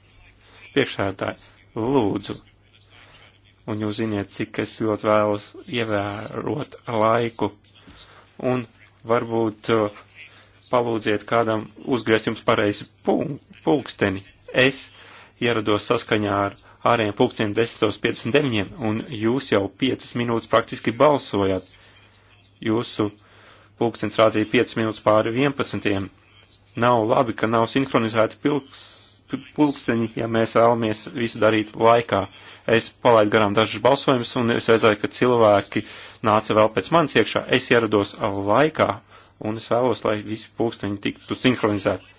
Priekšsēdētāji, lūdzu. Un jūs ziniet, cik es ļoti vēlos ievērot laiku un varbūt uh, palūdziet kādam uzgriezt jums pareizi pulksteni. Es ierados saskaņā ar ārējiem pulksteniem 10.59 un jūs jau 5 minūtes praktiski balsojat. Jūsu pulkstens rādīja 5 minūtes pāri 11. Nav labi, ka nav sinhronizēti pilks, pulksteni, ja mēs vēlamies visu darīt laikā. Es palaidu garām dažus balsojumus un es redzēju, ka cilvēki uh, nāca vēl pēc manis iekšā. Es ierados laikā, un es vēlos, lai visi pulksteņi tiktu sinhronizēti.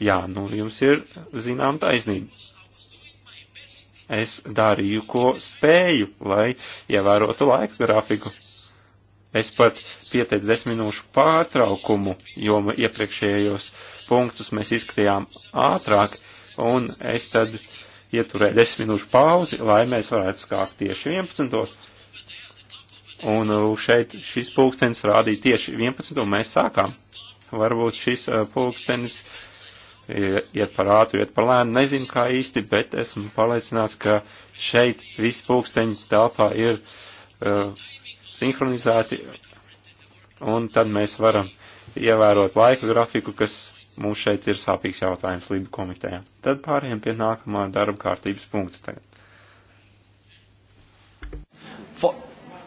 Jā, nu jums ir zinām taisnība. Es darīju, ko spēju, lai ievērotu laika grafiku. Es pat pieteicu desmit minūšu pārtraukumu, jo iepriekšējos punktus mēs izskatījām ātrāk, un es tad ieturēju desmit minūšu pauzi, lai mēs varētu skākt tieši 11. Un uh, šeit šis pulkstenis rādīja tieši 11, un mēs sākām. Varbūt šis uh, pulkstenis uh, iet par ātru, iet par lēnu, nezinu kā īsti, bet esmu pārliecināts, ka šeit visi pulksteņi telpā ir uh, sinhronizēti, un tad mēs varam ievērot laika grafiku, kas mums šeit ir sāpīgs jautājums Lība komitejā. Tad pārējiem pie nākamā darba kārtības punkta tagad.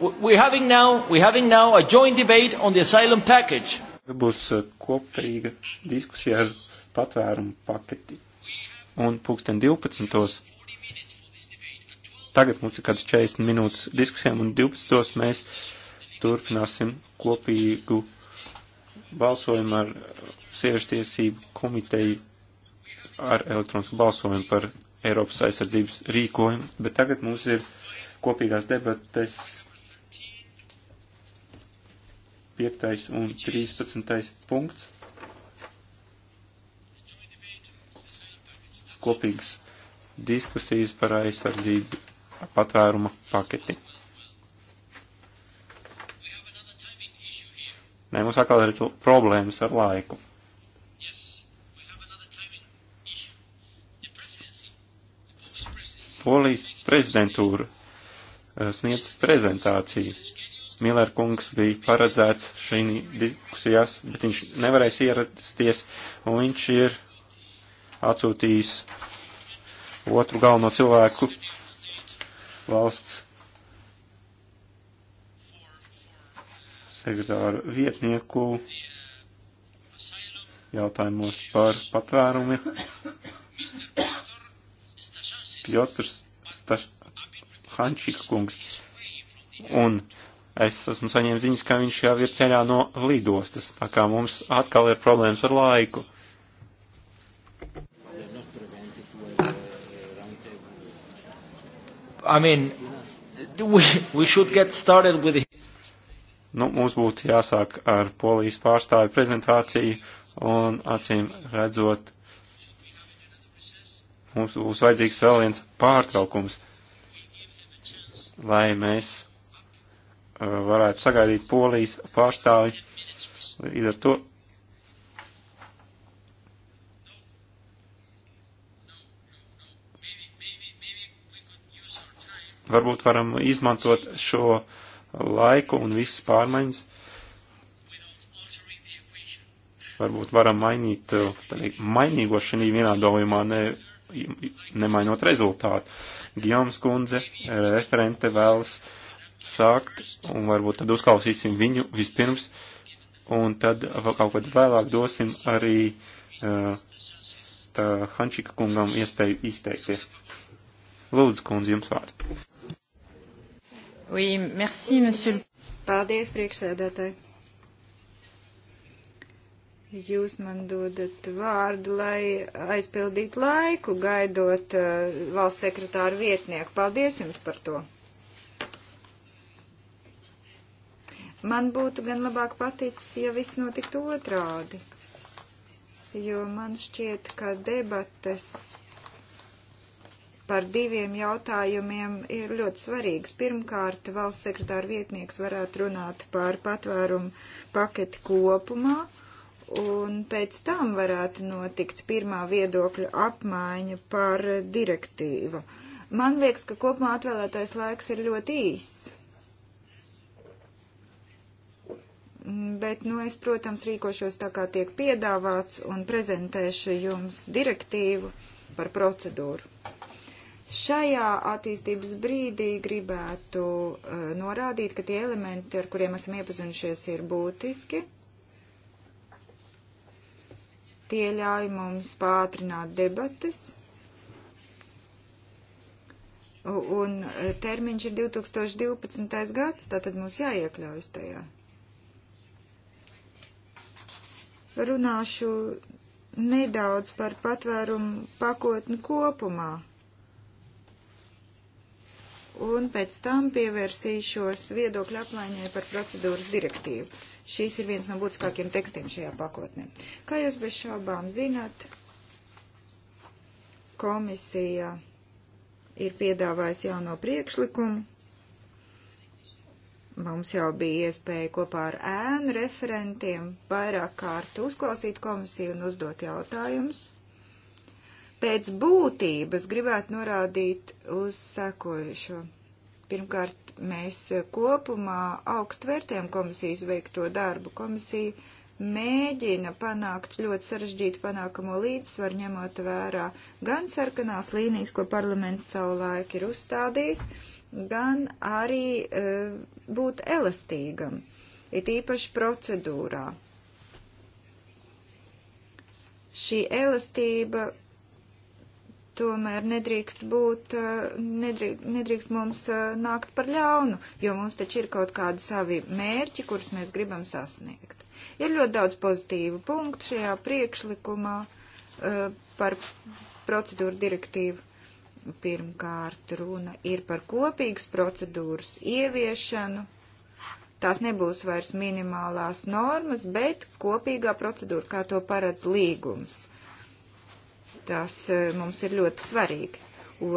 we're having now, we're having now a joint debate on the asylum package. Būs uh, kopīga diskusija ar patvērumu paketi. Un pulksten 12. Tagad mums ir kāds 40 minūtes diskusijām, un 12. mēs turpināsim kopīgu balsojumu ar sieviešu tiesību komiteju ar elektronisku balsojumu par Eiropas aizsardzības rīkojumu, bet tagad mums ir kopīgās debates 5. un 13. punkts. Kopīgas diskusijas par aizsardzību patvēruma paketi. Nē, mums atkal ir problēmas ar laiku. Polijas prezidentūra eh, sniedz prezentāciju Miller kungs bija paredzēts šī diskusijās, bet viņš nevarēs ierasties, un viņš ir atsūtījis otru galveno cilvēku valsts sekretāru vietnieku jautājumos par patvērumu. Piotrs Stašančik kungs. Un Es esmu saņēmis ziņas, ka viņš jau ir ceļā no lidostas, tā kā mums atkal ir problēmas ar laiku. I mean, we, we should get started with it. Nu, mums būtu jāsāk ar polijas pārstāju prezentāciju un acīm redzot, mums būs vajadzīgs vēl viens pārtraukums, lai mēs varētu sagaidīt polijas pārstāvi. Līdz ar to varbūt varam izmantot šo laiku un visas pārmaiņas. Varbūt varam mainīt, tādī, mainīgo šī vienādojumā, ne, nemainot rezultātu. Gijoms kundze, referente vēlas uh, sākt, un varbūt tad uzklausīsim viņu vispirms, un tad kaut kad vēlāk dosim arī uh, tā Hančika kungam iespēju izteikties. Lūdzu, kundze, jums vārdu. Oui, merci, monsieur. Paldies, priekšsēdētāji. Jūs man dodat vārdu, lai aizpildītu laiku, gaidot uh, valsts sekretāru vietnieku. Paldies jums par to. Man būtu gan labāk paticis, ja viss notiktu otrādi, jo man šķiet, ka debates par diviem jautājumiem ir ļoti svarīgs. Pirmkārt, valsts sekretāra vietnieks varētu runāt par patvērumu paketi kopumā, un pēc tam varētu notikt pirmā viedokļa apmaiņa par direktīvu. Man liekas, ka kopumā atvēlētais laiks ir ļoti īss. Bet, nu, es, protams, rīkošos tā, kā tiek piedāvāts un prezentēšu jums direktīvu par procedūru. Šajā attīstības brīdī gribētu uh, norādīt, ka tie elementi, ar kuriem esam iepazinušies, ir būtiski. Tie ļauj mums pātrināt debates. Un uh, termiņš ir 2012. gads, tātad mums jāiekļaujas tajā. Runāšu nedaudz par patvērumu pakotni kopumā. Un pēc tam pievērsīšos viedokļu aplaiņai par procedūras direktīvu. Šīs ir viens no būtiskākiem tekstiem šajā pakotnē. Kā jūs bez šaubām zināt, komisija ir piedāvājusi jauno priekšlikumu Mums jau bija iespēja kopā ar ēnu referentiem vairāk kārt uzklausīt komisiju un uzdot jautājumus. Pēc būtības gribētu norādīt uz sekojušo. Pirmkārt, mēs kopumā augstu vērtējam komisijas veikto darbu. Komisija mēģina panākt ļoti sarežģītu panākamo līdzsvaru, ņemot vērā gan sarkanās līnijas, ko parlaments savulaik ir uzstādījis, gan arī e, būt elastīgam, it īpaši procedūrā. Šī elastība tomēr nedrīkst būt, e, nedrīkst, nedrīkst mums e, nākt par ļaunu, jo mums taču ir kaut kādi savi mērķi, kurus mēs gribam sasniegt. Ir ļoti daudz pozitīvu punktu šajā priekšlikumā uh, par procedūru direktīvu. Pirmkārt, runa ir par kopīgas procedūras ieviešanu. Tās nebūs vairs minimālās normas, bet kopīgā procedūra, kā to paredz līgums. Tas e, mums ir ļoti svarīgi.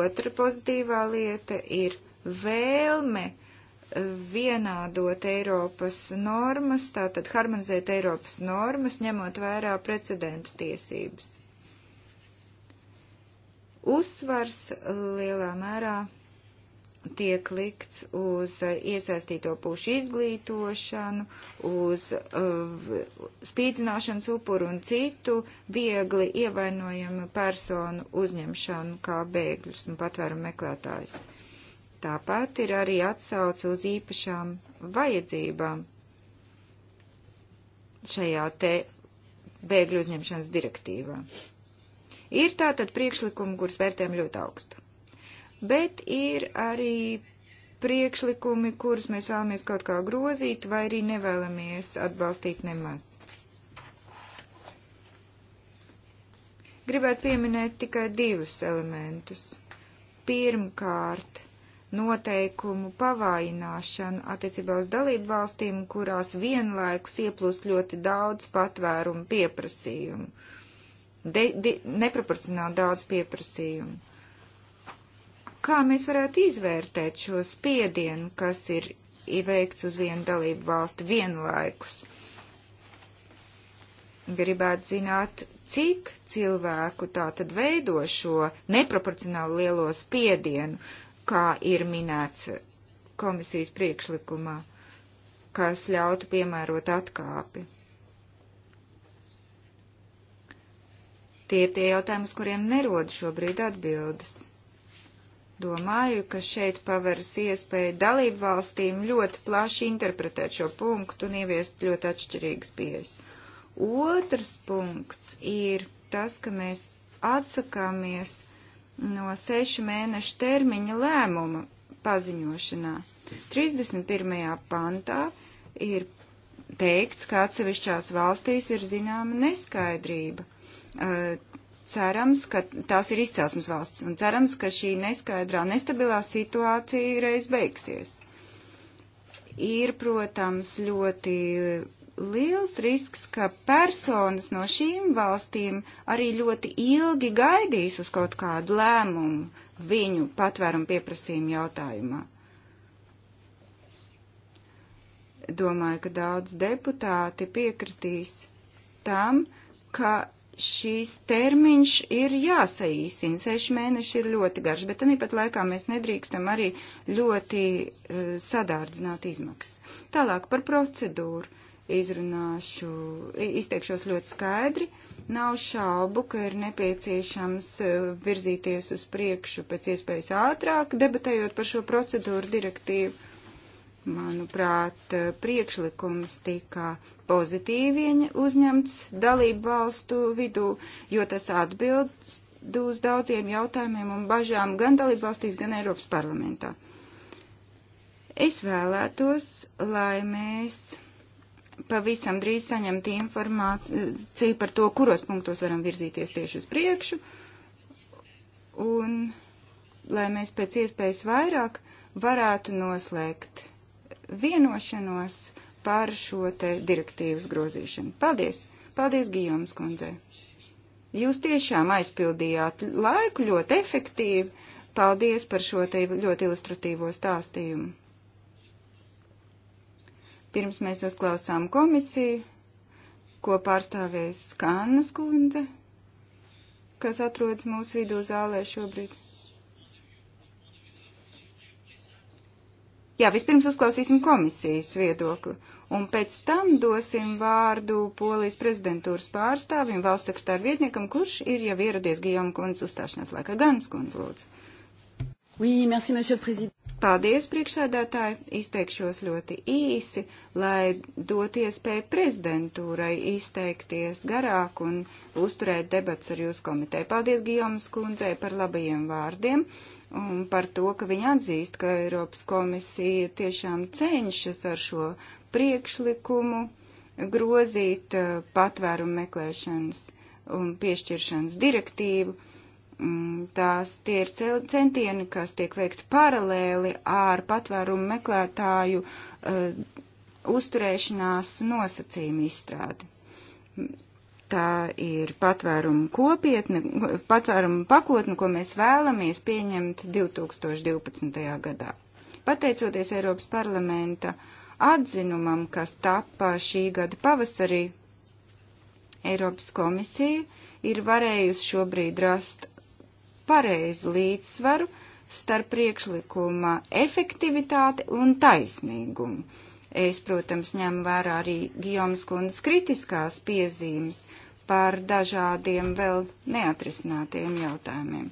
Otra pozitīvā lieta ir vēlme e, vienādot Eiropas normas, tātad harmonizēt Eiropas normas, ņemot vērā precedentu tiesības. Uzsvars eh, lielā mērā tiek likts uz eh, iesaistīto pušu izglītošanu, uz uh, spīdzināšanas upuru un citu viegli ievainojumu personu uzņemšanu kā bēgļus un patvērumu meklētājs. Tāpat ir arī atsauce uz īpašām vajadzībām šajā te bēgļu uzņemšanas direktīvā. Ir tātad priekšlikumi, kurus vērtējam ļoti augstu. Bet ir arī priekšlikumi, kurus mēs vēlamies kaut kā grozīt, vai arī nevēlamies atbalstīt nemaz. Gribētu pieminēt tikai divus elementus. Pirmkārt, noteikumu pavājināšanu attiecībā uz dalību valstīm, kurās vienlaikus ieplūst ļoti daudz patvērumu pieprasījumu de, de, neproporcionāli daudz pieprasījumu. Kā mēs varētu izvērtēt šo spiedienu, kas ir veikts uz vienu dalību valsti vienlaikus? Gribētu zināt, cik cilvēku tā tad veido šo neproporcionāli lielo spiedienu, kā ir minēts komisijas priekšlikumā, kas ļautu piemērot atkāpi. Tie ir tie jautājumi, uz kuriem nerod šobrīd atbildes. Domāju, ka šeit paveras iespēja dalību valstīm ļoti plaši interpretēt šo punktu un ieviest ļoti atšķirīgas pieejas. Otrs punkts ir tas, ka mēs atsakāmies no sešu mēnešu termiņa lēmuma paziņošanā. 31. pantā ir teikts, ka atsevišķās valstīs ir zināma neskaidrība cerams, ka tās ir izcelsmes valsts un cerams, ka šī neskaidrā, nestabilā situācija reiz beigsies. Ir, protams, ļoti liels risks, ka personas no šīm valstīm arī ļoti ilgi gaidīs uz kaut kādu lēmumu viņu patvērumu pieprasījumu jautājumā. Domāju, ka daudz deputāti piekritīs tam, ka šīs termiņš ir jāsaīsina. Seši mēneši ir ļoti garš, bet tāpat laikā mēs nedrīkstam arī ļoti uh, sadārdzināt izmaksas. Tālāk par procedūru izrunāšu, izteikšos ļoti skaidri. Nav šaubu, ka ir nepieciešams eh, virzīties uz priekšu pēc iespējas ātrāk, debatējot par šo procedūru direktīvu Manuprāt, priekšlikums tika pozitīvi uzņemts dalību valstu vidū, jo tas atbilst uz daudziem jautājumiem un bažām gan dalībvalstīs, gan Eiropas parlamentā. Es vēlētos, lai mēs pavisam drīz saņemtu informāciju par to, kuros punktos varam virzīties tieši uz priekšu, un lai mēs pēc iespējas vairāk varētu noslēgt vienošanos par šo te direktīvas grozīšanu. Paldies! Paldies, Gijomas kundzei! Jūs tiešām aizpildījāt laiku ļoti efektīvi. Paldies par šo te ļoti ilustratīvo stāstījumu. Pirms mēs uzklausām komisiju, ko pārstāvēs Kānas kundze, kas atrodas mūsu vidū zālē šobrīd. Jā, vispirms uzklausīsim komisijas viedokli, un pēc tam dosim vārdu Polijas prezidentūras pārstāvim, valsts sekretāra vietniekam, kurš ir jau ieradies Gijoma kundzes uzstāšanās laikā. Ganas kundze, lūdzu. Oui, merci, monsieur le président. Paldies, priekšsēdētāji, izteikšos ļoti īsi, lai dotu iespēju prezidentūrai izteikties garāk un uzturēt debats ar jūsu komiteju. Paldies Gijomas kundzei par labajiem vārdiem un par to, ka viņa atzīst, ka Eiropas komisija tiešām cenšas ar šo priekšlikumu grozīt uh, patvērumu meklēšanas un piešķiršanas direktīvu Mm, tās tie ir centieni, kas tiek veikti paralēli ar patvērumu meklētāju uh, uzturēšanās nosacījumu izstrādi. Tā ir patvērumu kopietne, patvērumu pakotne, ko mēs vēlamies pieņemt 2012. gadā. Pateicoties Eiropas parlamenta atzinumam, kas tapā šī gada pavasarī, Eiropas komisija ir varējusi šobrīd rast pareizu līdzsvaru starp priekšlikuma efektivitāti un taisnīgumu. Es, protams, ņemu vērā arī Gijomas kundas kritiskās piezīmes par dažādiem vēl neatrisinātiem jautājumiem.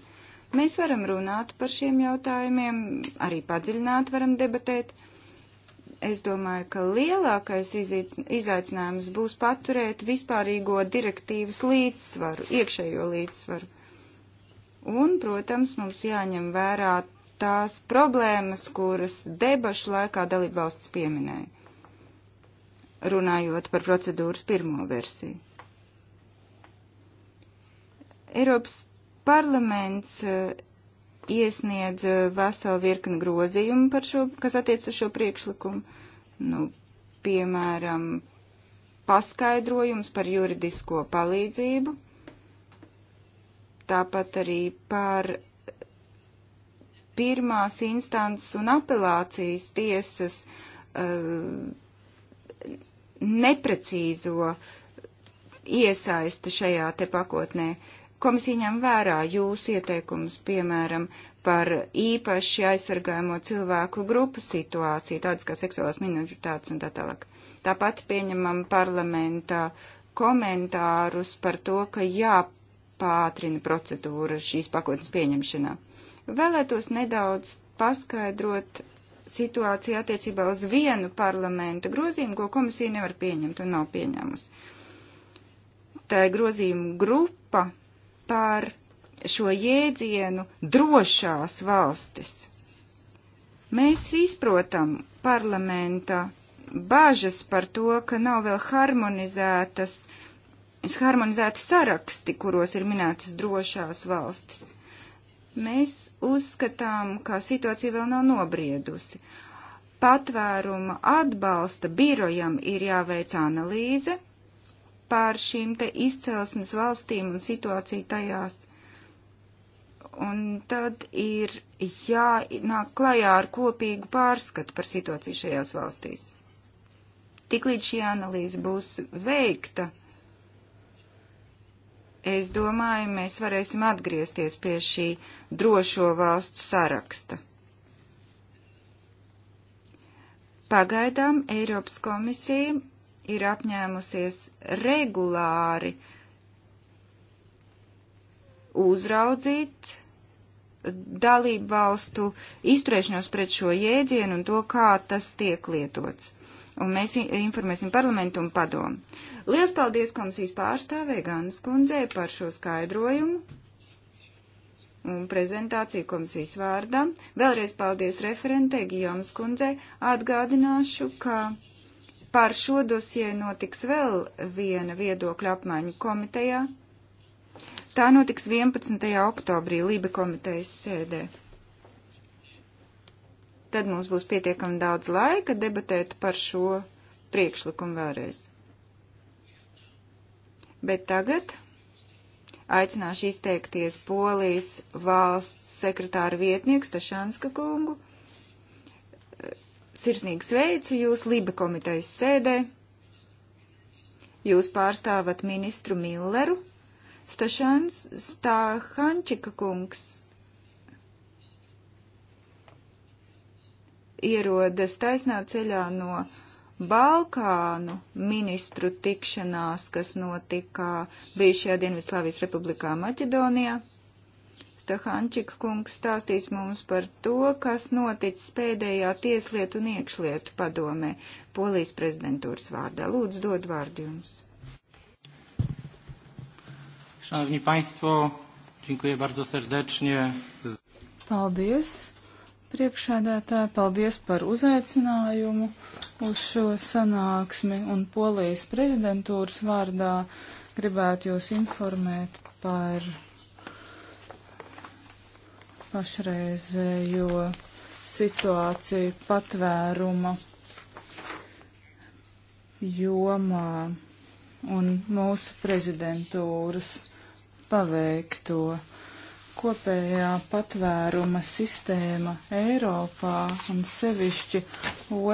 Mēs varam runāt par šiem jautājumiem, arī padziļināt varam debatēt. Es domāju, ka lielākais izaicinājums būs paturēt vispārīgo direktīvas līdzsvaru, iekšējo līdzsvaru. Un, protams, mums jāņem vērā tās problēmas, kuras debašu laikā dalībvalsts pieminēja, runājot par procedūras pirmo versiju. Eiropas parlaments eh, iesniedz eh, veselu virkni grozījumu par šo, kas attiec uz šo priekšlikumu. Nu, piemēram, paskaidrojums par juridisko palīdzību tāpat arī par pirmās instances un apelācijas tiesas uh, neprecīzo iesaisti šajā te pakotnē. Komisija ņem vērā jūsu ieteikumus, piemēram, par īpaši aizsargājamo cilvēku grupu situāciju, tādas kā seksuālās minoritātes un tā tālāk. Tāpat pieņemam parlamentā komentārus par to, ka jā, pātrina procedūra šīs pakotnes pieņemšanā. Vēlētos nedaudz paskaidrot situāciju attiecībā uz vienu parlamenta grozījumu, ko komisija nevar pieņemt un nav pieņēmusi. Tā ir grozījuma grupa par šo jēdzienu drošās valstis. Mēs izprotam parlamenta bažas par to, ka nav vēl harmonizētas uh, harmonizēti saraksti, kuros ir minētas drošās valstis. Mēs uzskatām, ka situācija vēl nav nobriedusi. Patvēruma atbalsta birojam ir jāveic analīze pār šīm te izcelsmes valstīm un situāciju tajās un tad ir jānāk klajā ar kopīgu pārskatu par situāciju šajās valstīs. Tiklīdz šī analīze būs veikta, es domāju, mēs varēsim atgriezties pie šī drošo valstu saraksta. Pagaidām Eiropas komisija ir apņēmusies regulāri uzraudzīt dalību valstu izturēšanos pret šo jēdzienu un to, kā tas tiek lietots. Un mēs informēsim parlamentu un padomu. Lielas paldies komisijas pārstāvē Ganas kundzei par šo skaidrojumu un prezentāciju komisijas vārdā. Vēlreiz paldies referentei Gijomas kundzei. Atgādināšu, ka par šo dosie notiks vēl viena viedokļa apmaiņa komitejā. Tā notiks 11. oktobrī Lība komitejas sēdē. Tad mums būs pietiekami daudz laika debatēt par šo priekšlikumu vēlreiz. Bet tagad aicināšu izteikties Polijas valsts sekretāra vietnieku Stašanska kungu. Sirsnīgi sveicu jūs Liba komitejas sēdē. Jūs pārstāvat ministru Milleru. Stašans Stahančika kungs ierodas taisnā ceļā no Balkānu ministru tikšanās, kas notika bijušajā Dienvidslāvijas republikā Maķedonijā. Stahančika kungs stāstīs mums par to, kas noticis pēdējā tieslietu un iekšlietu padomē Polijas prezidentūras vārdā. Lūdzu, dod vārdu jums. Szanowni Państwo, dziękuję bardzo serdecznie. Paldies, priekšēdētāji, paldies par uzaicinājumu uz šo sanāksmi un polijas prezidentūras vārdā gribētu jūs informēt par pašreizējo situāciju patvēruma jomā un mūsu prezidentūras paveikto kopējā patvēruma sistēma Eiropā un sevišķi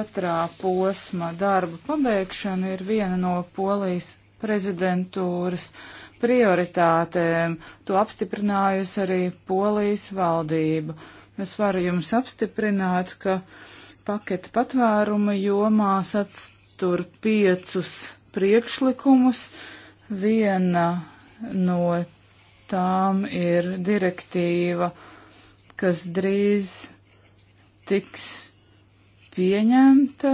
otrā posma darba pabeigšana ir viena no polijas prezidentūras prioritātēm. To apstiprinājusi arī polijas valdība. Es varu jums apstiprināt, ka paketa patvēruma jomā satur piecus priekšlikumus. Viena no tām ir direktīva, kas drīz tiks pieņemta,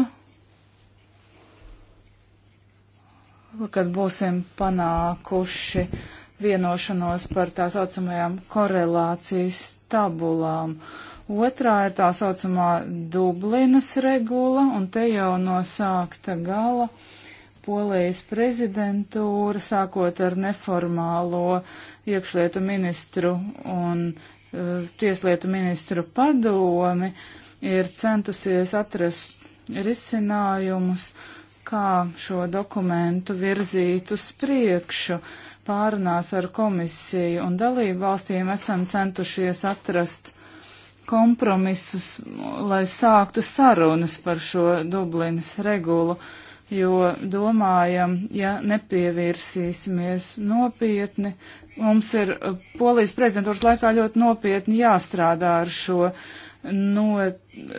kad būsim panākuši vienošanos par tā saucamajām korelācijas tabulām. Otrā ir tā saucamā Dublinas regula, un te jau no sākta gala uh, Polijas prezidentūra, sākot ar neformālo iekšlietu ministru un uh, tieslietu ministru padomi, ir centusies atrast risinājumus, kā šo dokumentu virzīt uz priekšu. Pārunās ar komisiju un dalību valstīm esam centušies atrast kompromisus, lai sāktu sarunas par šo Dublinas regulu. Uh, jo domājam, ja nepievērsīsimies nopietni, mums ir uh, polijas prezidentūras laikā ļoti nopietni jāstrādā ar šo, no,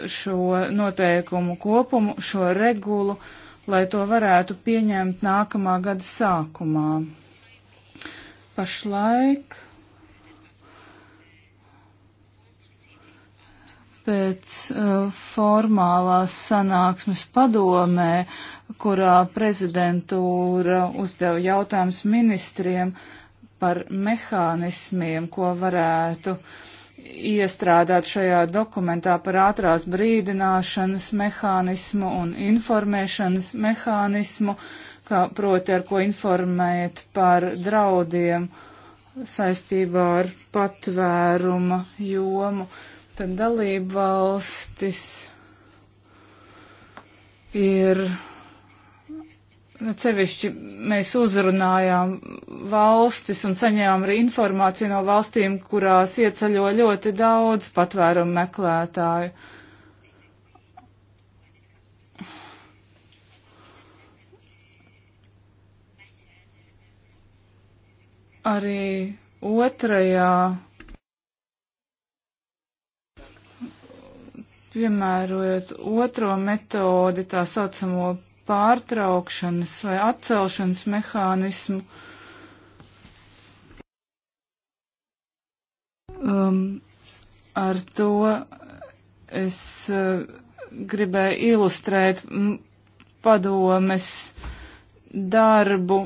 šo noteikumu kopumu, šo regulu, lai to varētu pieņemt nākamā gada sākumā. Pašlaik pēc uh, formālās sanāksmes padomē, kurā prezidentūra uzdeva jautājums ministriem par mehānismiem, ko varētu iestrādāt šajā dokumentā par ātrās brīdināšanas mehānismu un informēšanas mehānismu, kā proti ar ko informēt par draudiem saistībā ar patvēruma jomu. Uh, Tad dalība valstis ir. Cevišķi nu, mēs uzrunājām valstis un saņēmām arī informāciju no valstīm, kurās ieceļo ļoti daudz patvērumu meklētāju. Arī otrajā piemērojot otro metodi, tā saucamo pārtraukšanas vai atcelšanas mehānismu. Um, ar to es uh, gribēju ilustrēt padomes darbu,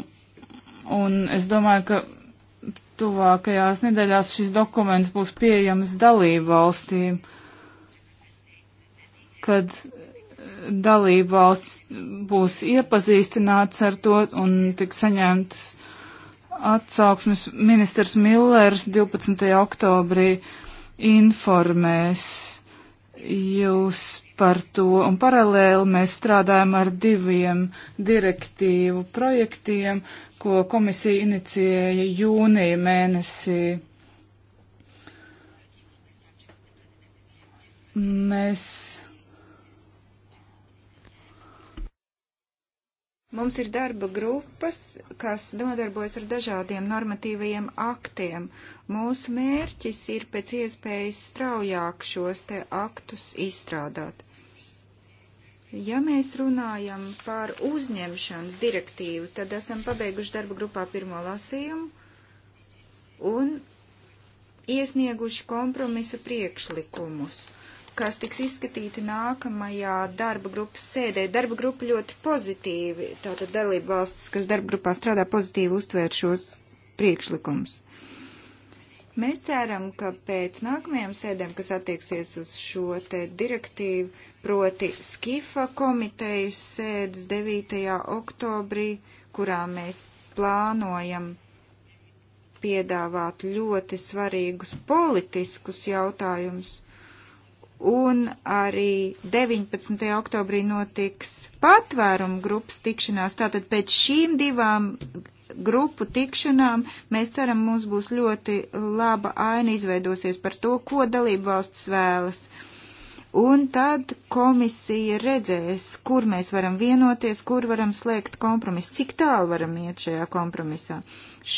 un es domāju, ka tuvākajās nedēļās šis dokuments būs pieejams dalību valstīm. Uh, kad dalībvalsts būs iepazīstināts ar to un tik saņemtas atsauksmes. Ministrs Millers 12. oktobrī informēs jūs par to, un paralēli mēs strādājam ar diviem direktīvu projektiem, ko komisija inicijēja jūnija mēnesī. Mēs Mums ir darba grupas, kas nodarbojas ar dažādiem normatīvajiem aktiem. Mūsu mērķis ir pēc iespējas straujāk šos te aktus izstrādāt. Ja mēs runājam par uzņemšanas direktīvu, tad esam pabeiguši darba grupā pirmo lasījumu un iesnieguši kompromisa priekšlikumus kas tiks izskatīti nākamajā darba grupas sēdē. Darba grupa ļoti pozitīvi, tātad dalība valstis, kas darba grupā strādā pozitīvi, uztvēr šos priekšlikumus. Mēs ceram, ka pēc nākamajām sēdēm, kas attieksies uz šo te direktīvu, proti Skifa komitejas sēdes 9. oktobrī, kurā mēs plānojam piedāvāt ļoti svarīgus politiskus jautājumus, un arī 19. oktobrī notiks patvērumu grupas tikšanās. Tātad pēc šīm divām grupu tikšanām mēs ceram, mums būs ļoti laba aina izveidosies par to, ko dalību valsts vēlas. Un tad komisija redzēs, kur mēs varam vienoties, kur varam slēgt kompromisu, cik tālu varam iet šajā kompromisā.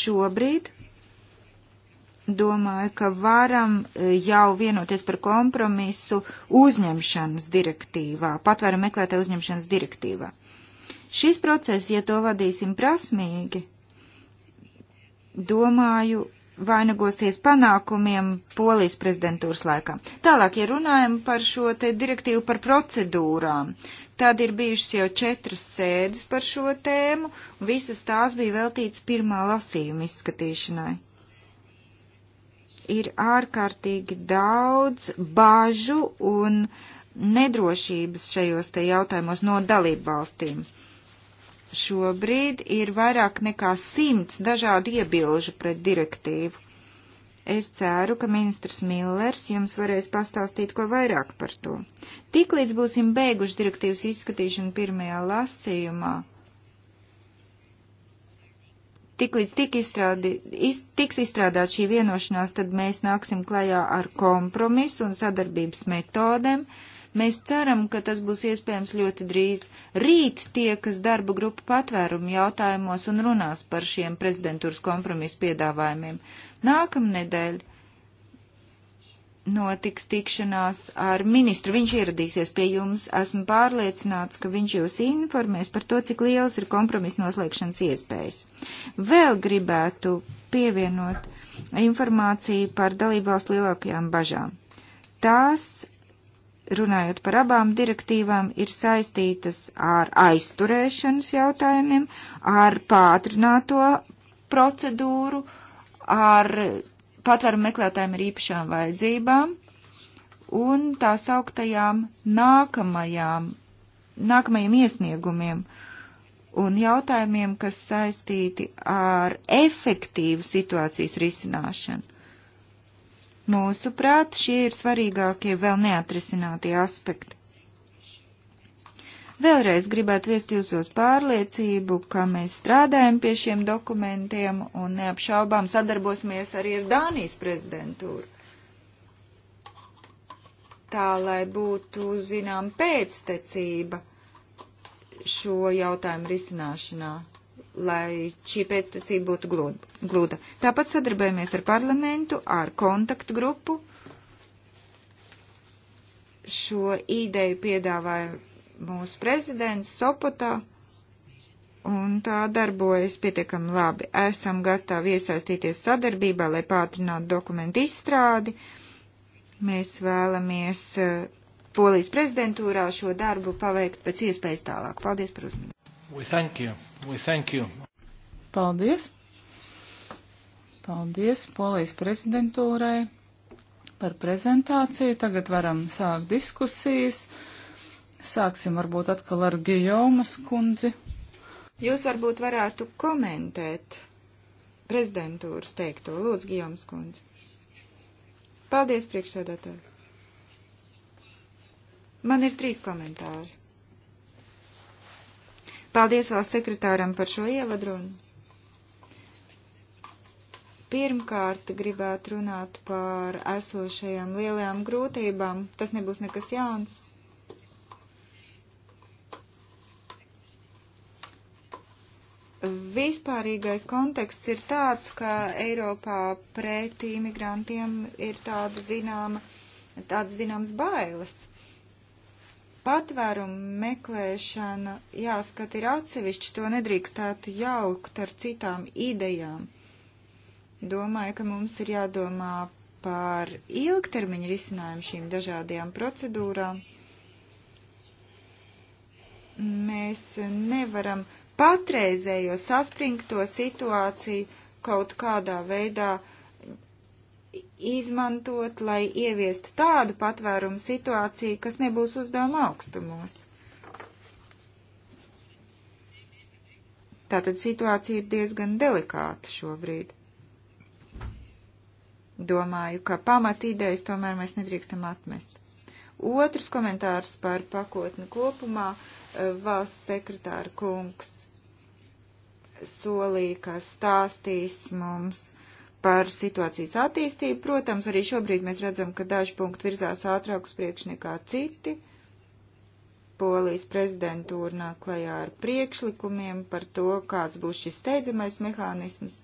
Šobrīd domāju, ka varam eh, jau vienoties par kompromisu uzņemšanas direktīvā, patvēru meklētāju uzņemšanas direktīvā. Šis process, ja to vadīsim prasmīgi, domāju, vainagosies panākumiem Polijas prezidentūras laikā. Tālāk, ja runājam par šo te direktīvu par procedūrām, tad ir bijušas jau četras sēdes par šo tēmu, un visas tās bija veltītas pirmā lasījuma izskatīšanai ir ārkārtīgi daudz bāžu un nedrošības šajos te jautājumos no dalību valstīm. Šobrīd ir vairāk nekā simts dažādu iebilžu pret direktīvu. Es ceru, ka ministrs Millers jums varēs pastāstīt ko vairāk par to. Tiklīdz būsim beiguši direktīvas izskatīšanu pirmajā lasījumā, tiklīdz tik izstrādi, iz, tiks izstrādāt šī vienošanās, tad mēs nāksim klajā ar kompromisu un sadarbības metodēm. Mēs ceram, ka tas būs iespējams ļoti drīz. Rīt tie, kas darba grupa patvērumu jautājumos un runās par šiem prezidentūras kompromisu piedāvājumiem. Nākamnedēļ notiks tikšanās ar ministru. Viņš ieradīsies pie jums. Esmu pārliecināts, ka viņš jūs informēs par to, cik lielas ir kompromisa noslēgšanas iespējas. Vēl gribētu pievienot informāciju par dalībvalstu lielākajām bažām. Tās, runājot par abām direktīvām, ir saistītas ar aizturēšanas jautājumiem, ar pātrināto procedūru, ar patvērumu meklētājiem ar īpašām vajadzībām un tā sauktajām nākamajām, nākamajiem iesniegumiem un jautājumiem, kas saistīti ar efektīvu situācijas risināšanu. Mūsuprāt, šie ir svarīgākie vēl neatrisinātie aspekti. Vēlreiz gribētu viest jūsos pārliecību, ka mēs strādājam pie šiem dokumentiem un neapšaubām sadarbosimies arī ar Dānijas prezidentūru. Tā, lai būtu, zinām, pēctecība šo jautājumu risināšanā lai šī pēctecība būtu glūda. Tāpat sadarbojamies ar parlamentu, ar kontaktu grupu. Šo ideju piedāvāja mūsu prezidents Sopotā un tā darbojas pietiekami labi. Esam gatavi iesaistīties sadarbībā, lai pātrinātu dokumentu izstrādi. Mēs vēlamies eh, Polijas prezidentūrā šo darbu paveikt pēc iespējas tālāk. Paldies par uzmanību. We thank you. We thank you. Paldies. Paldies Polijas prezidentūrai par prezentāciju. Tagad varam sākt diskusijas. Sāksim varbūt atkal ar Gijomas kundzi. Jūs varbūt varētu komentēt prezidentūras teikto. Lūdzu, Gijomas kundzi. Paldies, priekšsēdētāji. Man ir trīs komentāri. Paldies valsts sekretāram par šo ievadrunu. Pirmkārt, gribētu runāt par esošajām lielajām grūtībām. Tas nebūs nekas jauns. Vispārīgais konteksts ir tāds, ka Eiropā pret imigrantiem ir tāda zināma, tāds zināms bailes. Patvērumu meklēšana, jāskat, ir atsevišķi, to nedrīkstētu jaukt ar citām idejām. Domāju, ka mums ir jādomā par ilgtermiņu risinājumu šīm dažādajām procedūrām. Mēs nevaram patreizējo saspringto situāciju kaut kādā veidā izmantot, lai ieviestu tādu patvērumu situāciju, kas nebūs uzdevuma augstumos. Tātad situācija ir diezgan delikāta šobrīd. Domāju, ka pamat idejas tomēr mēs nedrīkstam atmest. Otrs komentārs par pakotni kopumā eh, valsts sekretāra kungs solīja, ka stāstīs mums par situācijas attīstību. Protams, arī šobrīd mēs redzam, ka daži punkti virzās ātrāk uz priekšu nekā citi. Polijas prezidentūra nāk klajā ar priekšlikumiem par to, kāds būs šis steidzamais mehānisms.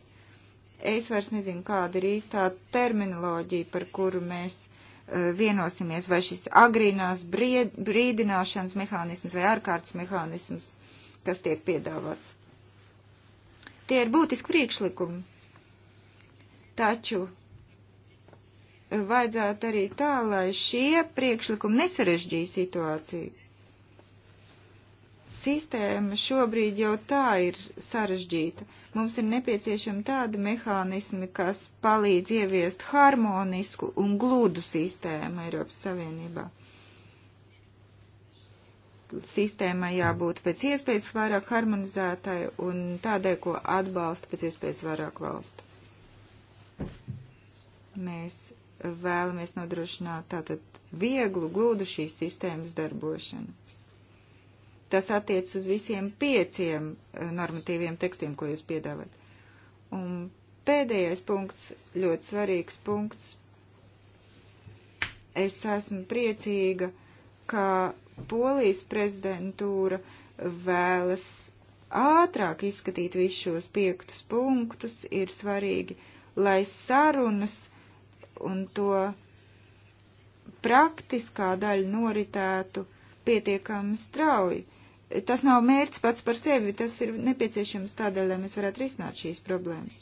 Es vairs nezinu, kāda ir īstā terminoloģija, par kuru mēs uh, vienosimies, vai šis agrīnās bried, brīdināšanas mehānisms vai ārkārtas mehānisms, kas tiek piedāvāts. Tie ir būtiski priekšlikumi. Taču vajadzētu arī tā, lai šie priekšlikumi nesarežģīja situāciju. Sistēma šobrīd jau tā ir sarežģīta. Mums ir nepieciešami tādi mehānismi, kas palīdz ieviest harmonisku un glūdu sistēmu Eiropas Savienībā sistēmai jābūt pēc iespējas vairāk harmonizētai un tādai, ko atbalsta pēc iespējas vairāk valstu. Mēs vēlamies nodrošināt tātad vieglu, gludu šīs sistēmas darbošanas. Tas attiec uz visiem pieciem eh, normatīviem tekstiem, ko jūs piedāvājat. Un pēdējais punkts, ļoti svarīgs punkts. Es esmu priecīga, ka Polijas prezidentūra vēlas ātrāk izskatīt visus šos piektus punktus, ir svarīgi, lai sarunas un to praktiskā daļa noritētu pietiekami strauji. Tas nav mērķis pats par sevi, tas ir nepieciešams tādēļ, lai mēs varētu risināt šīs problēmas.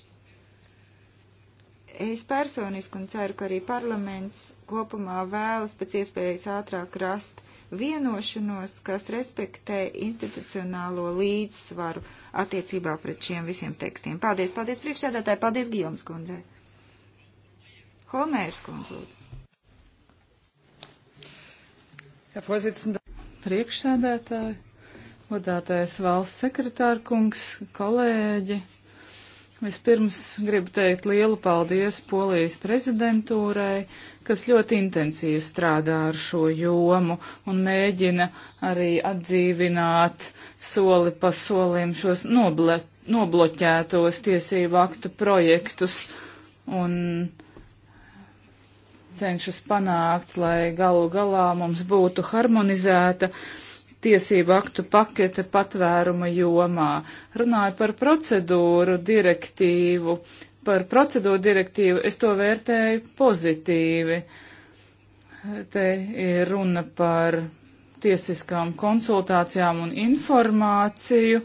Es personiski un ceru, ka arī parlaments kopumā vēlas pēc iespējas ātrāk rast vienošanos, kas respektē institucionālo līdzsvaru attiecībā pret šiem visiem tekstiem. Paldies, paldies priekšsēdētāji, paldies Gijoms kundzei. Holmērs kundze, lūdzu. Priekšsēdētāji, godātais valsts sekretārkungs, kolēģi. Vispirms gribu teikt lielu paldies Polijas prezidentūrai, kas ļoti intensīvi strādā ar šo jomu un mēģina arī atdzīvināt soli pa solim šos noble, nobloķētos tiesību aktu projektus un cenšas panākt, lai galu galā mums būtu harmonizēta uh, tiesību aktu pakete patvēruma jomā. Runāju par procedūru direktīvu. Par procedūru direktīvu es to vērtēju pozitīvi. Te ir runa par tiesiskām konsultācijām un informāciju,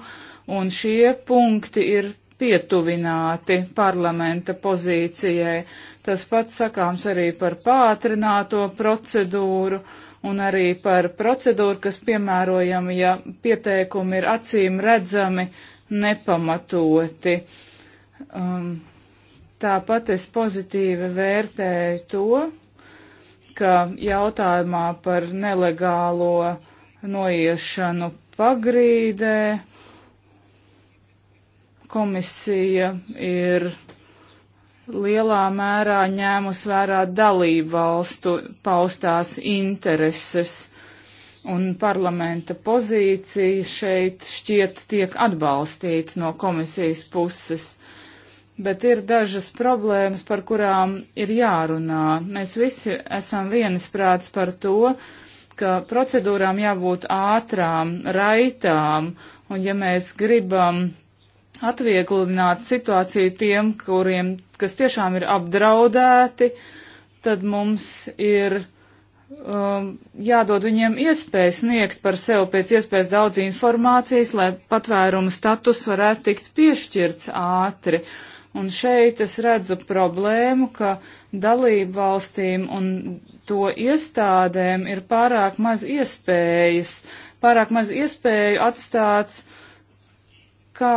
un šie punkti ir pietuvināti parlamenta pozīcijai. Tas pats sakāms arī par pātrināto procedūru un arī par procedūru, kas piemērojama, ja pieteikumi ir acīm redzami nepamatoti. Um, tāpat es pozitīvi vērtēju to, ka jautājumā par nelegālo noiešanu pagrīdē komisija ir lielā mērā ņēmus vērā dalību valstu paustās intereses, un parlamenta pozīcija šeit šķiet tiek atbalstīta no komisijas puses. Bet ir dažas problēmas, par kurām ir jārunā. Mēs visi esam vienisprāts par to, ka procedūrām jābūt ātrām, raitām, un ja mēs gribam atvieglināt situāciju tiem, kuriem kas tiešām ir apdraudēti, tad mums ir um, jādod viņiem iespēja sniegt par sevi pēc iespējas daudz informācijas, lai patvērumu status varētu tikt piešķirts ātri. Un šeit es redzu problēmu, ka dalību valstīm un to iestādēm ir pārāk maz iespējas, pārāk maz iespēju atstāt, kā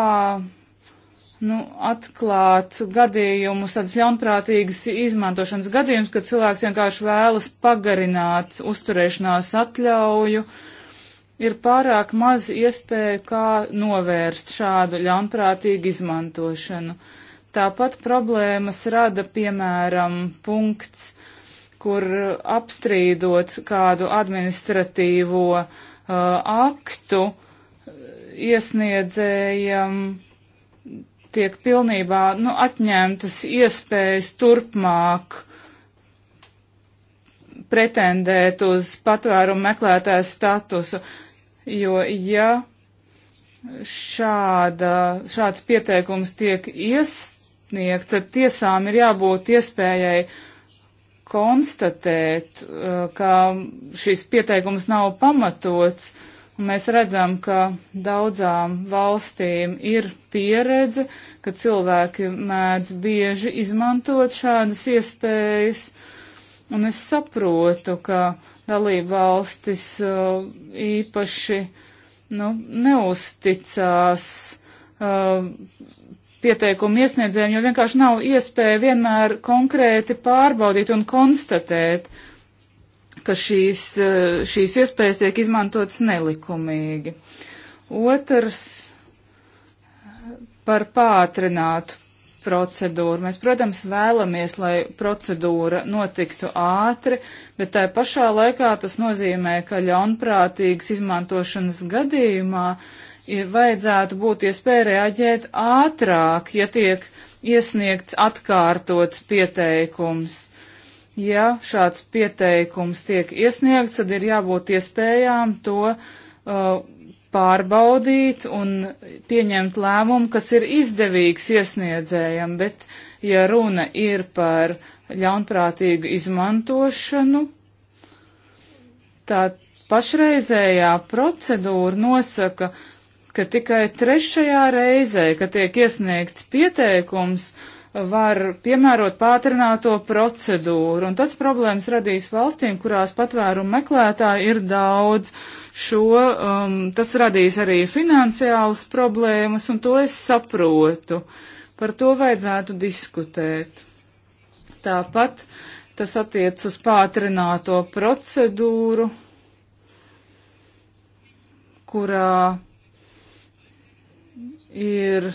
nu, atklāt gadījumus, tādas ļaunprātīgas izmantošanas gadījumus, kad cilvēks vienkārši vēlas pagarināt uzturēšanās atļauju, ir pārāk maz iespēju, kā novērst šādu ļaunprātīgu izmantošanu. Tāpat problēmas rada, piemēram, punkts, kur apstrīdot kādu administratīvo uh, aktu iesniedzējiem. Um, tiek pilnībā nu, atņemtas iespējas turpmāk pretendēt uz patvērumu meklētāju statusu, jo ja šāda, šāds pieteikums tiek iesniegts, tad tiesām ir jābūt iespējai konstatēt, uh, ka šis pieteikums nav pamatots. Uh, Mēs redzam, ka daudzām valstīm ir pieredze, ka cilvēki mēdz bieži izmantot šādas iespējas, un es saprotu, ka dalība valstis uh, īpaši nu, neusticās uh, pieteikumu iesniedzējiem, jo vienkārši nav iespēja vienmēr konkrēti pārbaudīt un konstatēt, uh, ka šīs, eh, šīs iespējas tiek izmantotas nelikumīgi. Otrs par pātrinātu procedūru. Mēs, protams, vēlamies, lai procedūra notiktu ātri, bet tai pašā laikā tas nozīmē, ka ļaunprātīgas izmantošanas gadījumā ir vajadzētu būt iespēja reaģēt ātrāk, ja tiek iesniegts atkārtots pieteikums ja šāds pieteikums tiek iesniegts, tad ir jābūt iespējām to uh, pārbaudīt un pieņemt lēmumu, kas ir izdevīgs iesniedzējam, bet ja runa ir par ļaunprātīgu izmantošanu, tā pašreizējā procedūra nosaka, ka tikai trešajā reizē, kad tiek iesniegts pieteikums, uh, var piemērot pātrināto procedūru, un tas problēmas radīs valstīm, kurās patvērumu meklētāji ir daudz. Šo, um, tas radīs arī finansiālas problēmas, un to es saprotu. Par to vajadzētu diskutēt. Tāpat tas attiec uz pātrināto procedūru, kurā ir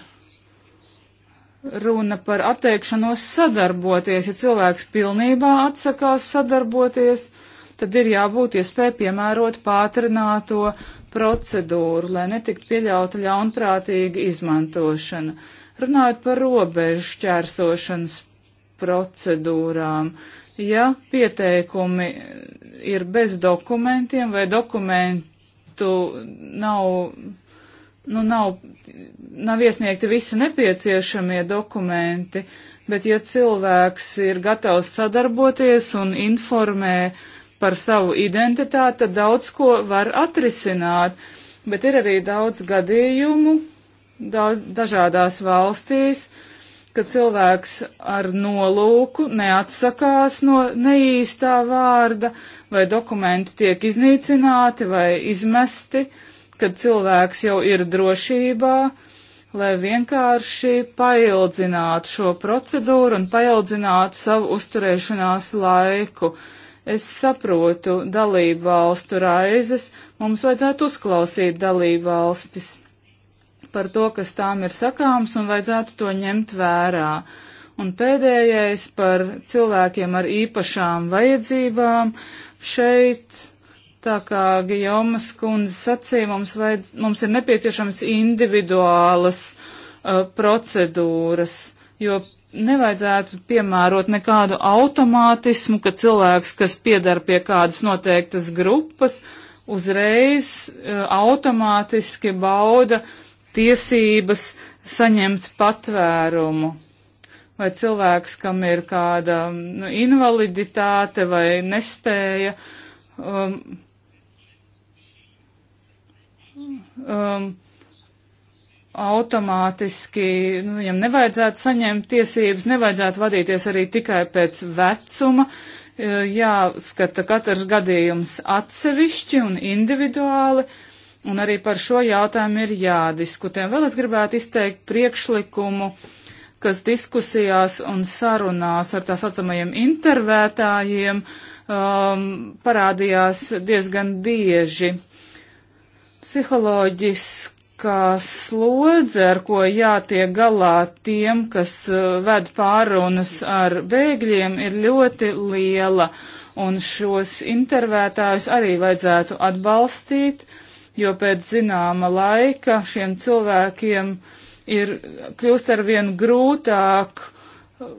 runa par atteikšanos sadarboties. Ja cilvēks pilnībā atsakās sadarboties, tad ir jābūt iespēja piemērot pātrināto procedūru, lai netikt pieļauta ļaunprātīga izmantošana. Runājot par robežu šķērsošanas procedūrām, ja pieteikumi ir bez dokumentiem vai dokumentu nav nu, nav, nav iesniegti visi nepieciešamie dokumenti, bet ja cilvēks ir gatavs sadarboties un informē par savu identitāti, tad daudz ko var atrisināt. Bet ir arī daudz gadījumu daudz, dažādās valstīs, ka cilvēks ar nolūku neatsakās no neīstā vārda, vai dokumenti tiek iznīcināti vai izmesti. Uh, kad cilvēks jau ir drošībā, lai vienkārši paildzinātu šo procedūru un paildzinātu savu uzturēšanās laiku. Es saprotu dalību valstu raizes, mums vajadzētu uzklausīt dalību valstis par to, kas tām ir sakāms un vajadzētu to ņemt vērā. Un pēdējais par cilvēkiem ar īpašām vajadzībām šeit Tā kā Gijomas kundze sacīja, mums, vajadz, mums ir nepieciešams individuālas uh, procedūras, jo nevajadzētu piemērot nekādu automātismu, ka cilvēks, kas piedara pie kādas noteiktas grupas, uzreiz uh, automātiski bauda tiesības saņemt patvērumu. Vai cilvēks, kam ir kāda nu, invaliditāte vai nespēja um, um, automātiski, nu, viņam nevajadzētu saņemt tiesības, nevajadzētu vadīties arī tikai pēc vecuma, uh, jāskata katrs gadījums atsevišķi un individuāli, un arī par šo jautājumu ir jādiskutē. Vēl es gribētu izteikt priekšlikumu, kas diskusijās un sarunās ar tā saucamajiem intervētājiem um, parādījās diezgan bieži psiholoģiskā slodze, ar ko jātiek galā tiem, kas uh, ved pārunas ar bēgļiem, ir ļoti liela, un šos intervētājus arī vajadzētu atbalstīt, jo pēc zināma laika šiem cilvēkiem ir kļūst ar vien grūtāk uh,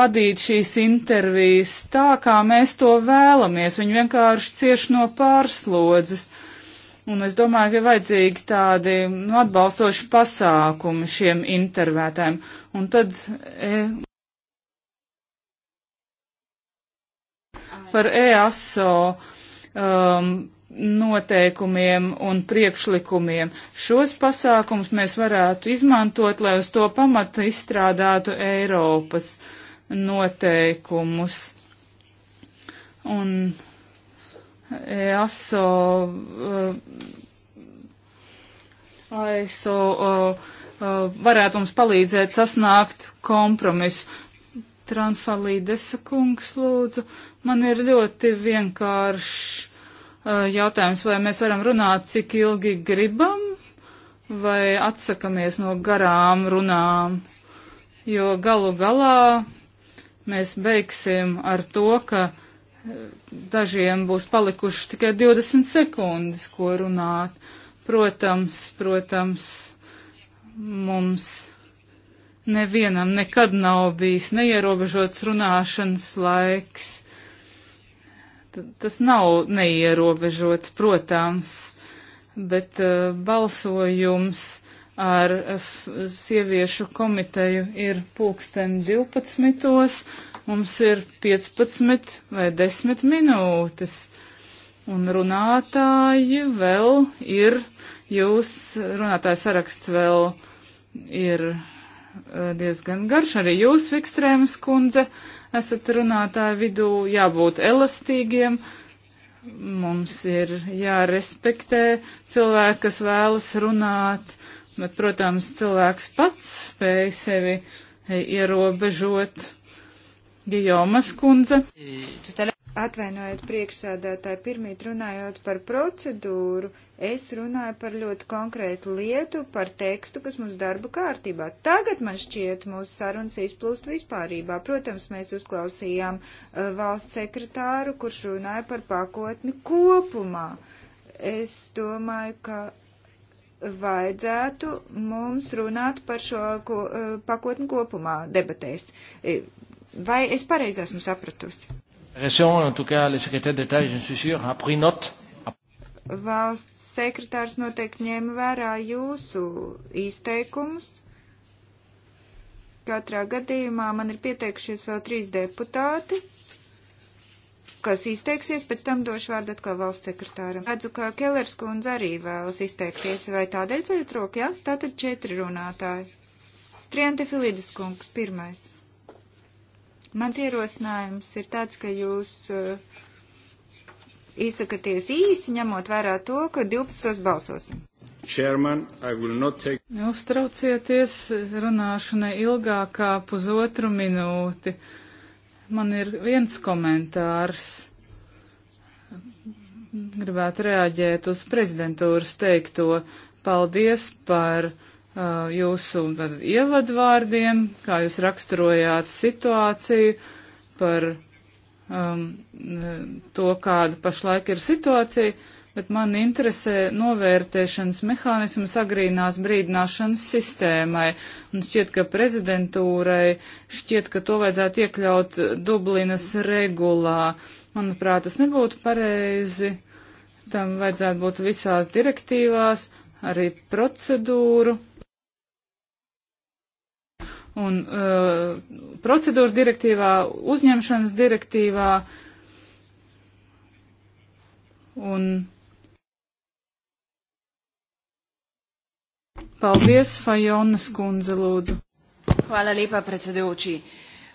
vadīt šīs intervijas tā, kā mēs to vēlamies. Viņi vienkārši cieš no pārslodzes. Un es domāju, ka ir vajadzīgi tādi nu, atbalstoši pasākumi šiem intervētājiem. Un tad e, par EASO um, noteikumiem un priekšlikumiem. Šos pasākumus mēs varētu izmantot, lai uz to pamata izstrādātu Eiropas noteikumus. Un E ASO, e, ASO e, varētu mums palīdzēt sasnākt kompromisu. Tranfalīdes kungs, lūdzu, man ir ļoti vienkāršs jautājums, vai mēs varam runāt, cik ilgi gribam, vai atsakamies no garām runām, jo galu galā mēs beigsim ar to, ka dažiem būs palikuši tikai 20 sekundes, ko runāt. Protams, protams, mums nevienam nekad nav bijis neierobežots runāšanas laiks. T tas nav neierobežots, protams, bet uh, balsojums ar F sieviešu komiteju ir pulksten 12. Mums ir 15 vai 10 minūtes, un runātāji vēl ir, jūs runātāju saraksts vēl ir eh, diezgan garš. Arī jūs, Vikstrēmas kundze, esat runātāju vidū jābūt elastīgiem. Mums ir jārespektē cilvēki, kas vēlas runāt, bet, protams, cilvēks pats spēj sevi eh, ierobežot. Gijomas kundze. Atvainojiet priekšsēdētāji, pirmīt runājot par procedūru, es runāju par ļoti konkrētu lietu, par tekstu, kas mums darba kārtībā. Tagad man šķiet mūsu sarunas izplūst vispārībā. Protams, mēs uzklausījām uh, valsts sekretāru, kurš runāja par pakotni kopumā. Es domāju, ka vajadzētu mums runāt par šo ko, eh, pakotni kopumā debatēs. Eh, Vai es pareizi esmu sapratusi? Valsts sekretārs noteikti ņēma vērā jūsu izteikumus. Katrā gadījumā man ir pieteikušies vēl trīs deputāti, kas izteiksies, pēc tam došu vārdu atkal valsts sekretāram. Redzu, ka Kellers kundze arī vēlas izteikties, vai tādēļ ceļot roku, jā? Ja? Tātad četri runātāji. Triante Filides kungs, pirmais. Mans ierosinājums ir tāds, ka jūs uh, izsakaties īsi, ņemot vērā to, ka 12. balsosim. Chairman, take... Uztraucieties, runāšu ne ilgāk kā pusotru minūti. Man ir viens komentārs. Gribētu reaģēt uz prezidentūras teikto. Paldies par Uh, jūsu ievadvārdiem, kā jūs raksturojāt situāciju par um, to, kāda pašlaik ir situācija, bet man interesē novērtēšanas mehānismas agrīnās brīdināšanas sistēmai. Un šķiet, ka prezidentūrai šķiet, ka to vajadzētu iekļaut Dublinas regulā. Manuprāt, tas nebūtu pareizi. Tam vajadzētu būt visās direktīvās, arī procedūru un uh, procedūras direktīvā, uzņemšanas direktīvā un Paldies, Fajonas kundze, lūdzu. Hvala lepa, predsedujoči.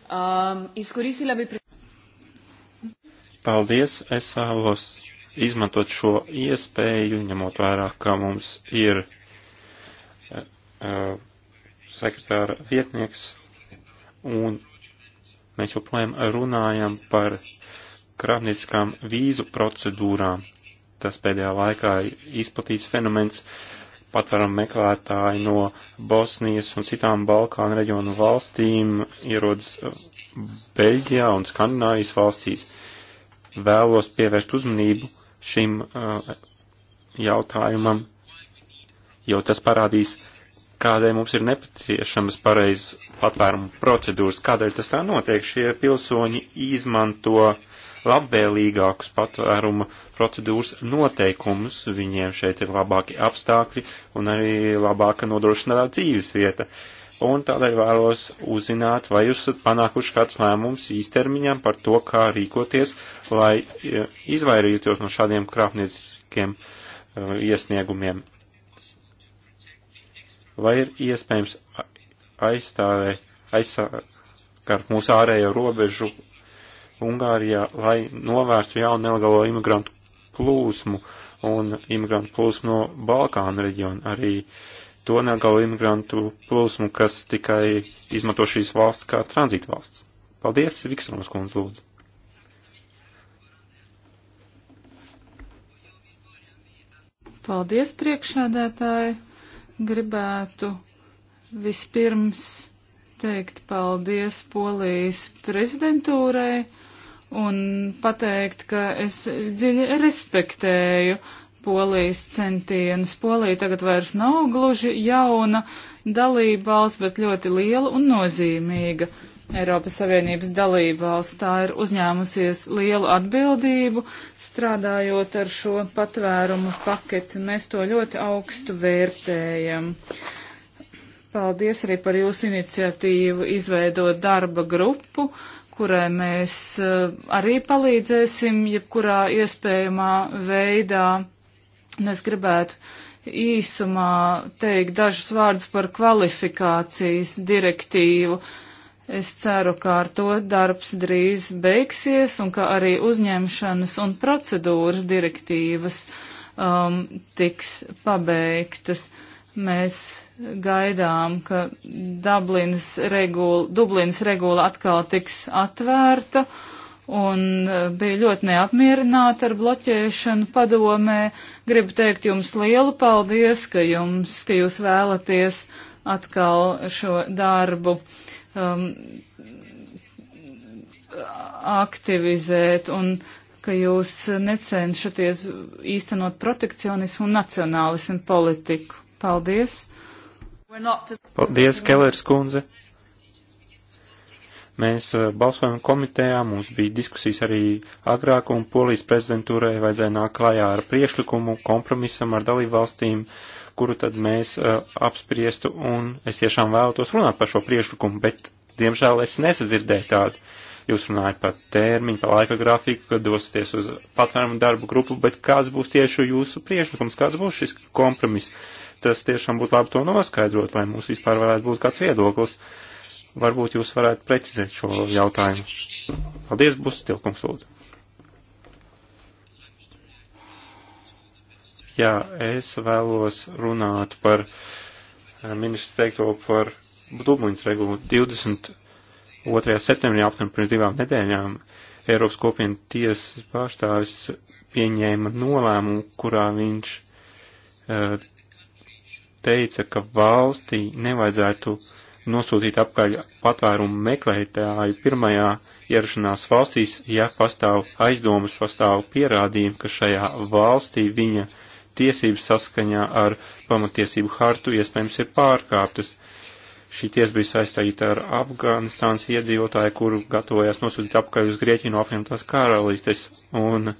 Um, izkoristila bi. Pre... Paldies, es vēlos izmantot šo iespēju, ņemot vērā, ka mums ir uh, uh sekretāra vietnieks, un mēs joprojām runājam par krāpnieciskām vīzu procedūrām. Tas pēdējā laikā izplatīts fenomens patvaram meklētāji no Bosnijas un citām Balkānu reģionu valstīm ierodas Beļģijā un Skandinājas valstīs. Vēlos pievērst uzmanību šim uh, jautājumam, jo tas parādīs, kādēļ mums ir nepieciešamas pareizas patvērumu procedūras, kādēļ tas tā notiek. Šie pilsoņi izmanto labvēlīgākus patvērumu procedūras noteikumus, viņiem šeit ir labāki apstākļi un arī labāka nodrošinātā dzīves vieta. Un tādēļ vēlos uzzināt, vai jūs esat panākuši kāds lēmums īstermiņām par to, kā rīkoties, lai eh, izvairītos no šādiem krāpnieciskiem eh, iesniegumiem. Vai ir iespējams aizstāvēt, aizsākt mūsu ārējo robežu Ungārijā, lai novērstu jaunu nelegālo imigrantu plūsmu un imigrantu plūsmu no Balkānu reģiona, arī to nelegālo imigrantu plūsmu, kas tikai izmanto šīs valsts kā tranzītu valsts? Paldies, Viksrons kundze, lūdzu. Paldies, priekšsēdētāji! gribētu vispirms teikt paldies Polijas prezidentūrai un pateikt, ka es dziļi respektēju Polijas centienus. Polija tagad vairs nav gluži jauna dalībvalsts, bet ļoti liela un nozīmīga. Eiropas Savienības dalība valsts. Tā ir uzņēmusies lielu atbildību strādājot ar šo patvērumu paketi. Mēs to ļoti augstu vērtējam. Paldies arī par jūsu iniciatīvu izveidot darba grupu, kurai mēs eh, arī palīdzēsim jebkurā iespējamā veidā. Un es gribētu īsumā teikt dažus vārdus par kvalifikācijas direktīvu. Uh, Es ceru, ka ar to darbs drīz beigsies un ka arī uzņemšanas un procedūras direktīvas um, tiks pabeigtas. Mēs gaidām, ka Dublinas regula, Dublinas regula atkal tiks atvērta un uh, bija ļoti neapmierināta ar bloķēšanu padomē. Gribu teikt jums lielu paldies, ka, jums, ka jūs vēlaties atkal šo darbu um, aktivizēt un ka jūs necenšaties īstenot protekcionismu un nacionālismu politiku. Paldies! Paldies, Kelers kundze! Mēs uh, balsojam komitejā, mums bija diskusijas arī agrāk, un polijas prezidentūrai vajadzēja nāk klajā ar priešlikumu kompromisam ar dalību valstīm. Uh, kuru tad mēs uh, apspriestu, un es tiešām vēlētos runāt par šo priekšlikumu, bet, diemžēl, es nesadzirdēju tādu. Jūs runājat par termiņu, par laika grafiku, kad dosieties uz patvērumu darbu grupu, bet kāds būs tieši jūsu priekšlikums, kāds būs šis kompromiss? Tas tiešām būtu labi to noskaidrot, lai mums vispār varētu būt kāds viedoklis. Varbūt jūs varētu precizēt šo jautājumu. Paldies, būs tilkums lūdzu. Jā, es vēlos runāt par eh, ministru teikto par dubluņas regulu 22. septembrī apmēram pirms divām nedēļām. Eiropas kopienu tiesas pārstāvis pieņēma nolēmumu, kurā viņš uh, teica, ka valstī nevajadzētu nosūtīt apkaļ patvērumu meklētāju pirmajā ierašanās valstīs, ja pastāv aizdomas, pastāv pierādījumi, ka šajā valstī viņa uh, tiesības saskaņā ar pamatiesību hartu iespējams ir pārkāptas. Šī tiesa bija saistīta ar Afganistānas iedzīvotāju, kuru gatavojās nosūtīt apkaļ uz Grieķiju no apvienotās karalistes. Un e,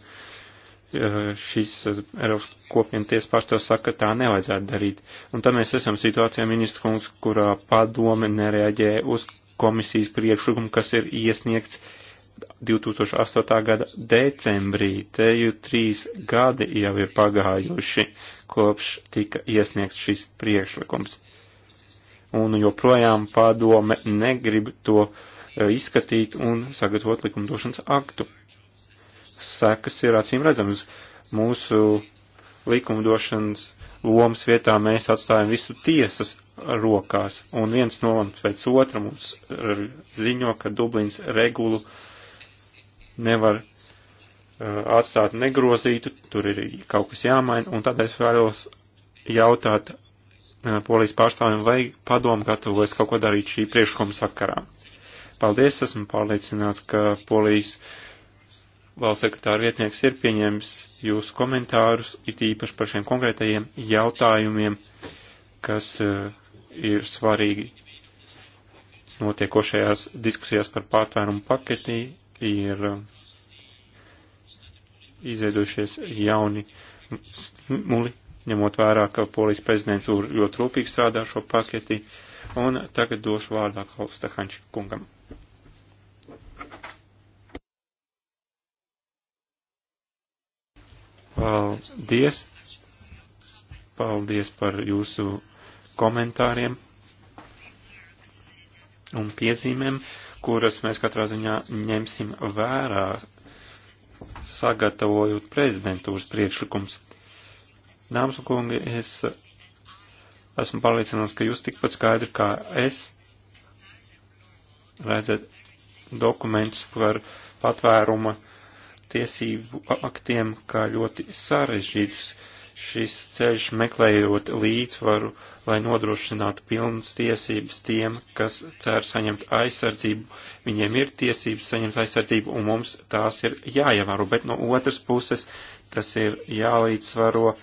šis e, Eiropas kopienu tiesa pārstāvs saka, ka tā nevajadzētu darīt. Un tad mēs esam situācijā, ministrs kungs, kurā padome nereaģē uz komisijas priekšlikumu, kas ir iesniegts 2008. gada decembrī, te jau trīs gadi jau ir pagājuši, kopš tika iesniegts šis priekšlikums. Un joprojām padome negrib to e, izskatīt un sagatavot likumdošanas aktu. Sekas ir acīm redzamas. Mūsu likumdošanas lomas vietā mēs atstājam visu tiesas rokās, un viens nolams pēc otra mums ziņo, ka Dublins regulu uh, nevar uh, atstāt negrozītu, tur ir kaut kas jāmaina, un tad es vēlos jautāt uh, polijas pārstāvjiem, vai padomu gatavojas kaut ko darīt šī priekšlikuma sakarā. Paldies, esmu pārliecināts, ka polijas valsts sekretāra vietnieks ir pieņēmis jūsu komentārus, it īpaši par šiem konkrētajiem jautājumiem, kas uh, ir svarīgi notiekošajās diskusijās par pārtvērumu paketī ir izveidojušies jauni stimuli, ņemot vērā, ka polijas prezidentūra ļoti rūpīgi strādā šo paketi. Un tagad došu vārdā Kalstahanči kungam. Paldies! Paldies par jūsu komentāriem un piezīmēm. Uh, kuras mēs katrā ziņā ņemsim vērā, sagatavojot prezidentūras priekšlikums. Dāmas un kungi, es esmu pārliecināts, ka jūs tikpat skaidri kā es redzat dokumentus par patvēruma tiesību aktiem kā ļoti sarežģītus. Uh, šis ceļš meklējot līdzvaru, lai nodrošinātu pilnas tiesības tiem, kas cer saņemt aizsardzību. Viņiem ir tiesības saņemt aizsardzību, un mums tās ir jāievēro, bet no otras puses tas ir jālīdzvaro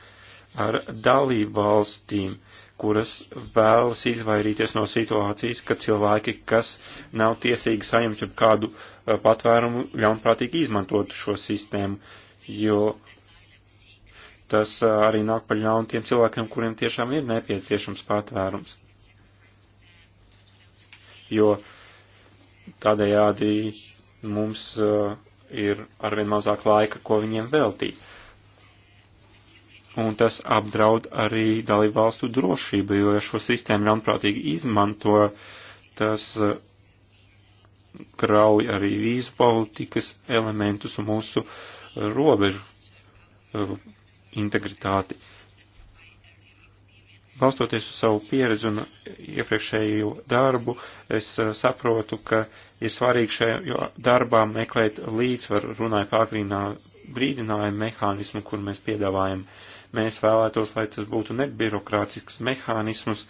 ar dalību valstīm, kuras vēlas izvairīties no situācijas, ka cilvēki, kas nav tiesīgi saņemt kādu uh, patvērumu, ļaunprātīgi izmantotu šo sistēmu, jo tas arī nāk par ļaunu tiem cilvēkiem, kuriem tiešām ir nepieciešams patvērums. Jo tādējādi mums ir arvien mazāk laika, ko viņiem veltīt. Un tas apdraud arī dalību valstu drošību, jo ja šo sistēmu ļaunprātīgi izmanto, tas grauj arī vīzu politikas elementus un mūsu robežu integritāti. Balstoties uz savu pieredzi un iepriekšēju darbu, es eh, saprotu, ka ir svarīgi šajā darbā meklēt līdzsvaru, runāju pārgrīnā brīdinājumu mehānismu, kur mēs piedāvājam. Mēs vēlētos, lai tas būtu nebirokrātisks mehānismus,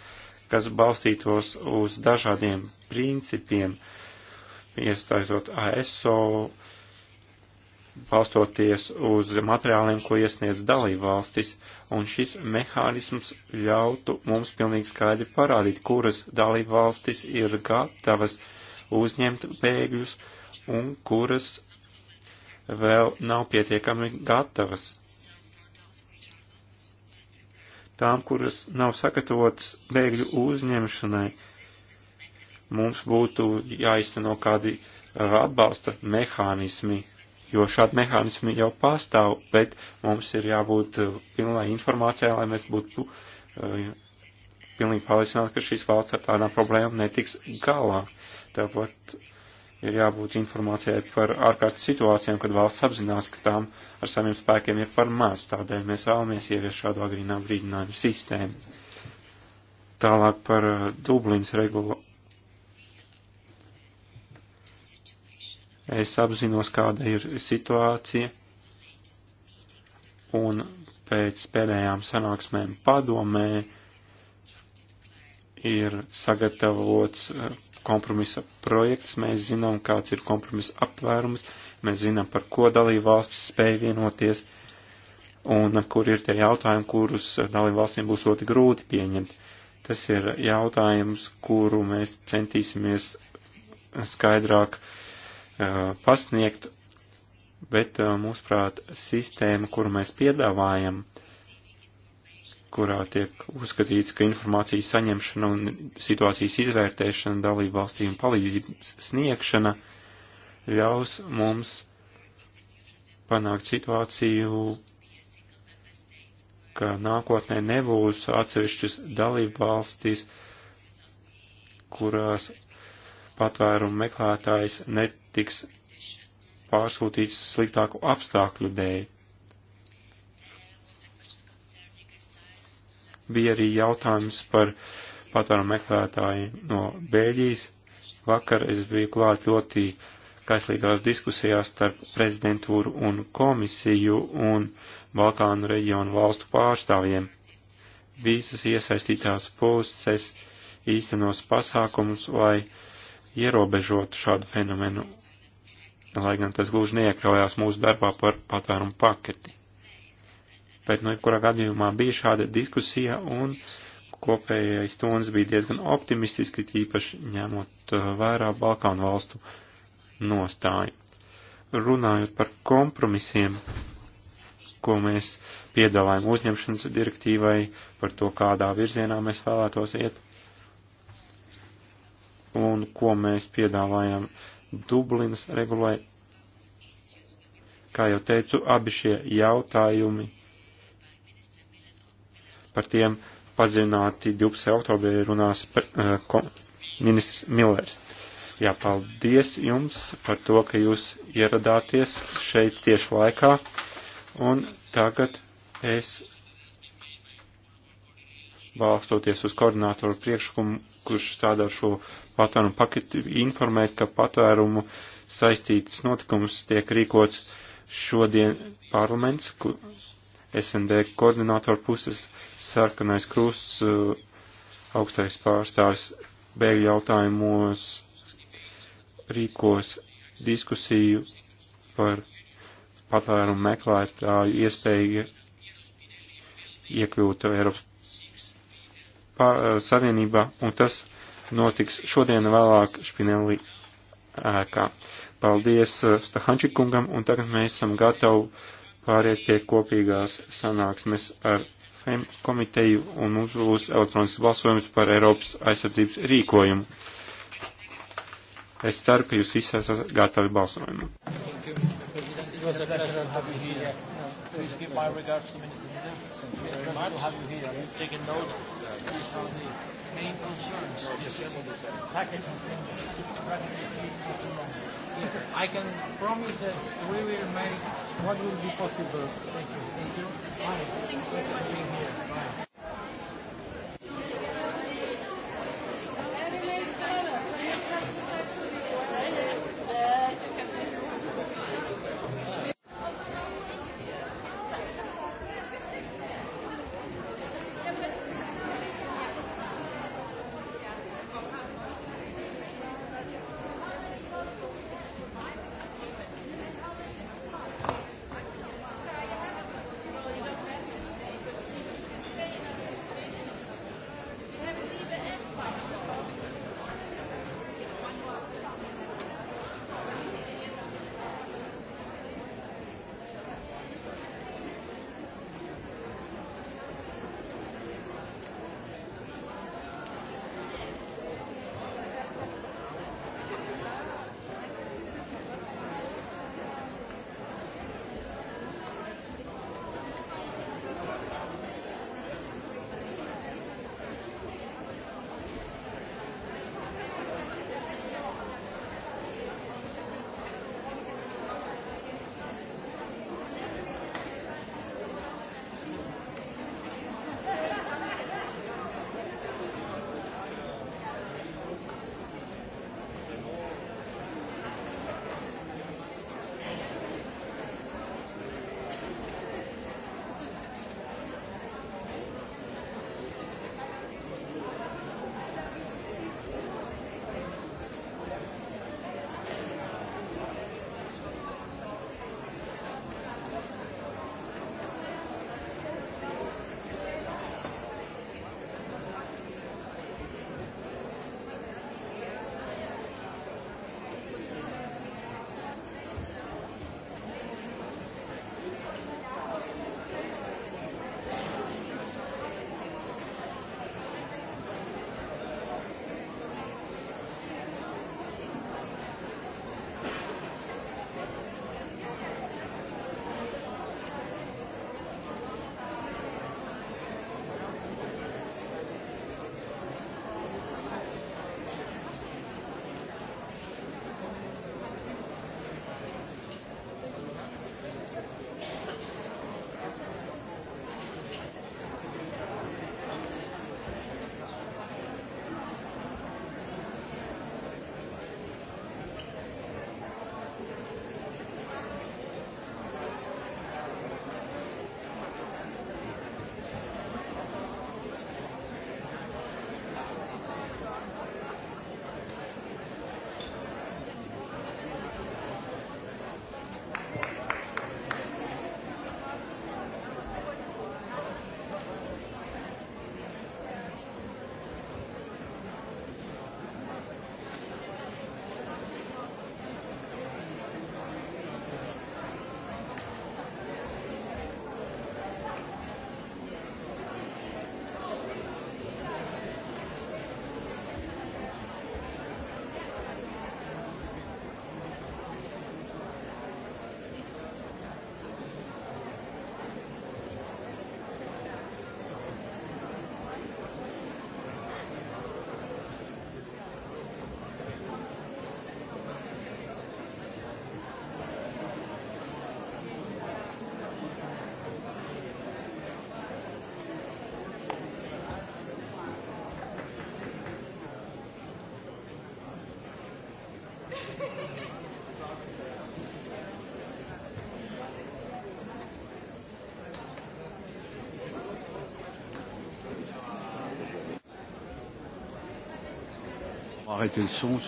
kas balstītos uz dažādiem principiem, iestājot ASO, balstoties uz materiāliem, ko iesniedz dalībvalstis, un šis mehānisms ļautu mums pilnīgi skaidri parādīt, kuras dalībvalstis ir gatavas uzņemt bēgļus un kuras vēl nav pietiekami gatavas. Tām, kuras nav sagatavotas bēgļu uzņemšanai, mums būtu jāizteno kādi atbalsta mehānismi, jo šādi mehānismi jau pastāv, bet mums ir jābūt uh, pilnai informācijai, lai mēs būtu uh, pilnīgi pārliecināti, ka šīs valsts ar tādām problēmām netiks galā. Tāpat ir jābūt informācijai par ārkārtas situācijām, kad valsts apzinās, ka tām ar saviem spēkiem ir par maz. Tādēļ mēs vēlamies ievies šādu agrīnā brīdinājumu sistēmu. Tālāk par uh, Dublinas regulu Es apzinos, kāda ir situācija, un pēc pēdējām sanāksmēm padomē ir sagatavots eh, kompromisa projekts. Mēs zinām, kāds ir kompromisa aptvērums, mēs zinām, par ko dalību valstis spēja vienoties, un kur ir tie jautājumi, kurus dalību valstīm būs ļoti grūti pieņemt. Tas ir jautājums, kuru mēs centīsimies skaidrāk uh, Uh, pasniegt, bet uh, mūsuprāt sistēma, kuru mēs piedāvājam, kurā tiek uzskatīts, ka informācijas saņemšana un situācijas izvērtēšana dalību valstīm palīdzības sniegšana ļaus mums panākt situāciju, ka nākotnē nebūs atsevišķas dalību valstis, kurās patvērumu meklētājs net tiks pārsūtīts sliktāku apstākļu dēļ. Bija arī jautājums par patvērumu meklētāju no Bēļģijas. Vakar es biju klāt ļoti kaislīgās diskusijās starp prezidentūru un komisiju un Balkānu reģionu valstu pārstāvjiem. Visas iesaistītās puses īstenos pasākumus, lai ierobežotu šādu fenomenu lai gan tas gluži neiekļaujās mūsu darbā par patvērumu paketi. Bet, nu, no jebkurā gadījumā bija šāda diskusija un kopējais tons bija diezgan optimistiski, tīpaši ņemot uh, vērā Balkānu valstu nostāju. Runājot par kompromisiem, ko mēs piedāvājam uzņemšanas direktīvai, par to, kādā virzienā mēs vēlētos iet, un ko mēs piedāvājam uh, Dublinas regulai. Kā jau teicu, abi šie jautājumi par tiem padzināti 12. oktobrī runās par, uh, ministrs Millers. Jā, paldies jums par to, ka jūs ieradāties šeit tieši laikā. Un tagad es balstoties uz koordinātoru priekšlikumu kurš strādā ar šo patvērumu paketi, informēt, ka patvērumu saistītas notikums tiek rīkots šodien parlaments, kur SND koordinātoru puses sarkanais krusts, uh, augstais pārstāvis bēgļu jautājumos rīkos diskusiju par patvērumu meklētāju iespēju iekļūt Eiropas pār, savienībā, un tas notiks šodien vēlāk Špinelli ēkā. Paldies Stahančikungam, un tagad mēs esam gatavi pāriet pie kopīgās sanāksmes ar FEM komiteju, un mums būs elektronisks balsojums par Eiropas aizsardzības rīkojumu. Es ceru, ka jūs visi esat gatavi balsojumam. Please give my regards to Minister Thank you very much. Have you here. Taking note. These are the main concerns. Package. I can promise that we will make what will be possible. Thank you. Thank you. Bye. Thank you for being here. Bye. arrêter le son.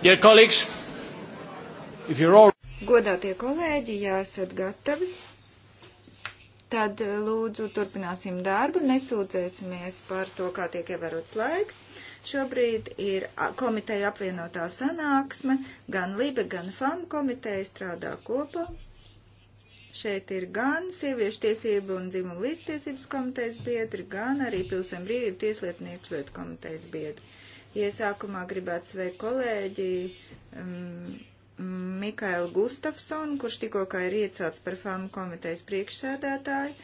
Dear colleagues, if you're all... Godātie kolēģi, ja esat gatavi, tad eh, lūdzu turpināsim darbu, nesūdzēsimies par to, kā tiek ievērots laiks. Šobrīd ir komiteja apvienotā sanāksme, gan Libe, gan FAM komiteja strādā kopā. Šeit ir gan sieviešu tiesību un dzimumu līdztiesības komitejas biedri, gan arī pilsēm brīvību tieslietnieku lietu komitejas biedri. Iesākumā gribētu sveikt kolēģi um, Mikaelu Gustafsonu, kurš tikko ir iecelts par FAMU komitejas priekšsēdētāju.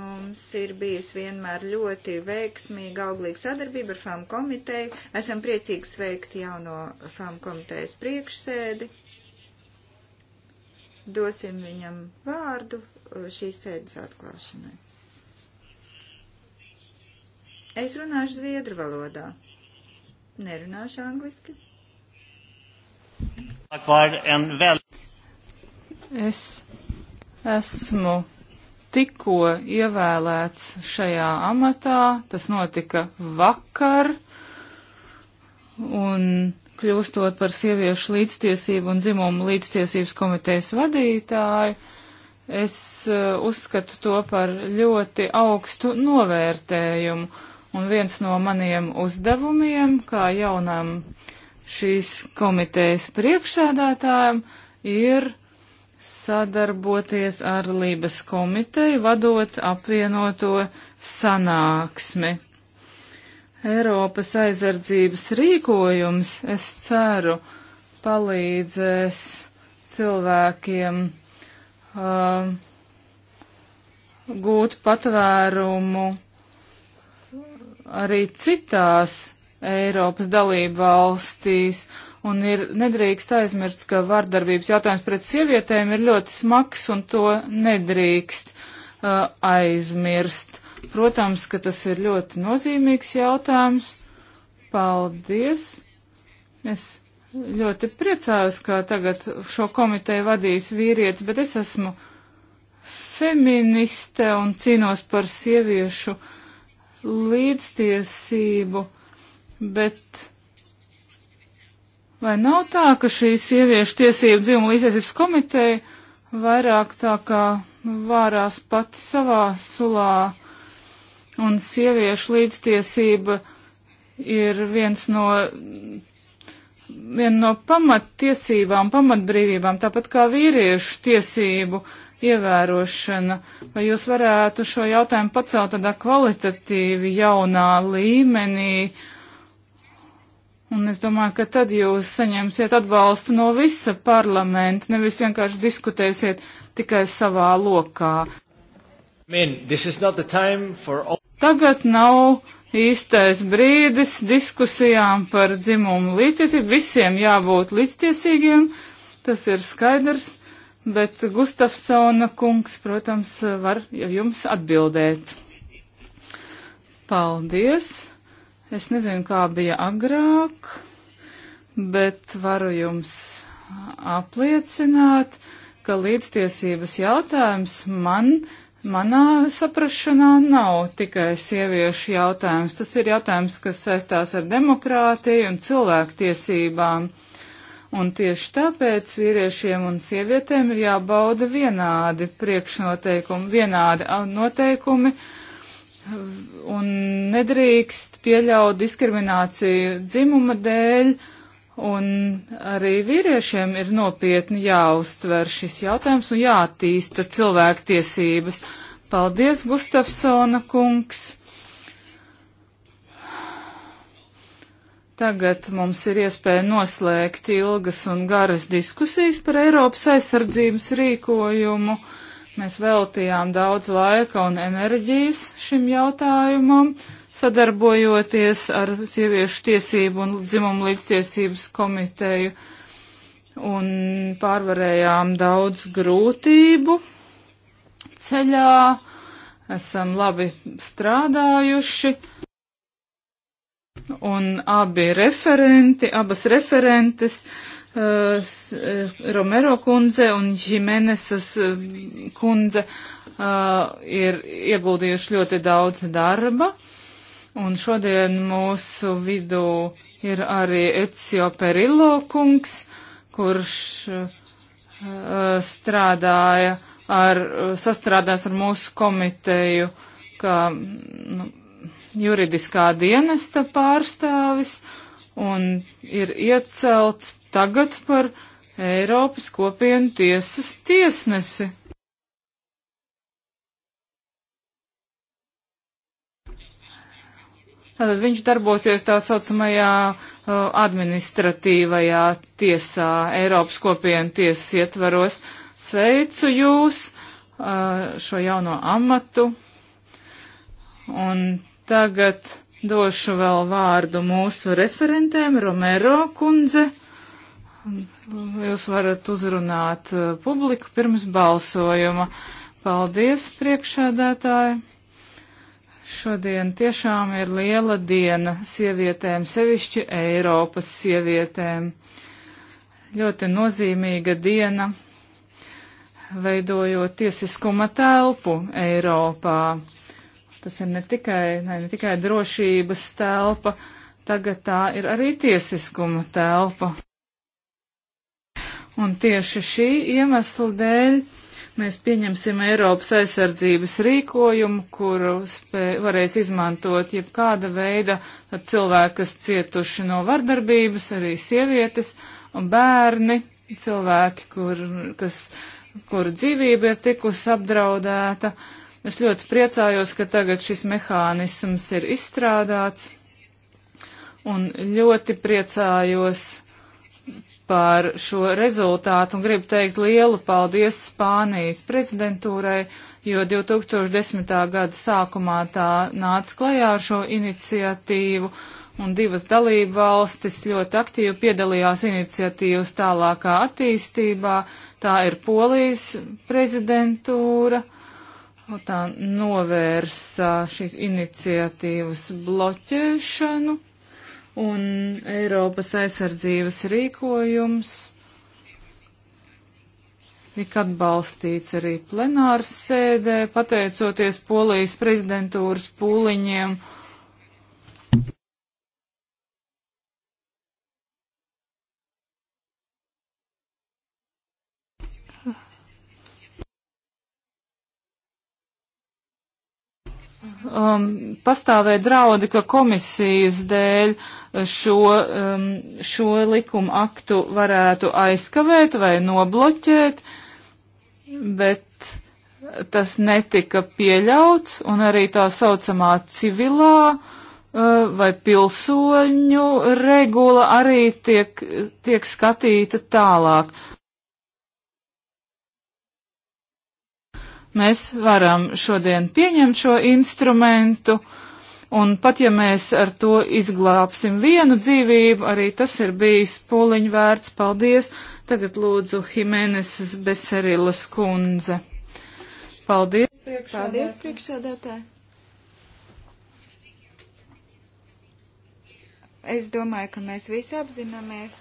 Mums ir bijusi vienmēr ļoti veiksmīga, auglīga sadarbība ar FAM komiteju. Esam priecīgi sveikt jauno FAM komitejas priekšsēdi. Dosim viņam vārdu uh, šīs sēdes atklāšanai. Es runāšu zviedru valodā nerunāšu angliski. Es esmu tikko ievēlēts šajā amatā, tas notika vakar, un kļūstot par sieviešu līdztiesību un dzimumu līdztiesības komitejas vadītāju, es eh, uzskatu to par ļoti augstu novērtējumu Un viens no maniem uzdevumiem, kā jaunam šīs komitejas priekšsēdētājam, ir sadarboties ar Lības komiteju, vadot apvienoto sanāksmi. Eiropas aizardzības rīkojums, es ceru, palīdzēs cilvēkiem uh, gūt patvērumu arī citās Eiropas dalību valstīs, un ir nedrīkst aizmirst, ka vardarbības jautājums pret sievietēm ir ļoti smags, un to nedrīkst uh, aizmirst. Protams, ka tas ir ļoti nozīmīgs jautājums. Paldies! Es ļoti priecājos, ka tagad šo komiteju vadīs vīrietis, bet es esmu feministe un cīnos par sieviešu līdztiesību, bet vai nav tā, ka šī sieviešu tiesību dzīvuma līdztiesības komiteja vairāk tā kā vārās pati savā sulā un sieviešu līdztiesība ir viens no, viena no pamattiesībām, pamatbrīvībām, tāpat kā vīriešu tiesību ievērošana. Vai jūs varētu šo jautājumu pacelt tādā kvalitatīvi jaunā līmenī? Un es domāju, ka tad jūs saņemsiet atbalstu no visa parlamenta, nevis vienkārši diskutēsiet tikai savā lokā. Man, all... Tagad nav īstais brīdis diskusijām par dzimumu līdztiesību. Visiem jābūt līdztiesīgiem, tas ir skaidrs bet Gustafsona kungs, protams, var jums atbildēt. Paldies! Es nezinu, kā bija agrāk, bet varu jums apliecināt, ka līdztiesības jautājums man Manā saprašanā nav tikai sieviešu jautājums. Tas ir jautājums, kas saistās ar demokrātiju un cilvēktiesībām. Un tieši tāpēc vīriešiem un sievietēm ir jābauda vienādi priekšnoteikumi, vienādi noteikumi un nedrīkst pieļaut diskrimināciju dzimuma dēļ. Un arī vīriešiem ir nopietni jāuztver šis jautājums un jāattīsta cilvēktiesības. Paldies, Gustafsona kungs! Tagad mums ir iespēja noslēgt ilgas un garas diskusijas par Eiropas aizsardzības rīkojumu. Mēs veltījām daudz laika un enerģijas šim jautājumam, sadarbojoties ar sieviešu tiesību un dzimumu līdztiesības komiteju un pārvarējām daudz grūtību ceļā. Esam labi strādājuši un abi referenti, abas referentes, uh, uh Romero kundze un Žimenesas uh, kundze, uh, ir ieguldījuši ļoti daudz darba. Un šodien mūsu vidū ir arī Ecio Perillo kungs, kurš uh, strādāja ar, sastrādās ar mūsu komiteju, kā nu, juridiskā dienesta pārstāvis un ir iecelts tagad par Eiropas kopienu tiesas tiesnesi. Tātad viņš darbosies tā saucamajā uh, administratīvajā tiesā, Eiropas kopienu tiesas ietvaros. Sveicu jūs uh, šo jauno amatu. Un Tagad došu vēl vārdu mūsu referentēm, Romero kundze. Jūs varat uzrunāt uh, publiku pirms balsojuma. Paldies, priekšādātāji! Šodien tiešām ir liela diena sievietēm, sevišķi Eiropas sievietēm. Ļoti nozīmīga diena, veidojot tiesiskuma telpu Eiropā Tas ir ne tikai, ne, ne tikai drošības telpa, tagad tā ir arī tiesiskuma telpa. Un tieši šī iemesla dēļ mēs pieņemsim Eiropas aizsardzības rīkojumu, kuru spē, varēs izmantot jebkāda veida cilvēki, kas cietuši no vardarbības, arī sievietes un bērni, cilvēki, kur, kas, kuru dzīvība ir tikusi apdraudēta. Uh, Es ļoti priecājos, ka tagad šis mehānisms ir izstrādāts un ļoti priecājos par šo rezultātu un gribu teikt lielu paldies Spānijas prezidentūrai, jo 2010. gada sākumā tā nāca klajā ar šo iniciatīvu un divas dalību valstis ļoti aktīvi piedalījās iniciatīvas tālākā attīstībā. Tā ir Polijas prezidentūra tā novērsa šīs iniciatīvas bloķēšanu un Eiropas aizsardzības rīkojums tika atbalstīts arī plenārs sēdē, pateicoties Polijas prezidentūras pūliņiem um, pastāvēja draudi, ka komisijas dēļ šo, um, šo likumu aktu varētu aizkavēt vai nobloķēt, bet tas netika pieļauts un arī tā saucamā civilā uh, vai pilsoņu regula arī tiek, tiek skatīta tālāk. Mēs varam šodien pieņemt šo instrumentu, un pat ja mēs ar to izglābsim vienu dzīvību, arī tas ir bijis pūliņu vērts. Paldies! Tagad lūdzu Himeneses Beserilas kundze. Paldies, priekšsēdētāji! Paldies, priekšsēdētāji! Es domāju, ka mēs visi apzināmies,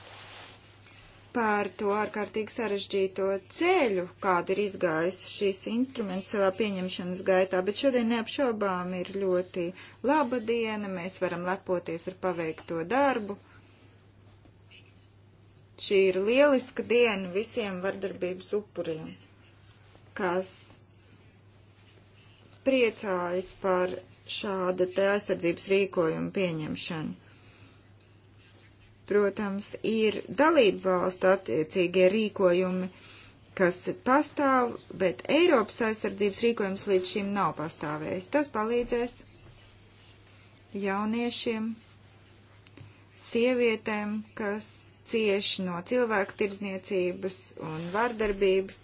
par to ārkārtīgi sarežģīto ceļu, kādu ir izgājis šīs instruments savā pieņemšanas gaitā, bet šodien neapšaubām ir ļoti laba diena, mēs varam lepoties ar paveikto darbu. Šī ir lieliska diena visiem vardarbības upuriem, kas priecājas par šāda te aizsardzības rīkojuma pieņemšanu Protams, ir dalību valstu attiecīgie rīkojumi, kas pastāv, bet Eiropas aizsardzības rīkojums līdz šim nav pastāvējis. Tas palīdzēs jauniešiem, sievietēm, kas cieši no cilvēku tirdzniecības un vardarbības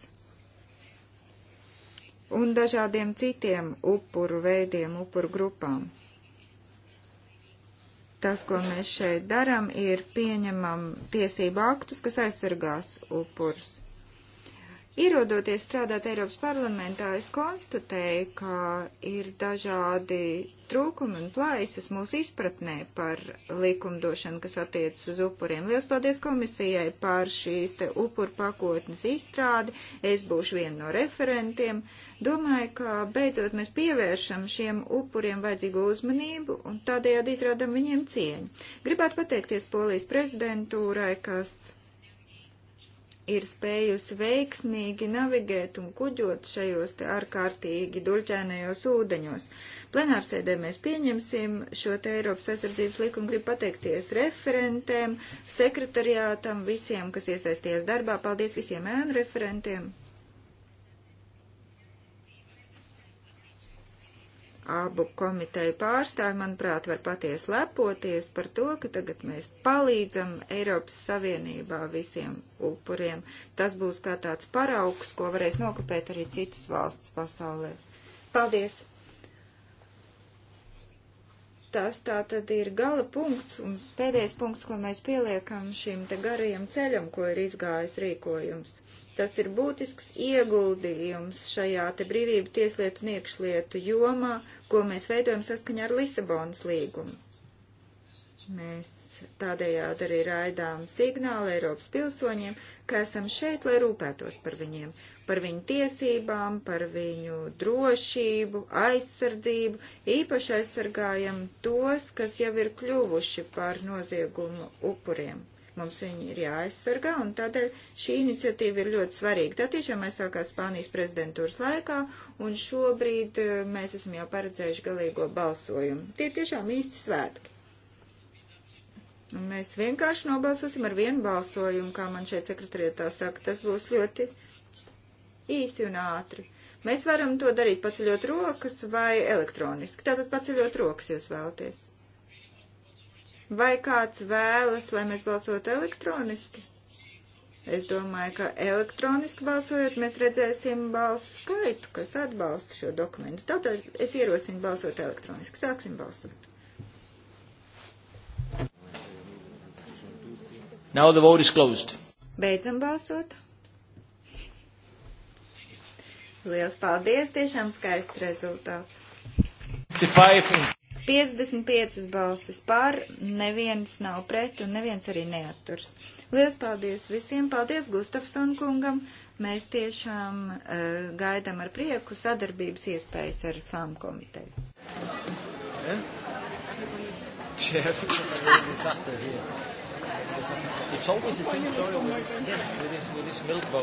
un dažādiem citiem upuru veidiem, upuru grupām. Tas, ko mēs šeit daram, ir pieņemam tiesību aktus, kas aizsargās upurus. Ierodoties strādāt Eiropas parlamentā, es konstatēju, ka ir dažādi trūkumi un plaisas mūsu izpratnē par likumdošanu, kas attiecas uz upuriem. Lielas paldies komisijai par šīs te upuru pakotnes izstrādi. Es būšu viena no referentiem. Domāju, ka beidzot mēs pievēršam šiem upuriem vajadzīgu uzmanību un tādējādi izrādam viņiem cieņu. Gribētu pateikties Polijas prezidentūrai, kas ir spējusi veiksmīgi navigēt un kuģot šajos te ārkārtīgi duļķēnajos ūdeņos. Plenārsēdē mēs pieņemsim šo te Eiropas aizsardzības likumu, gribu pateikties referentiem, sekretariātam, visiem, kas iesaistījās darbā. Paldies visiem ēnu referentiem. abu komiteju pārstāvi, manuprāt, var patiesi lepoties par to, ka tagad mēs palīdzam Eiropas Savienībā visiem upuriem. Tas būs kā tāds paraugs, ko varēs nokopēt arī citas valsts pasaulē. Paldies! Tas tā tad ir gala punkts un pēdējais punkts, ko mēs pieliekam šim te garajam ceļam, ko ir izgājis rīkojums. Tas ir būtisks ieguldījums šajā te brīvību tieslietu un iekšlietu jomā, ko mēs veidojam saskaņā ar Lisabonas līgumu. Mēs tādējādi arī raidām signālu Eiropas pilsoņiem, ka esam šeit, lai rūpētos par viņiem, par viņu tiesībām, par viņu drošību, aizsardzību, īpaši aizsargājam tos, kas jau ir kļuvuši par noziegumu upuriem. Mums viņi ir jāaizsargā, un tādēļ šī iniciatīva ir ļoti svarīga. Tā tiešām aizsākās Spānijas prezidentūras laikā, un šobrīd eh, mēs esam jau paredzējuši galīgo balsojumu. Tie ir tiešām īsti svētki. Un mēs vienkārši nobalsosim ar vienu balsojumu, kā man šeit sekretarietā saka. Tas būs ļoti īsi un ātri. Mēs varam to darīt paceļot rokas vai elektroniski. Tātad paceļot rokas jūs vēlaties. Vai kāds vēlas, lai mēs balsotu elektroniski? Es domāju, ka elektroniski balsojot, mēs redzēsim balsu skaitu, kas atbalsta šo dokumentu. Tātad es ierosinu balsot elektroniski. Sāksim balsot. Now the vote is closed. Beidzam balsot. Liels paldies, tiešām skaists rezultāts. 55. 55 balsis par, neviens nav pret un neviens arī neaturs. Lielas paldies visiem, paldies Gustafson kungam. Mēs tiešām uh, gaidām ar prieku sadarbības iespējas ar FAM komiteju. Yeah. It's always the same story with, yeah, with, this, with this milk boat.